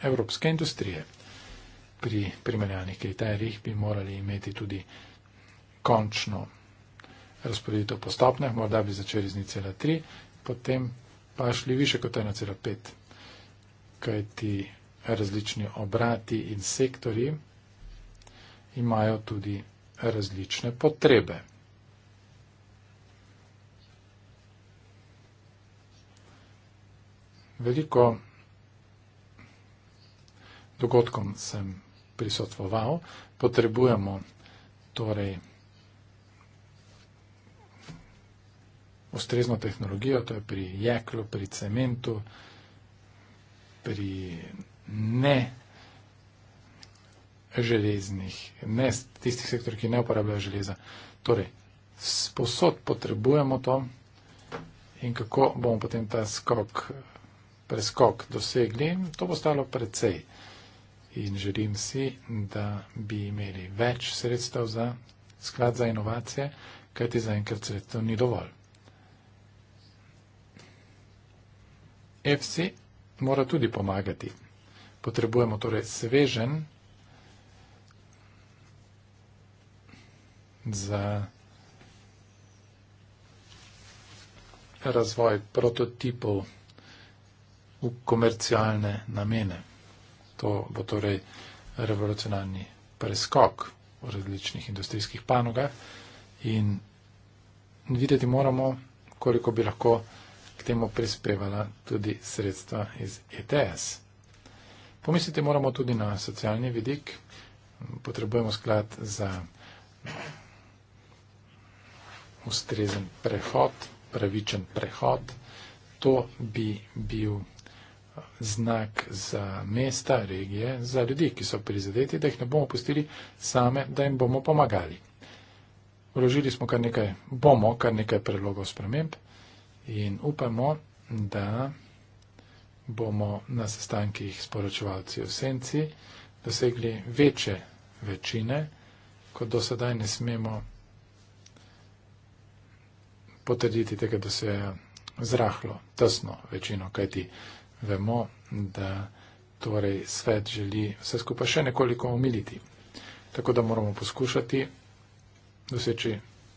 evropske industrije. Pri primerjalnih kriterijih bi morali imeti tudi končno razporeditev po stopnjah, morda bi začeli z 0,3, potem pa šli više kot 1,5 kajti različni obrati in sektori imajo tudi različne potrebe. Veliko dogodkom sem prisotvoval, potrebujemo torej ustrezno tehnologijo, to je pri jeklu, pri cementu, pri ne železnih, ne tistih sektorjih, ki ne uporabljajo železa. Torej, sposod potrebujemo to in kako bomo potem ta skok, preskok dosegli, to bo stalo precej. In želim si, da bi imeli več sredstev za sklad za inovacije, kajti zaenkrat sredstev ni dovolj. FC mora tudi pomagati. Potrebujemo torej svežen za razvoj prototipov v komercialne namene. To bo torej revolucionarni preskok v različnih industrijskih panogah in videti moramo, koliko bi lahko temu prispevala tudi sredstva iz ETS. Pomisliti moramo tudi na socialni vidik. Potrebujemo sklad za ustrezen prehod, pravičen prehod. To bi bil znak za mesta, regije, za ljudi, ki so prizadeti, da jih ne bomo pustili same, da jim bomo pomagali. Vložili smo kar nekaj, bomo kar nekaj predlogov sprememb in upamo, da bomo na sestankih s poročevalci v senci dosegli večje večine, kot do sedaj ne smemo potrditi tega, da se je zrahlo, tesno večino, kajti vemo, da torej svet želi vse skupaj še nekoliko omiliti. Tako da moramo poskušati doseči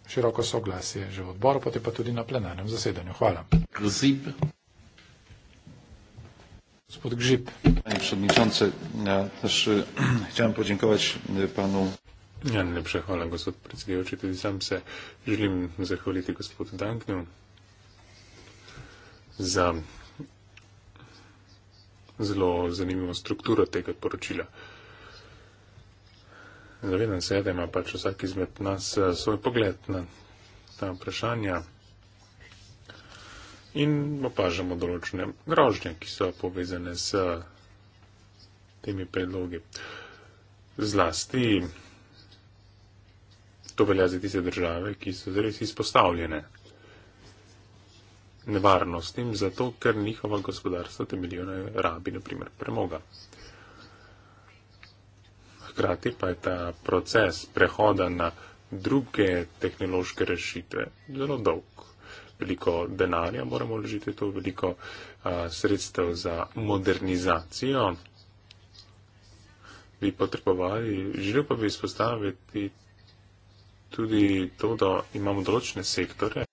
široko soglasje že v odboru, potem pa tudi na plenarnem zasedanju. Hvala. Gzib. Gospod Gžib. Panie przewodniczący, ja też e, chciałem podziękować e, panu. Ja nie przechwalam, gospod predsedujący, tudi sam se želim zahvaliti gospodu Danknu za zelo zanimivo strukturo tega poročila. Zavedam se, da ima pač vsak izmed nas eh, svoj pogled na ta vprašanja in opažamo določene grožnje, ki so povezane s eh, temi predlogi. Zlasti to velja za tiste države, ki so zares izpostavljene nevarnostim, zato ker njihova gospodarstva temeljijo na rabi, na primer, premoga hkrati pa je ta proces prehoda na druge tehnološke rešitve zelo dolg. Veliko denarja moramo ložiti to, veliko a, sredstev za modernizacijo. Bi potrebovali, želel pa bi izpostaviti tudi to, da imamo določene sektore,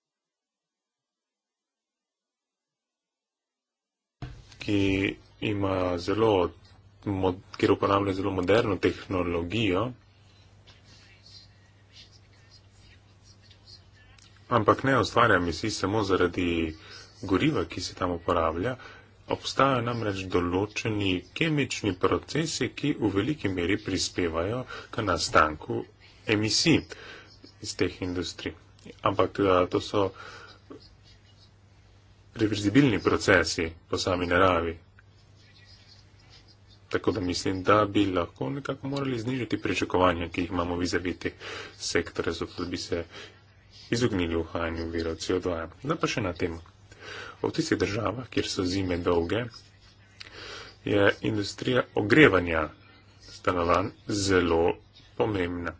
ki ima zelo kjer uporablja zelo moderno tehnologijo, ampak ne ustvarja misli samo zaradi goriva, ki se tam uporablja. Obstajajo namreč določeni kemični procesi, ki v veliki meri prispevajo k nastanku emisij iz teh industrij. Ampak to so reverzibilni procesi po sami naravi, Tako da mislim, da bi lahko nekako morali znižiti pričakovanja, ki jih imamo vizaviti sektore, zato da bi se izognili uhajanju virov CO2. Da pa še na tem. V tistih državah, kjer so zime dolge, je industrija ogrevanja stanovanj zelo pomembna.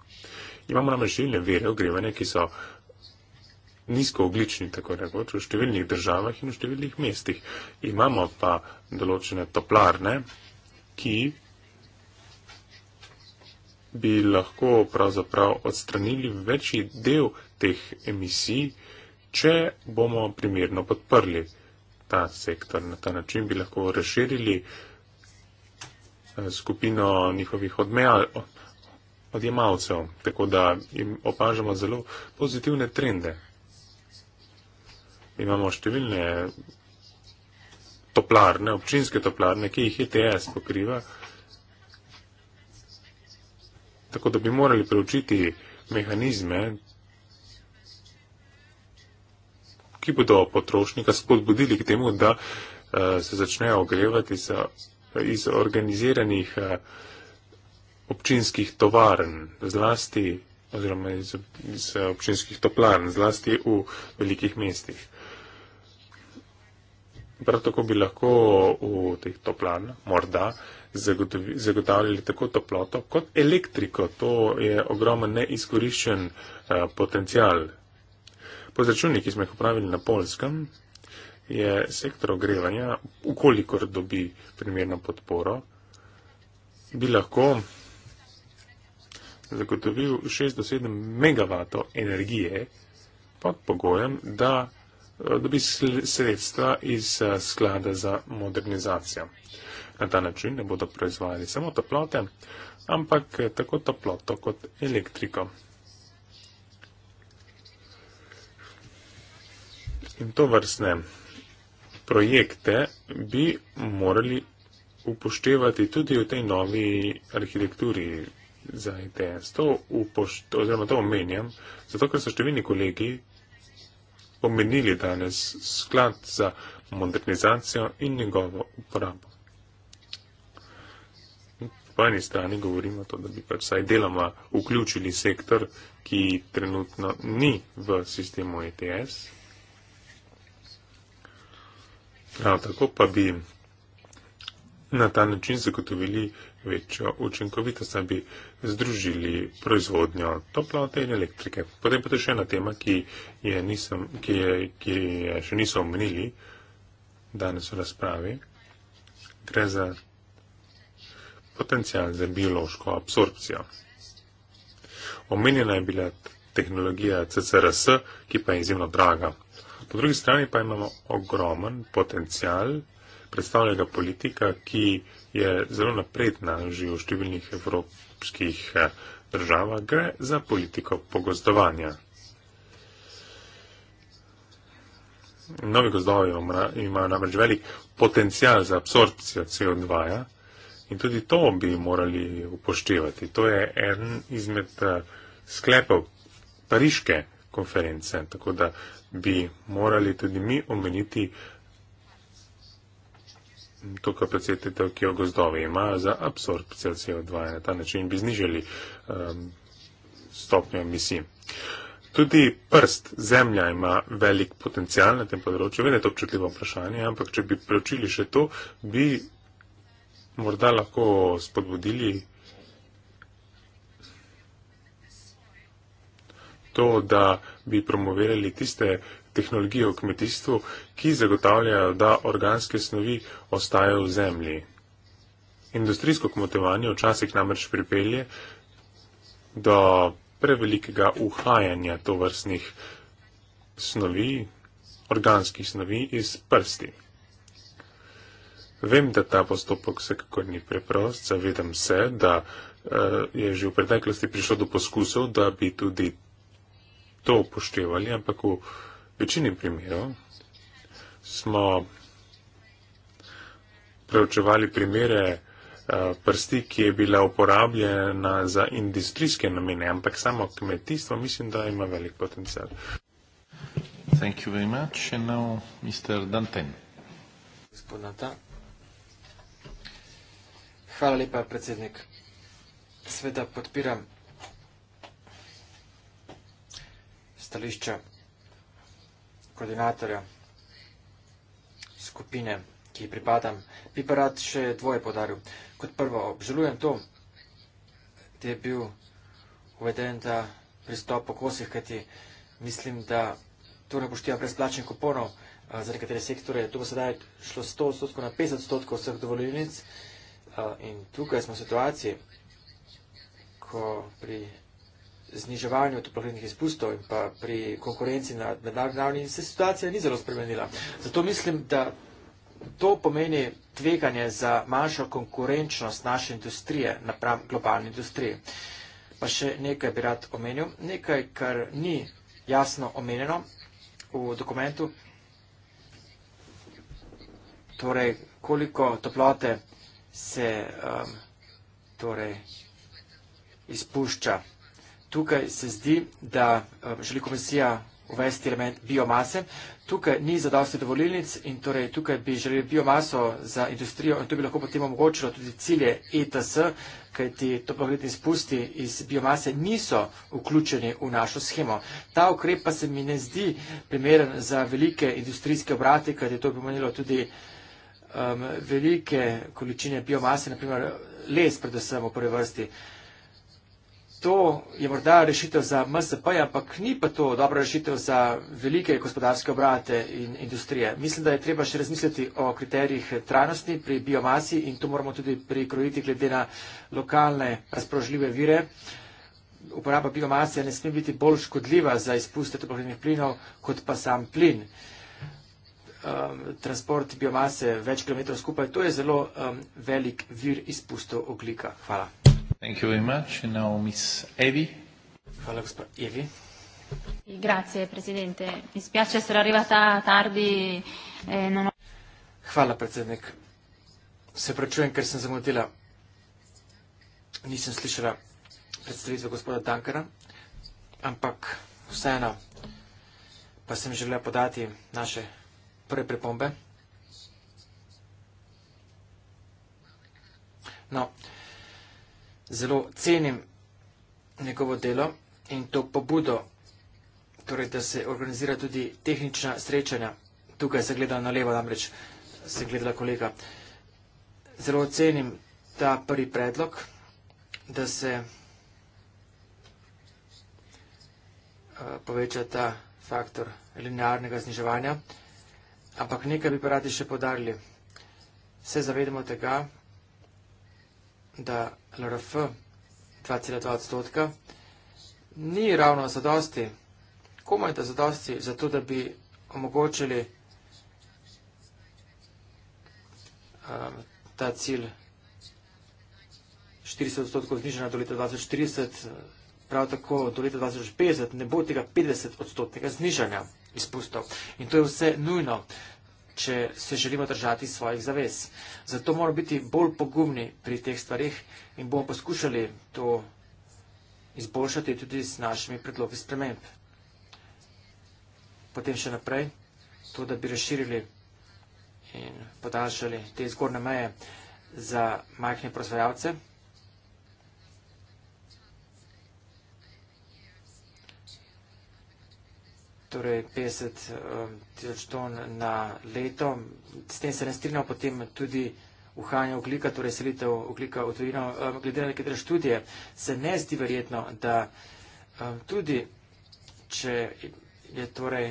Imamo namreč številne vire ogrevanja, ki so nizkooglični, tako rekoč, v številnih državah in v številnih mestih. Imamo pa določene toplarne, ki bi lahko pravzaprav odstranili večji del teh emisij, če bomo primerno podprli ta sektor. Na ta način bi lahko razširili eh, skupino njihovih odmejal, odjemalcev, tako da jim opažamo zelo pozitivne trende. Imamo številne toplarne, občinske toplarne, ki jih ITS e pokriva. Tako da bi morali preučiti mehanizme, ki bodo potrošnika spodbudili k temu, da eh, se začnejo ogrevati iz organiziranih eh, občinskih tovarn, zlasti oziroma iz, iz eh, občinskih toplarn, zlasti v velikih mestih. Prav tako bi lahko v teh toplanah morda zagotavljali tako toploto kot elektriko. To je ogromen neizkoriščen eh, potencial. Po zračunih, ki smo jih upravili na Polskem, je sektor ogrevanja, ukolikor dobi primerno podporo, bi lahko zagotovil 6 do 7 megavatov energije pod pogojem, da Eh, dobi sredstva iz eh, sklada za modernizacijo. Na ta način ne bodo proizvajali samo toplote, ampak eh, tako toploto kot elektriko. In to vrstne projekte bi morali upoštevati tudi v tej novi arhitekturi za ITS. To, upošte, to omenjam, zato ker so številni kolegi omenili danes sklad za modernizacijo in njegovo uporabo. Po eni strani govorimo to, da bi pač vsaj deloma vključili sektor, ki trenutno ni v sistemu ETS. Prav tako pa bi na ta način zagotovili večjo učinkovitost, da bi združili proizvodnjo toplote in elektrike. Potem pa to je še ena tema, ki je, nisem, ki je, ki je še niso omenili danes v razpravi. Gre za potencial za biološko absorpcijo. Omenjena je bila tehnologija CCRS, ki pa je izjemno draga. Po drugi strani pa imamo ogromen potencial predstavljenega politika, ki je zelo napredna že v številnih evropskih eh, državah, gre za politiko pogozdovanja. Novi gozdovi imajo namreč velik potencial za absorpcijo CO2 -ja in tudi to bi morali upoštevati. To je en izmed eh, sklepov pariške konference, tako da bi morali tudi mi omeniti uh, tukaj predsetitev, ki jo gozdovi ima za absorpcijo CO2. Na ta način bi znižali um, stopnjo emisij. Tudi prst zemlja ima velik potencial na tem področju, vedno je to občutljivo vprašanje, ampak če bi preučili še to, bi morda lahko spodbudili to, da bi promovirali tiste tehnologijo v kmetijstvu, ki zagotavljajo, da organske snovi ostajajo v zemlji. Industrijsko kmetovanje včasih namreč pripelje do prevelikega uhajanja tovrstnih snovi, organskih snovi iz prsti. Vem, da ta postopek vsekakor ni preprost, zavedam se, da eh, je že v preteklosti prišlo do poskusov, da bi tudi to upoštevali, ampak v večini primerov smo preučevali primere eh, prsti, ki je bila uporabljena za industrijske namene, ampak samo kmetijstvo mislim, da ima velik potencial. Thank you very much. And now Mr. Danten. Gospodnata. Hvala lepa, predsednik. Sveda podpiram stališča koordinatorja skupine, ki ji pripadam, bi pa rad še dvoje podaril. Kot prvo, obžalujem to, da je bil uveden ta pristop po kosih, kajti mislim, da to ne poštiva brezplačnih kuponov za nekatere sektore. To bo sedaj šlo 100 odstotkov na 50 odstotkov vseh dovoljenic in tukaj smo v situaciji, ko pri zniževanju toplogrednih izpustov in pa pri konkurenci na mednarodni ravni se situacija ni zelo spremenila. Zato mislim, da to pomeni tveganje za manjšo konkurenčnost naše industrije naprav globalni industriji. Pa še nekaj bi rad omenil, nekaj, kar ni jasno omenjeno v dokumentu, torej koliko toplote se um, torej, izpušča tukaj se zdi, da eh, želi komisija uvesti element biomase. Tukaj ni zadosti dovolilnic in torej tukaj bi želeli biomaso za industrijo in to bi lahko potem omogočilo tudi cilje ETS, kajti toplogredni spusti iz biomase niso vključeni v našo schemo. Ta ukrep pa se mi ne zdi primeren za velike industrijske obrate, kajti to bi pomenilo tudi um, velike količine biomase, naprimer les predvsem v prvi vrsti. Uh, To je morda rešitev za MSP, ampak ni pa to dobra rešitev za velike gospodarske obrate in industrije. Mislim, da je treba še razmisliti o kriterijih trajnosti pri biomasi in to moramo tudi prikrojiti glede na lokalne razpoložljive vire. Uporaba biomase ne sme biti bolj škodljiva za izpuste toplogrednih plinov, kot pa sam plin. Um, transport biomase več kilometrov skupaj, to je zelo um, velik vir izpustov oglika. Hvala. Thank you very much. Now, Miss Evi. Hvala, gospa Evi. Grazie, presidente. Mi spiace essere arrivata tardi e non ho... Hvala, predsednik. Se prečujem, ker sem zamotila. Nisem slišala predstavitve gospoda Dankara, ampak vseeno pa sem želela podati naše prve pripombe. No, vseeno, zelo cenim njegovo delo in to pobudo, torej, da se organizira tudi tehnična srečanja. Tukaj se gleda na levo, namreč se gledala kolega. Zelo cenim ta prvi predlog, da se eh, poveča ta faktor linearnega zniževanja, ampak nekaj bi pa radi še podarili. Se zavedamo tega, da LRF 2,2 odstotka ni ravno zadosti, komaj da zadosti, zato da bi omogočili um, ta cilj 40 odstotkov znižena do leta 2040, prav tako do leta 2050 ne bo tega 50 odstotnega znižanja izpustov. In to je vse nujno če se želimo držati svojih zavez. Zato moramo biti bolj pogumni pri teh stvarih in bomo poskušali to izboljšati tudi s našimi predlogi sprememb. Potem še naprej, to, da bi razširili in podaljšali te zgornje meje za majhne prosvajalce. torej 50 eh, tisoč ton na leto. S tem se ne strinjamo potem tudi uhajanje oglika, torej selitev oglika v tujino. Eh, glede na nekatere študije se ne zdi verjetno, da eh, tudi če je torej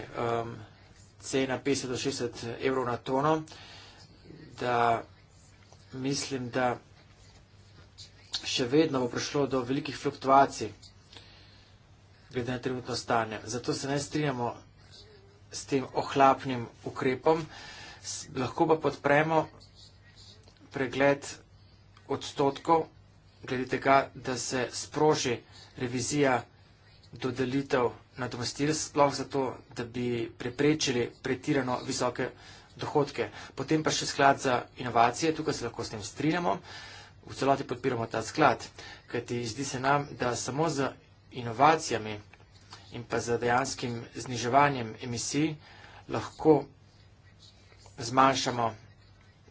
cena 50 do 60 evrov na tono, da mislim, da še vedno bo prišlo do velikih fluktuacij glede na trenutno stanje. Zato se ne strinjamo s tem ohlapnim ukrepom, lahko pa podpremo pregled odstotkov, glede tega, da se sproži revizija dodelitev nadomestil sploh zato, da bi preprečili pretirano visoke dohodke. Potem pa še sklad za inovacije, tukaj se lahko s tem strinjamo, v celoti podpiramo ta sklad, kajti zdi se nam, da samo z inovacijami in pa z dejanskim zniževanjem emisij lahko zmanjšamo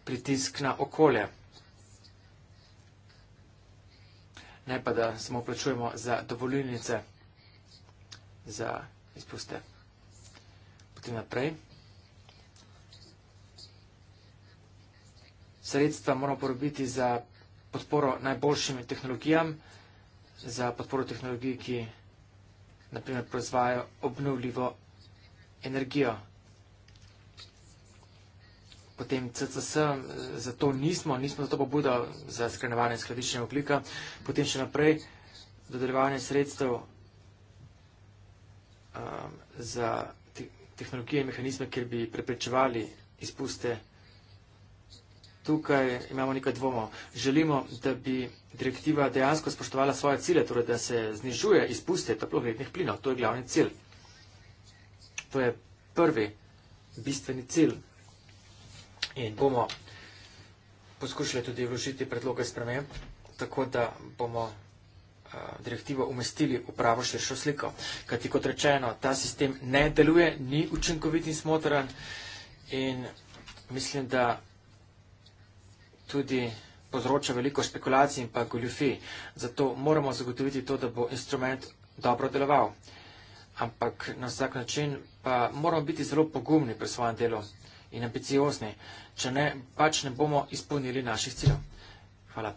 pritisk na okolje. Ne pa, da samo plačujemo za dovoljnice, za izpuste. Potem naprej. Sredstva moramo porobiti za podporo najboljšim tehnologijam, za podporo tehnologij, ki naprimer proizvajajo obnovljivo energijo. Potem CCS, zato nismo, nismo zato pobudo za skrenovanje skladiščnega oglika. Potem še naprej dodeljevanje sredstev um, za te tehnologije in mehanizme, kjer bi preprečevali izpuste energije tukaj imamo nekaj dvomov. Želimo, da bi direktiva dejansko spoštovala svoje cilje, torej da se znižuje izpuste toplogrednih plinov. To je glavni cilj. To je prvi bistveni cilj. In bomo poskušali tudi vložiti predloge sprememb, tako da bomo eh, direktivo umestili v pravo širšo sliko. Kajti kot rečeno, ta sistem ne deluje, ni učinkovit in smotran in mislim, da tudi povzroča veliko špekulacij in pa goljufi. Zato moramo zagotoviti to, da bo instrument dobro deloval. Ampak na vsak način pa moramo biti zelo pogumni pri svojem delu in ambiciozni, če ne, pač ne bomo izpolnili naših ciljev. Hvala.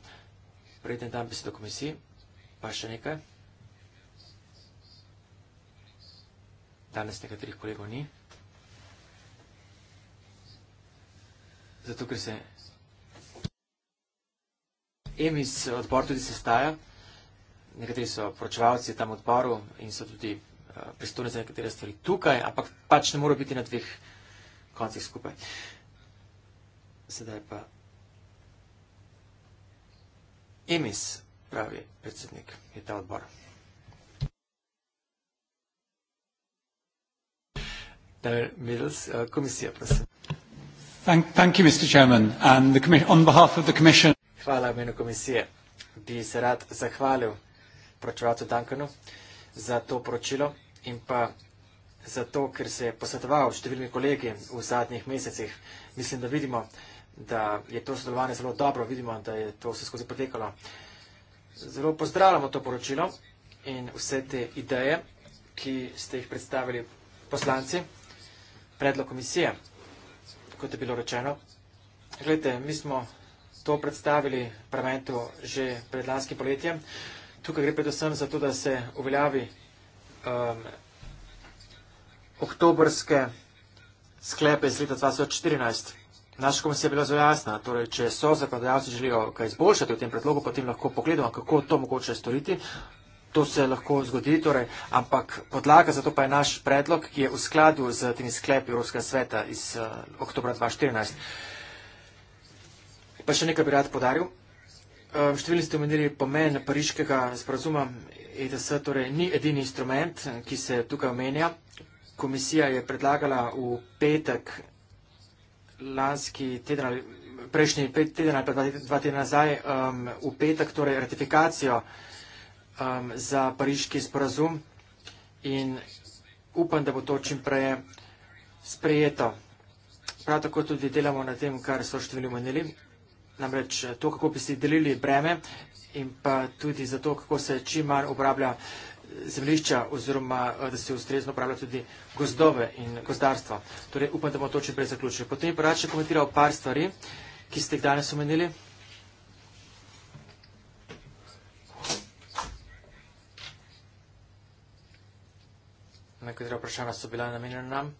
Preden dam besedo komisiji, pa še nekaj. Danes nekaterih kolegov ni. Zato, ker se emis odpor tudi sestaja. Nekateri so poročevalci tam odporu in so tudi eh, pristojni za nekatere stvari tukaj, ampak pač ne morajo biti na dveh koncih skupaj. Sedaj pa. Emis, pravi predsednik, je ta odbor. Eh, komisija, prosim. Thank, thank you, Mr. Chairman, and the commission, on behalf of the Commission hvala imenu komisije. Bi se rad zahvalil pročevalcu Duncanu za to poročilo in pa za to, ker se je posvetoval številmi kolegi v zadnjih mesecih. Mislim, da vidimo, da je to sodelovanje zelo dobro, vidimo, da je to vse skozi potekalo. Zelo pozdravljamo to poročilo in vse te ideje, ki ste jih predstavili poslanci, predlog komisije, kot je bilo rečeno. Gledajte, mi smo to predstavili parlamentu že pred lanskim poletjem. Tukaj gre predvsem za to, da se uveljavi um, oktobrske sklepe iz leta 2014. Naš komisija je bila zelo jasna, torej, če so zakladajalci želijo kaj izboljšati v tem predlogu, potem lahko pogledamo, kako to mogoče storiti. To se lahko zgodi, torej, ampak podlaga za to pa je naš predlog, ki je v skladu z temi sklepi Evropskega sveta iz uh, oktobra 2014. Pa še nekaj bi rad podaril. Ehm, številni ste omenili pomen pariškega sporazuma EDS, torej ni edini instrument, ki se tukaj omenja. Komisija je predlagala v petek lanski teden ali prejšnji pet teden ali pa dva tedna nazaj um, v petek torej ratifikacijo um, za pariški sporazum in upam, da bo to čim prej sprejeto. Prav tako tudi delamo na tem, kar so številni omenili, Namreč eh, to, kako bi si delili breme in pa tudi za to, kako se čim manj uporablja eh, zemljišča oziroma eh, da se ustrezno uporablja tudi gozdove in gozdarstva. Torej upam, da bomo to čim prej zaključili. Potem pa rad še komentiral par stvari, ki ste jih danes omenili. Nekatera vprašanja so bila namenjena nam.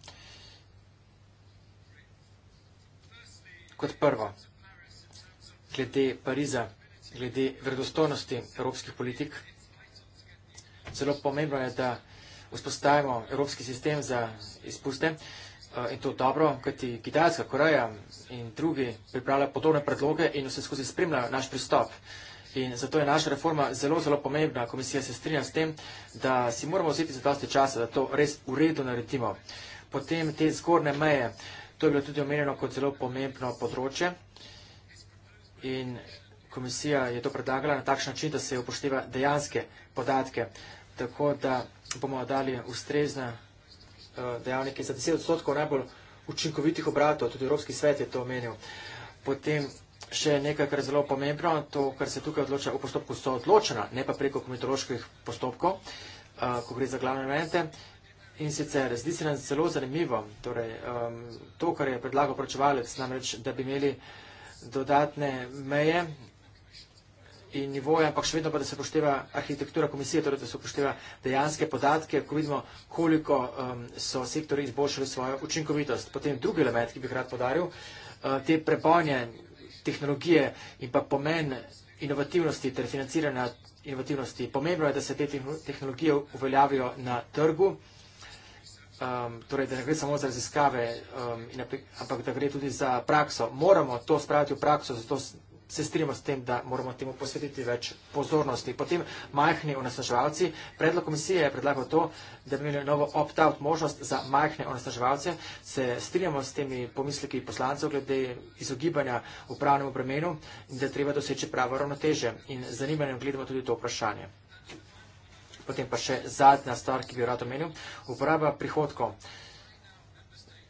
Kot prvo glede Pariza, glede vredostojnosti evropskih politik. Zelo pomembno je, da vzpostavimo evropski sistem za izpuste eh, in to dobro, kajti Kitajska, Koreja in drugi pripravljajo podobne predloge in vse skozi spremljajo naš pristop. In zato je naša reforma zelo, zelo pomembna. Komisija se strinja s tem, da si moramo vzeti za dosti časa, da to res v redu naredimo. Potem te zgorne meje, to je bilo tudi omenjeno kot zelo pomembno področje in komisija je to predlagala na takšen način, da se je upošteva dejanske podatke, tako da bomo dali ustrezne eh, dejavnike za 10 odstotkov najbolj učinkovitih obratov, tudi Evropski svet je to omenil. Potem še nekaj, kar je zelo pomembno, to, kar se tukaj odloča v postopku, so odločena, ne pa preko komitoloških postopkov, eh, ko gre za glavne elemente. In sicer, zdi se nam zelo zanimivo, torej, ehm, to, kar je predlagal pročevalec, namreč, da bi imeli dodatne meje in nivoje, ampak še vedno pa, da se pošteva arhitektura komisije, torej da se pošteva dejanske podatke, ko vidimo, koliko um, so sektori izboljšali svojo učinkovitost. Potem drugi element, ki bi rad podaril, uh, te prebojne tehnologije in pa pomen inovativnosti ter financiranja inovativnosti. Pomembno je, da se te tehnologije uveljavijo na trgu um, torej, da ne gre samo za raziskave, um, ampak da gre tudi za prakso. Moramo to spraviti v prakso, zato se strinjamo s tem, da moramo temu posvetiti več pozornosti. Potem majhni onesnaževalci, predlog komisije je predlagal to, da bi imeli novo opt-out možnost za majhne onesnaževalce, se strinjamo s temi pomisleki poslancev glede izogibanja upravnemu bremenu in da treba doseči pravo ravnoteže in zanimanjem gledamo tudi to vprašanje. Potem pa še zadnja stvar, ki bi rad omenil, uporaba prihodkov.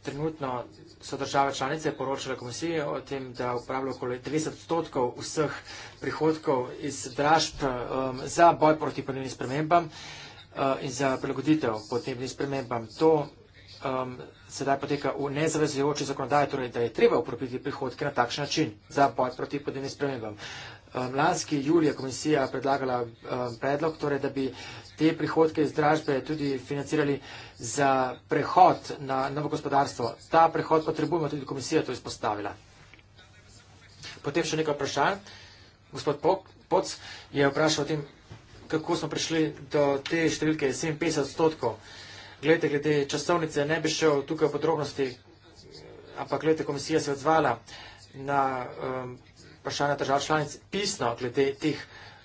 Trenutno so države članice poročale komisiji o tem, da uporabljajo okoli 90 odstotkov vseh prihodkov iz dražb um, za boj proti podnebnim spremembam uh, in za prilagoditev podnebnim spremembam. To um, sedaj poteka v nezavezujoči zakonodaji, torej da je treba uporabiti prihodke na takšen način za boj proti podnebnim spremembam. Uh, Eh, lanski julij je komisija predlagala eh, predlog, torej, da bi te prihodke iz dražbe tudi financirali za prehod na novo gospodarstvo. Ta prehod potrebujemo, tudi komisija to izpostavila. Potem še nekaj vprašanj. Gospod Poc je vprašal o tem, kako smo prišli do te številke 57 odstotkov. Glede, glede časovnice, ne bi šel tukaj v podrobnosti, ampak glede, komisija se je odzvala na um, vprašanja držav članic pisno glede teh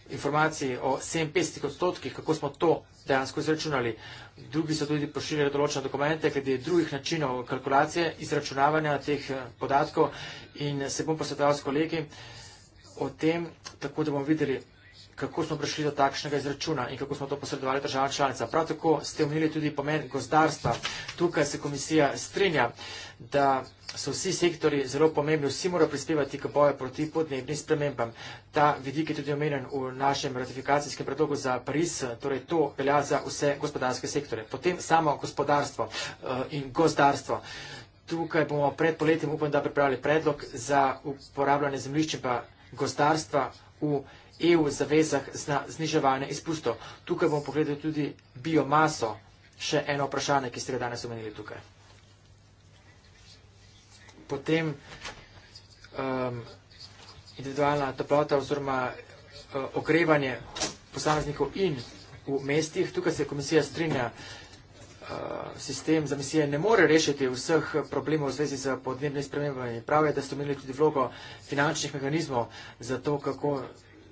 informacij o 57 odstotkih, kako smo to dejansko izračunali. Drugi so tudi pošiljali določene dokumente glede drugih načinov kalkulacije, izračunavanja teh eh, podatkov in se bom posvetoval s kolegi o tem, tako da bomo videli, kako smo prišli do takšnega izračuna in kako smo to posredovali država članica. Prav tako ste omenili tudi pomen gozdarstva. Tukaj se komisija strinja, da so vsi sektori zelo pomembni, vsi morajo prispevati k boju proti podnebnim spremembam. Ta vidik je tudi omenjen v našem ratifikacijskem predlogu za Pariz, torej to velja za vse gospodarske sektore. Potem samo gospodarstvo eh, in gozdarstvo. Tukaj bomo pred poletjem upam, da pripravili predlog za uporabljanje zemljišče pa gozdarstva v Pariz EU zavezah za zniževanje izpustov. Tukaj bomo pogledali tudi biomaso, še eno vprašanje, ki ste ga danes omenili tukaj. Potem um, individualna toplota oziroma uh, ogrevanje posameznikov in v mestih. Tukaj se komisija strinja, uh, sistem za misije ne more rešiti vseh problemov v zvezi z podnebnimi spremembami. Prav je, da ste omenili tudi vlogo finančnih mehanizmov za to, kako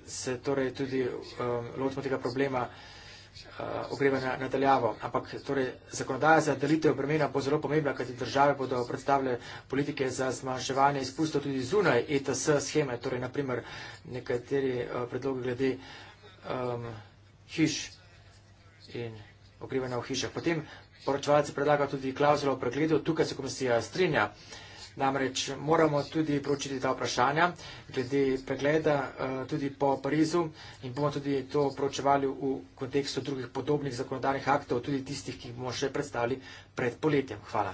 se torej tudi um, lotimo tega problema uh, ogrevanja nadaljavo. Ampak torej, zakonodaja za delitev bremena bo zelo pomembna, kajti države bodo predstavljale politike za zmanjševanje izpustov tudi zunaj ETS scheme, torej naprimer nekateri uh, predlogi glede um, hiš in ogrevanja v hišah. Potem poročevalci predlagajo tudi klauzulo o pregledu, tukaj se komisija strinja. Uh, Namreč moramo tudi pročiti ta vprašanja, glede pregleda eh, tudi po Parizu in bomo tudi to pročevali v kontekstu drugih podobnih zakonodarnih aktov, tudi tistih, ki bomo še predstavili pred poletjem. Hvala.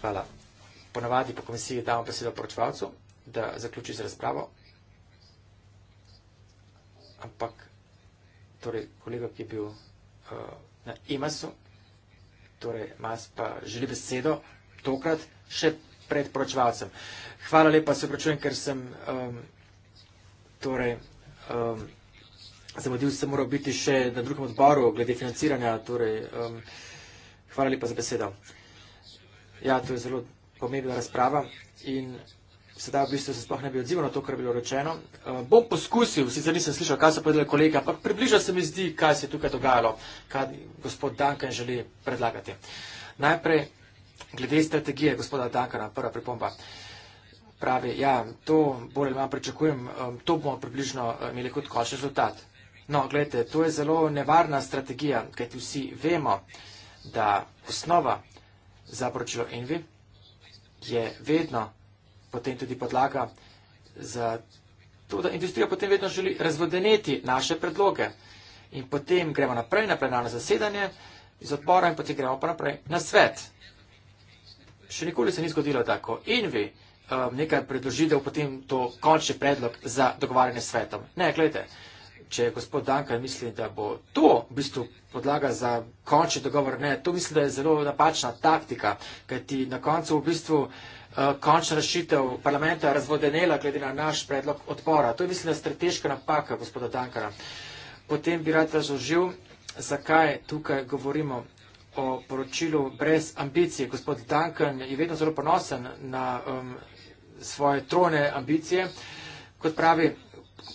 Hvala. Ponavadi po komisiji damo besedo poročevalcu, da zaključi z razpravo. Ampak, torej, kolega, ki je bil vprašan, na eh, IMAS-u, torej MAS pa želi besedo tokrat še pred poročevalcem. Hvala lepa, se vprašujem, ker sem um, torej, um, zamudil, sem moral biti še na drugem odboru glede financiranja. Torej, um, hvala lepa za besedo. Ja, to je zelo pomembna razprava in sedaj v bistvu se sploh ne bi odzival na to, kar je bilo rečeno. Uh, bom poskusil, sicer nisem slišal, kaj so povedali kolega, ampak približa se mi zdi, kaj se je tukaj dogajalo, kaj gospod Duncan želi predlagati. Najprej glede strategije gospoda Duncana, prva pripomba. Pravi, ja, to bolj ali manj pričakujem, um, to bomo približno eh, imeli kot končni rezultat. No, gledajte, to je zelo nevarna strategija, kajti vsi vemo, da osnova za poročilo Envi je vedno potem tudi podlaga za to, da industrija potem vedno želi razvodeneti naše predloge. In potem gremo naprej na plenarno zasedanje iz odbora in potem gremo pa naprej na svet. Še nikoli se ni zgodilo tako. In vi um, nekaj predložite v potem to končni predlog za dogovarjanje s svetom. Ne, gledajte, če gospod Dankaj misli, da bo to v bistvu podlaga za končni dogovor, ne, to mislim, da je zelo napačna taktika, kajti na koncu v bistvu. Eh, končna rešitev parlamenta razvodenela glede na naš predlog odpora. To je, mislim, da strateška napaka, gospoda Dankara. Potem bi rad razložil, zakaj tukaj govorimo o poročilu brez ambicije. Gospod Duncan je vedno zelo ponosen na um, svoje trone ambicije. Kot pravi,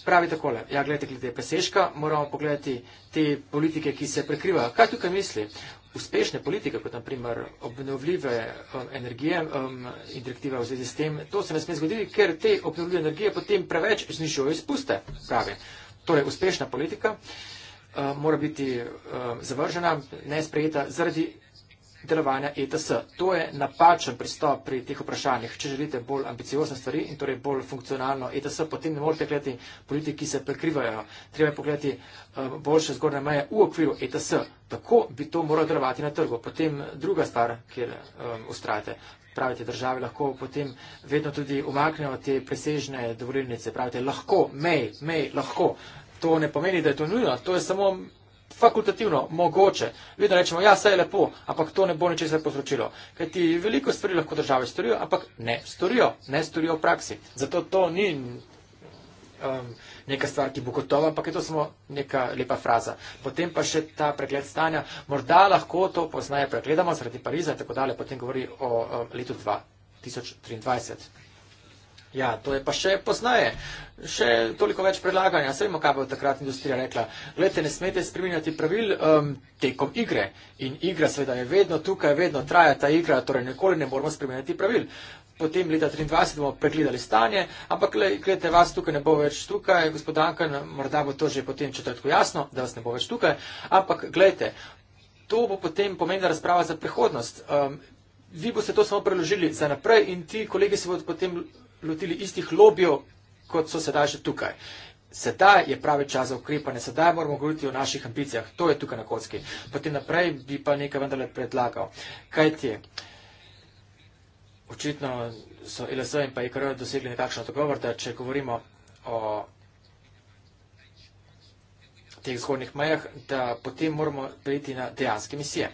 pravi takole, ja, gledajte, glede peseška, moramo pogledati te politike, ki se prekrivajo. Kaj tukaj misli? uspešne politike, kot naprimer obnovljive um, energije um, in direktive v zvezi s tem, to se ne sme zgoditi, ker te obnovljive energije potem preveč znižujejo izpuste, pravi. Torej, uspešna politika uh, mora biti uh, zavržena, nesprejeta zaradi delovanja ETS. To je napačen pristop pri teh vprašanjih. Če želite bolj ambiciozne stvari in torej bolj funkcionalno ETS, potem ne morete gledati politik, ki se prekrivajo. Treba je pogledati eh, boljše zgornje meje v okviru ETS. Tako bi to moralo delovati na trgu. Potem druga stvar, kjer um, eh, ustrajate. Pravite, države lahko potem vedno tudi umaknejo te presežne dovoljnice. Pravite, lahko, mej, mej, lahko. To ne pomeni, da je to nujno. To je samo fakultativno mogoče. Vedno rečemo, ja, vse je lepo, ampak to ne bo ničesar povzročilo. Ker ti veliko stvari lahko države storijo, ampak ne storijo, ne storijo v praksi. Zato to ni um, neka stvar, ki bo gotova, ampak je to samo neka lepa fraza. Potem pa še ta pregled stanja, morda lahko to poznaje, pregledamo zaradi Pariza in tako dalje, potem govori o um, letu 2023. Ja, to je pa še poznaje. Še toliko več predlaganja. Vemo, kaj bo takrat industrija rekla. Glede, ne smete spremenjati pravil um, tekom igre. In igra seveda je vedno tukaj, vedno traja ta igra, torej nikoli ne moramo spremenjati pravil. Potem leta 2023 bomo pregledali stanje, ampak gledajte, vas tukaj ne bo več tukaj, gospodanka, morda bo to že potem četrtko jasno, da vas ne bo več tukaj, ampak gledajte, to bo potem pomenila razprava za prihodnost. Um, vi boste to samo preložili za naprej in ti kolegi se bodo potem lotili istih lobijo, kot so sedaj že tukaj. Sedaj je pravi čas za ukrepanje, sedaj moramo govoriti o naših ambicijah. To je tukaj na kocki. Potem naprej bi pa nekaj vendarle predlagal. Kaj ti je? Očitno so LSV in pa IKR dosegli nekakšen dogovor, da če govorimo o teh zgornjih mejah, da potem moramo priti na dejanske misije.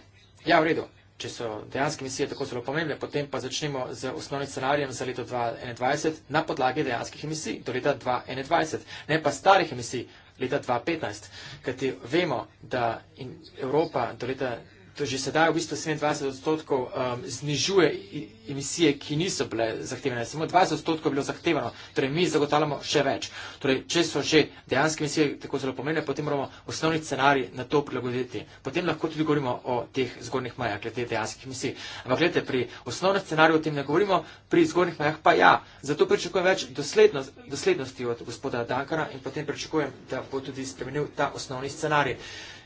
Ja, v redu če so dejanske emisije tako zelo pomembne, potem pa začnemo z osnovnim scenarijem za leto 2021 na podlagi dejanskih emisij do leta 2021, ne pa starih emisij leta 2015, kajti vemo, da Evropa do leta 2021 to že sedaj v bistvu 27 odstotkov um, znižuje emisije, ki niso bile zahtevene. Samo 20 odstotkov je bilo zahtevano, torej mi zagotavljamo še več. Torej, če so že dejanske emisije tako zelo pomembne, potem moramo osnovni scenarij na to prilagoditi. Potem lahko tudi govorimo o teh zgornjih majah, glede dejanskih emisij. Ampak gledajte, pri osnovnem scenariju o tem ne govorimo, pri zgornjih majah pa ja. Zato pričakujem več doslednost, doslednosti od gospoda Dankana in potem pričakujem, da bo tudi spremenil ta osnovni scenarij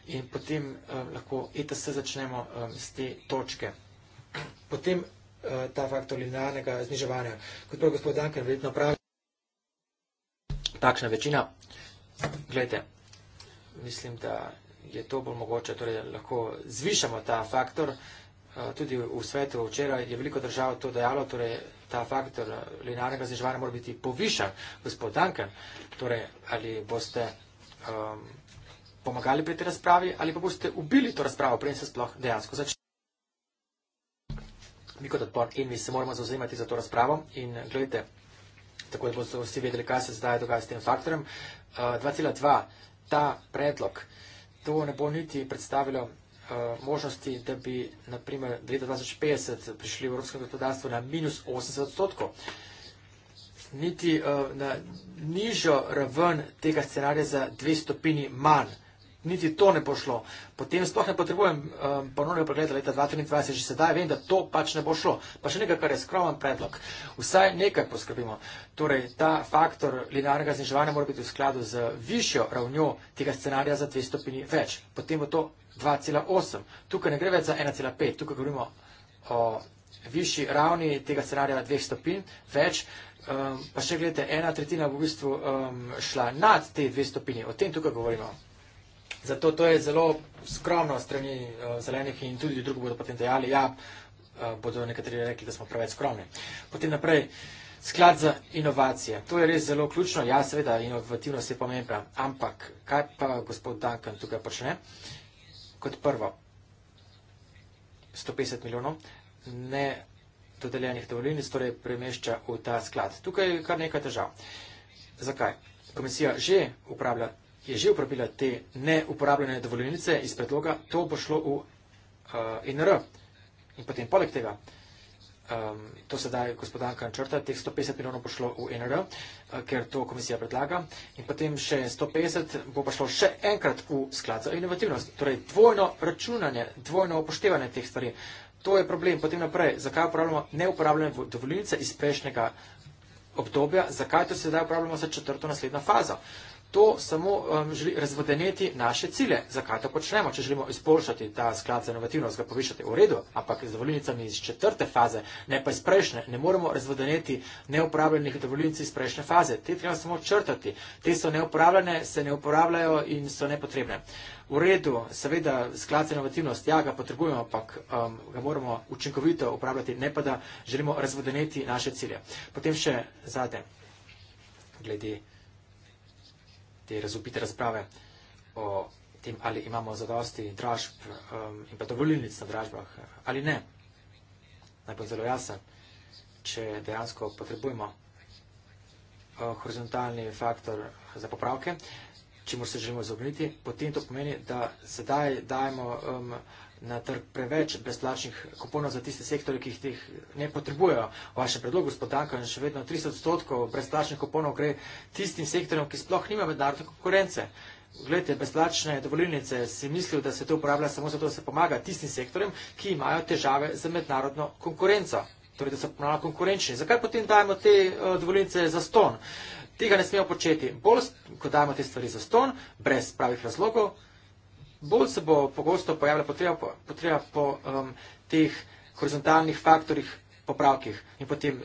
in potem um, lahko ETS začnemo um, eh, z te točke. Potem uh, ta faktor linearnega zniževanja. Kot prav gospod Duncan verjetno pravi, takšna večina, gledajte, mislim, da je to bolj mogoče, torej lahko zvišamo ta faktor. Tudi v svetu včeraj je veliko držav to dejalo, torej ta faktor linearnega zniževanja mora biti povišan, gospod Duncan. Torej, ali boste um, pomagali pri tej razpravi ali pa boste ubili to razpravo, preden se sploh dejansko začne. Mi kot odpor in mi se moramo zauzemati za to razpravo in gledajte, tako da boste vsi vedeli, kaj se zdaj dogaja s tem faktorem. 2,2, eh, ta predlog, to ne bo niti predstavilo eh, možnosti, da bi naprimer 2050 prišli v evropsko gospodarstvo na minus 80 odstotkov. Niti eh, na nižjo raven tega scenarija za dve stopini manj niti to ne bo šlo. Potem sploh ne potrebujem um, ponovnega pregleda leta 2023, že sedaj vem, da to pač ne bo šlo. Pa še nekaj, kar je skroven predlog. Vsaj nekaj poskrbimo. Torej, ta faktor linearnega zniževanja mora biti v skladu z višjo ravnjo tega scenarija za dve stopini več. Potem bo to 2,8. Tukaj ne gre več za 1,5. Tukaj govorimo o višji ravni tega scenarija na dveh stopin več. Um, pa še gledajte, ena tretjina bo v bistvu um, šla nad te dve stopini. O tem tukaj govorimo. Zato to je zelo skromno strani uh, zelenih in tudi drugi bodo potem dejali, ja, uh, bodo nekateri rekli, da smo preveč skromni. Potem naprej, sklad za inovacije. To je res zelo ključno. Ja, seveda, inovativnost je pomembna. Ampak kaj pa gospod Duncan tukaj počne? Kot prvo, 150 milijonov ne dodeljenih dovoljenic, torej premešča v ta sklad. Tukaj je kar nekaj težav. Zakaj? Komisija že uporablja je že uporabila te neuporabljene dovoljenice iz predloga, to bo šlo v uh, eh, NR. In potem poleg tega, um, to se da gospodanka črta, teh 150 milijonov bo šlo v NR, uh, eh, ker to komisija predlaga. In potem še 150 bo pa šlo še enkrat v sklad za inovativnost. Torej dvojno računanje, dvojno upoštevanje teh stvari. To je problem. Potem naprej, zakaj uporabljamo neuporabljene dovoljenice iz prejšnjega obdobja, zakaj to se da uporabljamo za četrto naslednjo fazo to samo um, želi razvodeneti naše cilje. Zakaj to počnemo, če želimo izboljšati ta sklad za inovativnost, ga povišati v redu, ampak z volilnicami iz četrte faze, ne pa iz prejšnje, ne moremo razvodeneti neuporabljenih volilnic iz prejšnje faze. Te treba samo črtati. Te so neuporabljene, se ne uporabljajo in so nepotrebne. V redu, seveda, sklad za inovativnost, ja, ga potrebujemo, ampak um, ga moramo učinkovito uporabljati, ne pa da želimo razvodeneti naše cilje. Potem še zadnje, glede te razobite razprave o tem, ali imamo zadosti dražb um, in pa dovoljnic na dražbah ali ne. Naj bo zelo jasen, če dejansko potrebujemo uh, horizontalni faktor za popravke, če mora se želimo izogniti, potem to pomeni, da sedaj dajemo um, uh, na trg preveč brezplačnih kuponov za tiste sektore, ki jih teh ne potrebujejo. V vašem predlogu, gospod Dankan, še vedno 300 odstotkov brezplačnih kuponov gre tistim sektorjem, ki sploh nima mednarodne konkurence. Glede, brezplačne dovolilnice si mislil, da se to uporablja samo zato, da se pomaga tistim sektorjem, ki imajo težave z mednarodno konkurenco. Torej, da so ponovno konkurenčni. Zakaj potem dajemo te eh, dovolilnice za ston? Tega ne smemo početi. Bolj, ko dajemo te stvari za ston, brez pravih razlogov, bolj se bo pogosto pojavila potreba po, potreba po um, teh horizontalnih faktorjih popravkih in potem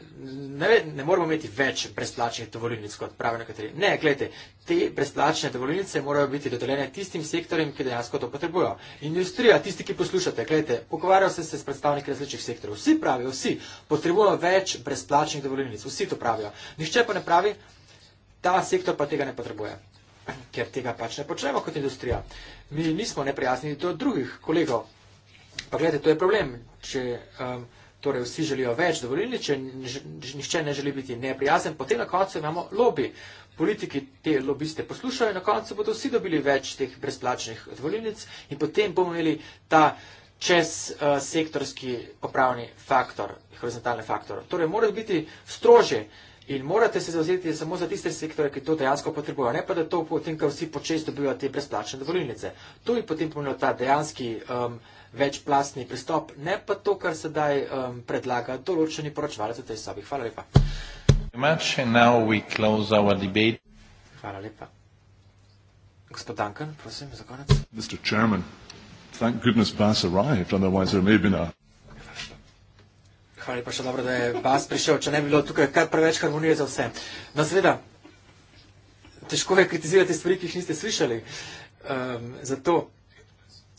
ne, ne moramo imeti več brezplačnih dovoljenic, kot pravijo nekateri. Ne, gledajte, te brezplačne dovoljenice morajo biti dodeljene tistim sektorjem, ki dejansko to potrebujo. Industrija, tisti, ki poslušate, gledajte, pogovarjajo se, se s predstavniki različnih sektorjev. Vsi pravijo, vsi potrebujemo več brezplačnih dovoljenic. Vsi to pravijo. Nihče pa ne pravi, ta sektor pa tega ne potrebuje ker tega pač ne počnemo kot industrija. Mi nismo neprijazni do drugih kolegov. Pa gledajte, to je problem. Če, um, Torej, vsi želijo več dovolilni, če nišče ne želi biti neprijazen, potem na koncu imamo lobby. Politiki te lobiste poslušajo in na koncu bodo vsi dobili več teh brezplačnih dovolilnic in potem bomo imeli ta čez uh, sektorski popravni faktor, horizontalni faktor. Torej, mora biti strože. Uh, In morate se zavzeti samo za tiste sektore, ki to dejansko potrebujejo, ne pa da to potem, ko vsi počest dobivajo te brezplačne dovolilnice. To je potem pomenilo ta dejanski um, večplastni pristop, ne pa to, kar sedaj um, predlaga določeni poročvalec v tej sobi. Hvala lepa. Hvala lepa. Gospod Duncan, prosim, za konec. Mr. Chairman, thank goodness Bass arrived, otherwise there may have been a... Hvala lepa, še dobro, da je vas prišel, če ne bi bilo tukaj kar preveč harmonije za vse. No, seveda, težko je kritizirati stvari, ki jih niste slišali. Um, zato,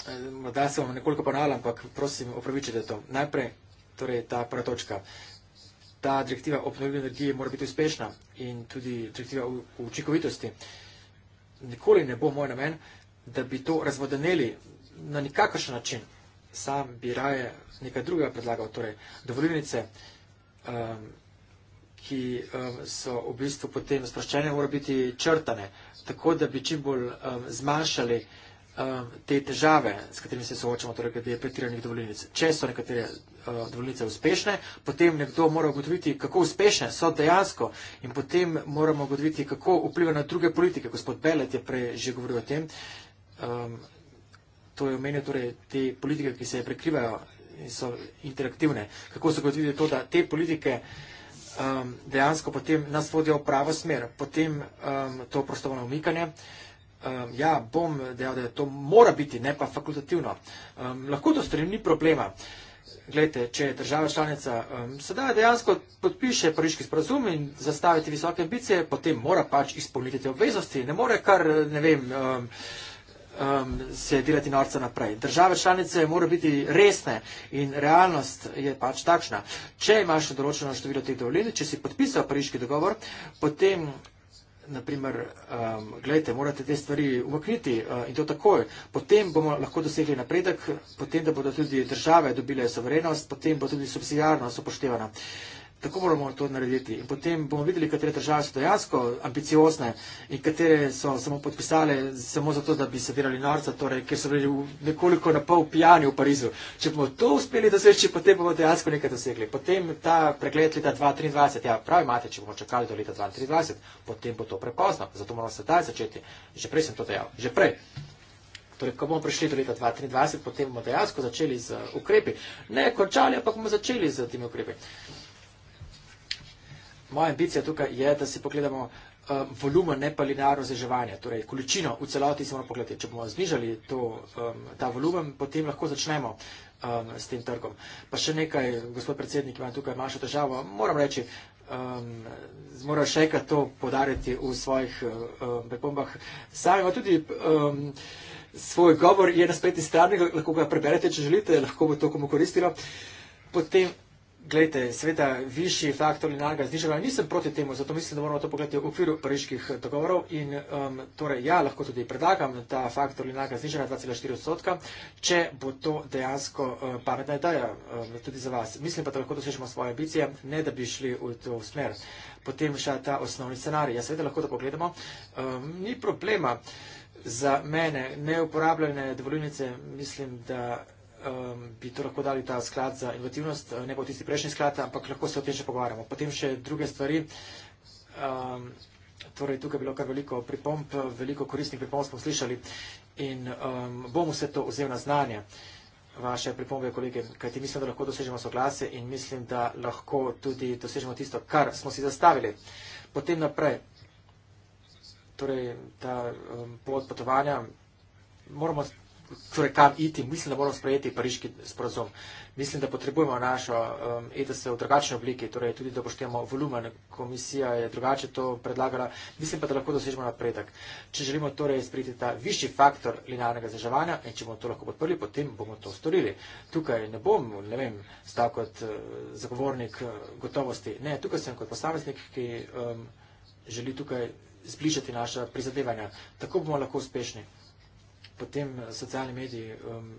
ehm, morda se vam nekoliko ponavljam, ampak prosim, opravičite to. Najprej, torej ta prva točka. Ta direktiva o obnovljivi energiji mora biti uspešna in tudi direktiva o učinkovitosti. Nikoli ne bo moj namen, da bi to razvodeneli na nikakršen način sam bi raje nekaj drugega predlagal, torej dovoljenice, um, ki um, so v bistvu potem sproščene, mora biti črtane, tako da bi čim bolj um, zmanjšali te težave, s katerimi se soočamo, torej glede pretiranih dovoljenic. Če so nekatere uh, dovoljenice uspešne, potem nekdo mora ugotoviti, kako uspešne so dejansko in potem moramo ugotoviti, kako vpliva na druge politike. Gospod Belet je prej že govoril o tem, to je omenil, torej te politike, ki se prekrivajo in so interaktivne. Kako so kot videli to, da te politike um, dejansko potem nas vodijo v pravo smer, potem um, to prostovoljno umikanje. Um, ja, bom dejal, da je to mora biti, ne pa fakultativno. Um, lahko to strim ni problema. Glejte, če država članica um, sedaj dejansko podpiše pariški sporazum in zastavite visoke ambicije, potem mora pač izpolniti te obveznosti. Ne more kar, ne vem, um, um, se delati norca naprej. Države članice morajo biti resne in realnost je pač takšna. Če imaš določeno število teh dovoljenj, če si podpisal pariški dogovor, potem. Naprimer, um, gledajte, morate te stvari umakniti uh, in to takoj. Potem bomo lahko dosegli napredek, potem da bodo tudi države dobile soverenost, potem bo tudi subsidijarnost upoštevana. Uh, tako moramo to narediti. In potem bomo videli, katere države so dejansko ambiciozne in katere so samo podpisale samo zato, da bi se delali norca, torej, ker so bili nekoliko na pol pijani v Parizu. Če bomo to uspeli doseči, potem bomo dejansko nekaj dosegli. Potem ta pregled leta 2023, ja, prav imate, če bomo čakali do leta 2023, potem bo to prepozno. Zato moramo sedaj začeti. Že prej sem to dejal. Že prej. Torej, ko bomo prišli do leta 2023, potem bomo dejansko začeli z ukrepi. Ne končali, ampak bomo začeli z temi ukrepi moja ambicija tukaj je, da si pogledamo um, eh, volumen, ne pa linearno zaževanje, torej količino v celoti si moramo pogledati. Če bomo znižali to, um, ta volumen, potem lahko začnemo um, s tem trgom. Pa še nekaj, gospod predsednik, imam tukaj manjšo težavo, moram reči, um, moram še enkrat to podariti v svojih um, pripombah. Sam imam tudi um, svoj govor, je na spletni strani, lahko ga preberete, če želite, lahko bo to komu koristilo. Potem Glejte, seveda, višji faktor linearnega znižanja, nisem proti temu, zato mislim, da moramo to pogledati v okviru pariških dogovorov. In um, torej, ja, lahko tudi predlagam ta faktor linearnega znižanja 2,4 odstotka, če bo to dejansko uh, pametna ideja um, tudi za vas. Mislim pa, da lahko dosežemo svoje ambicije, ne da bi šli v to smer. Potem še ta osnovni scenarij. Ja, seveda, lahko to pogledamo. Um, ni problema za mene neuporabljene dovoljnice, mislim, da um, bi to lahko dali ta sklad za inovativnost, eh, ne pa tisti prejšnji sklad, ampak lahko se o tem še pogovarjamo. Potem še druge stvari. Um, torej, tukaj je bilo kar veliko pripomp, veliko koristnih pripomp smo slišali in um, bom vse to vzel na znanje vaše pripombe, kolege, kajti mislim, da lahko dosežemo soglase in mislim, da lahko tudi dosežemo tisto, kar smo si zastavili. Potem naprej, torej ta um, pot potovanja, moramo torej kam iti. Mislim, da moramo sprejeti pariški sporozum. Mislim, da potrebujemo našo um, ETS v drugačni obliki, torej tudi, da poštemo volumen. Komisija je drugače to predlagala. Mislim pa, da lahko dosežemo napredek. Če želimo torej sprejeti ta višji faktor linearnega zaževanja in če bomo to lahko podprli, potem bomo to storili. Tukaj ne bom, ne vem, stal kot uh, zagovornik uh, gotovosti. Ne, tukaj sem kot posameznik, ki um, želi tukaj zbližati naša prizadevanja. Tako bomo lahko uspešni potem socialni mediji um,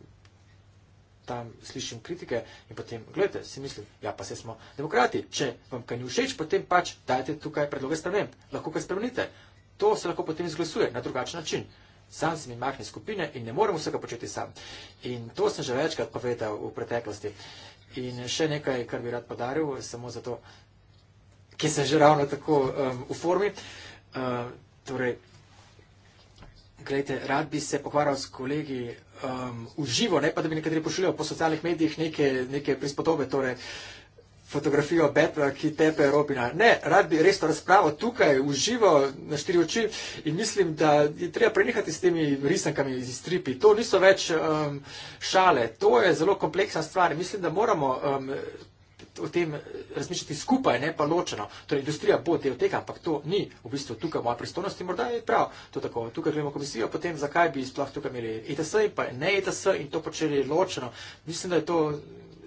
tam slišim kritike in potem, gledajte, si mislim, ja pa se smo demokrati, če vam kaj ni všeč, potem pač dajte tukaj predloge sprememb, lahko kaj spremenite. To se lahko potem izglasuje na drugačen način. Sam sem in mahne skupine in ne morem vsega početi sam. In to sem že večkrat povedal v preteklosti. In še nekaj, kar bi rad podaril, samo zato, ki sem že ravno tako um, v formi. Uh, torej, Glejte, rad bi se pohvaral s kolegi um, v živo, ne pa da bi nekateri pošiljali po socialnih medijih neke, neke prispodobe, torej fotografijo Betla, ki tepe Robina. Ne, rad bi res to razpravo tukaj v živo na štiri oči in mislim, da je treba prenehati s temi risankami iz stripi. To niso več um, šale, to je zelo kompleksna stvar. Mislim, da moramo. Um, o tem razmišljati skupaj, ne pa ločeno. Torej, industrija bo del tega, ampak to ni v bistvu tukaj moja pristojnost in morda je prav to tako. Tukaj gremo komisijo, potem zakaj bi sploh tukaj imeli ETS in pa ne ETS in to počeli ločeno. Mislim, da je to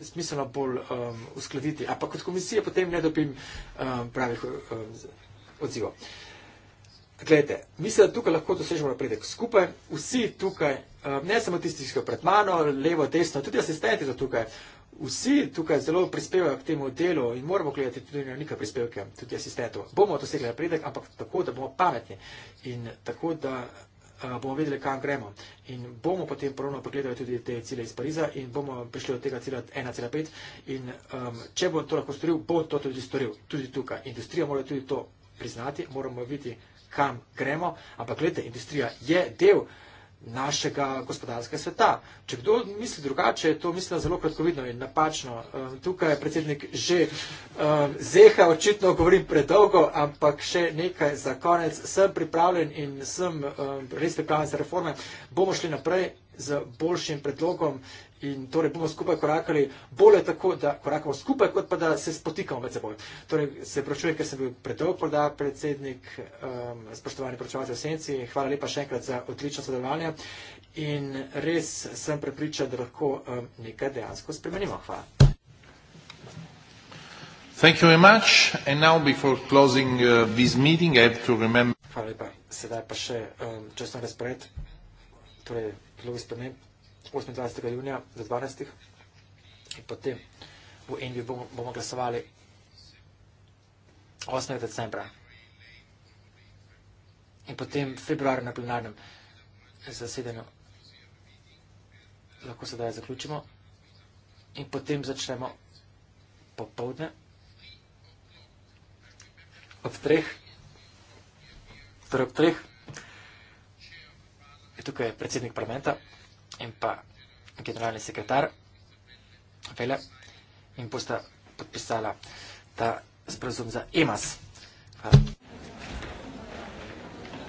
smiselno bolj um, uskladiti, ampak kot komisija potem ne dobim um, pravih um, odzivov. Gledajte, mislim, da tukaj lahko dosežemo napredek skupaj, vsi tukaj, um, ne samo tisti, ki so pred mano, levo, desno, tudi asistenti so tukaj, vsi tukaj zelo prispevajo k temu delu in moramo gledati tudi na neke prispevke, tudi asistentov. Bomo dosegli napredek, ampak tako, da bomo pametni in tako, da eh, bomo vedeli, kam gremo. In bomo potem ponovno pogledali tudi te cilje iz Pariza in bomo prišli od tega cilja 1,5 in um, če bom to lahko storil, bom to tudi storil, tudi tukaj. Industrija mora tudi to priznati, moramo videti, kam gremo, ampak gledajte, industrija je del našega gospodarskega sveta. Če kdo misli drugače, je to mislim zelo kratkovidno in napačno. Um, tukaj je predsednik že um, zeha, očitno govorim predolgo, ampak še nekaj za konec. Sem pripravljen in sem um, res pripravljen za reforme. Bomo šli naprej z boljšim predlogom In torej bomo skupaj korakali, bolje tako, da korakamo skupaj, kot pa da se spotikamo med seboj. Torej, se prošujem, ker sem bil predolg morda predsednik, um, spoštovani pročevalci v senci, hvala lepa še enkrat za odlično sodelovanje in res sem prepričan, da lahko um, nekaj dejansko spremenimo. Hvala. Thank you very much. And now before closing uh, this meeting, I have to remember. Hvala lepa. Sedaj pa še um, časno razpored. Torej, 28. junija v 12. in potem v Envi bomo, bomo glasovali 8. decembra. In potem februarja na plenarnem zasedanju lahko sedaj zaključimo. In potem začnemo popovdne ob treh. Torej ob treh je tukaj predsednik parlamenta in pa generalni sekretar Vele in posta podpisala ta sporazum za EMAS. Hvala.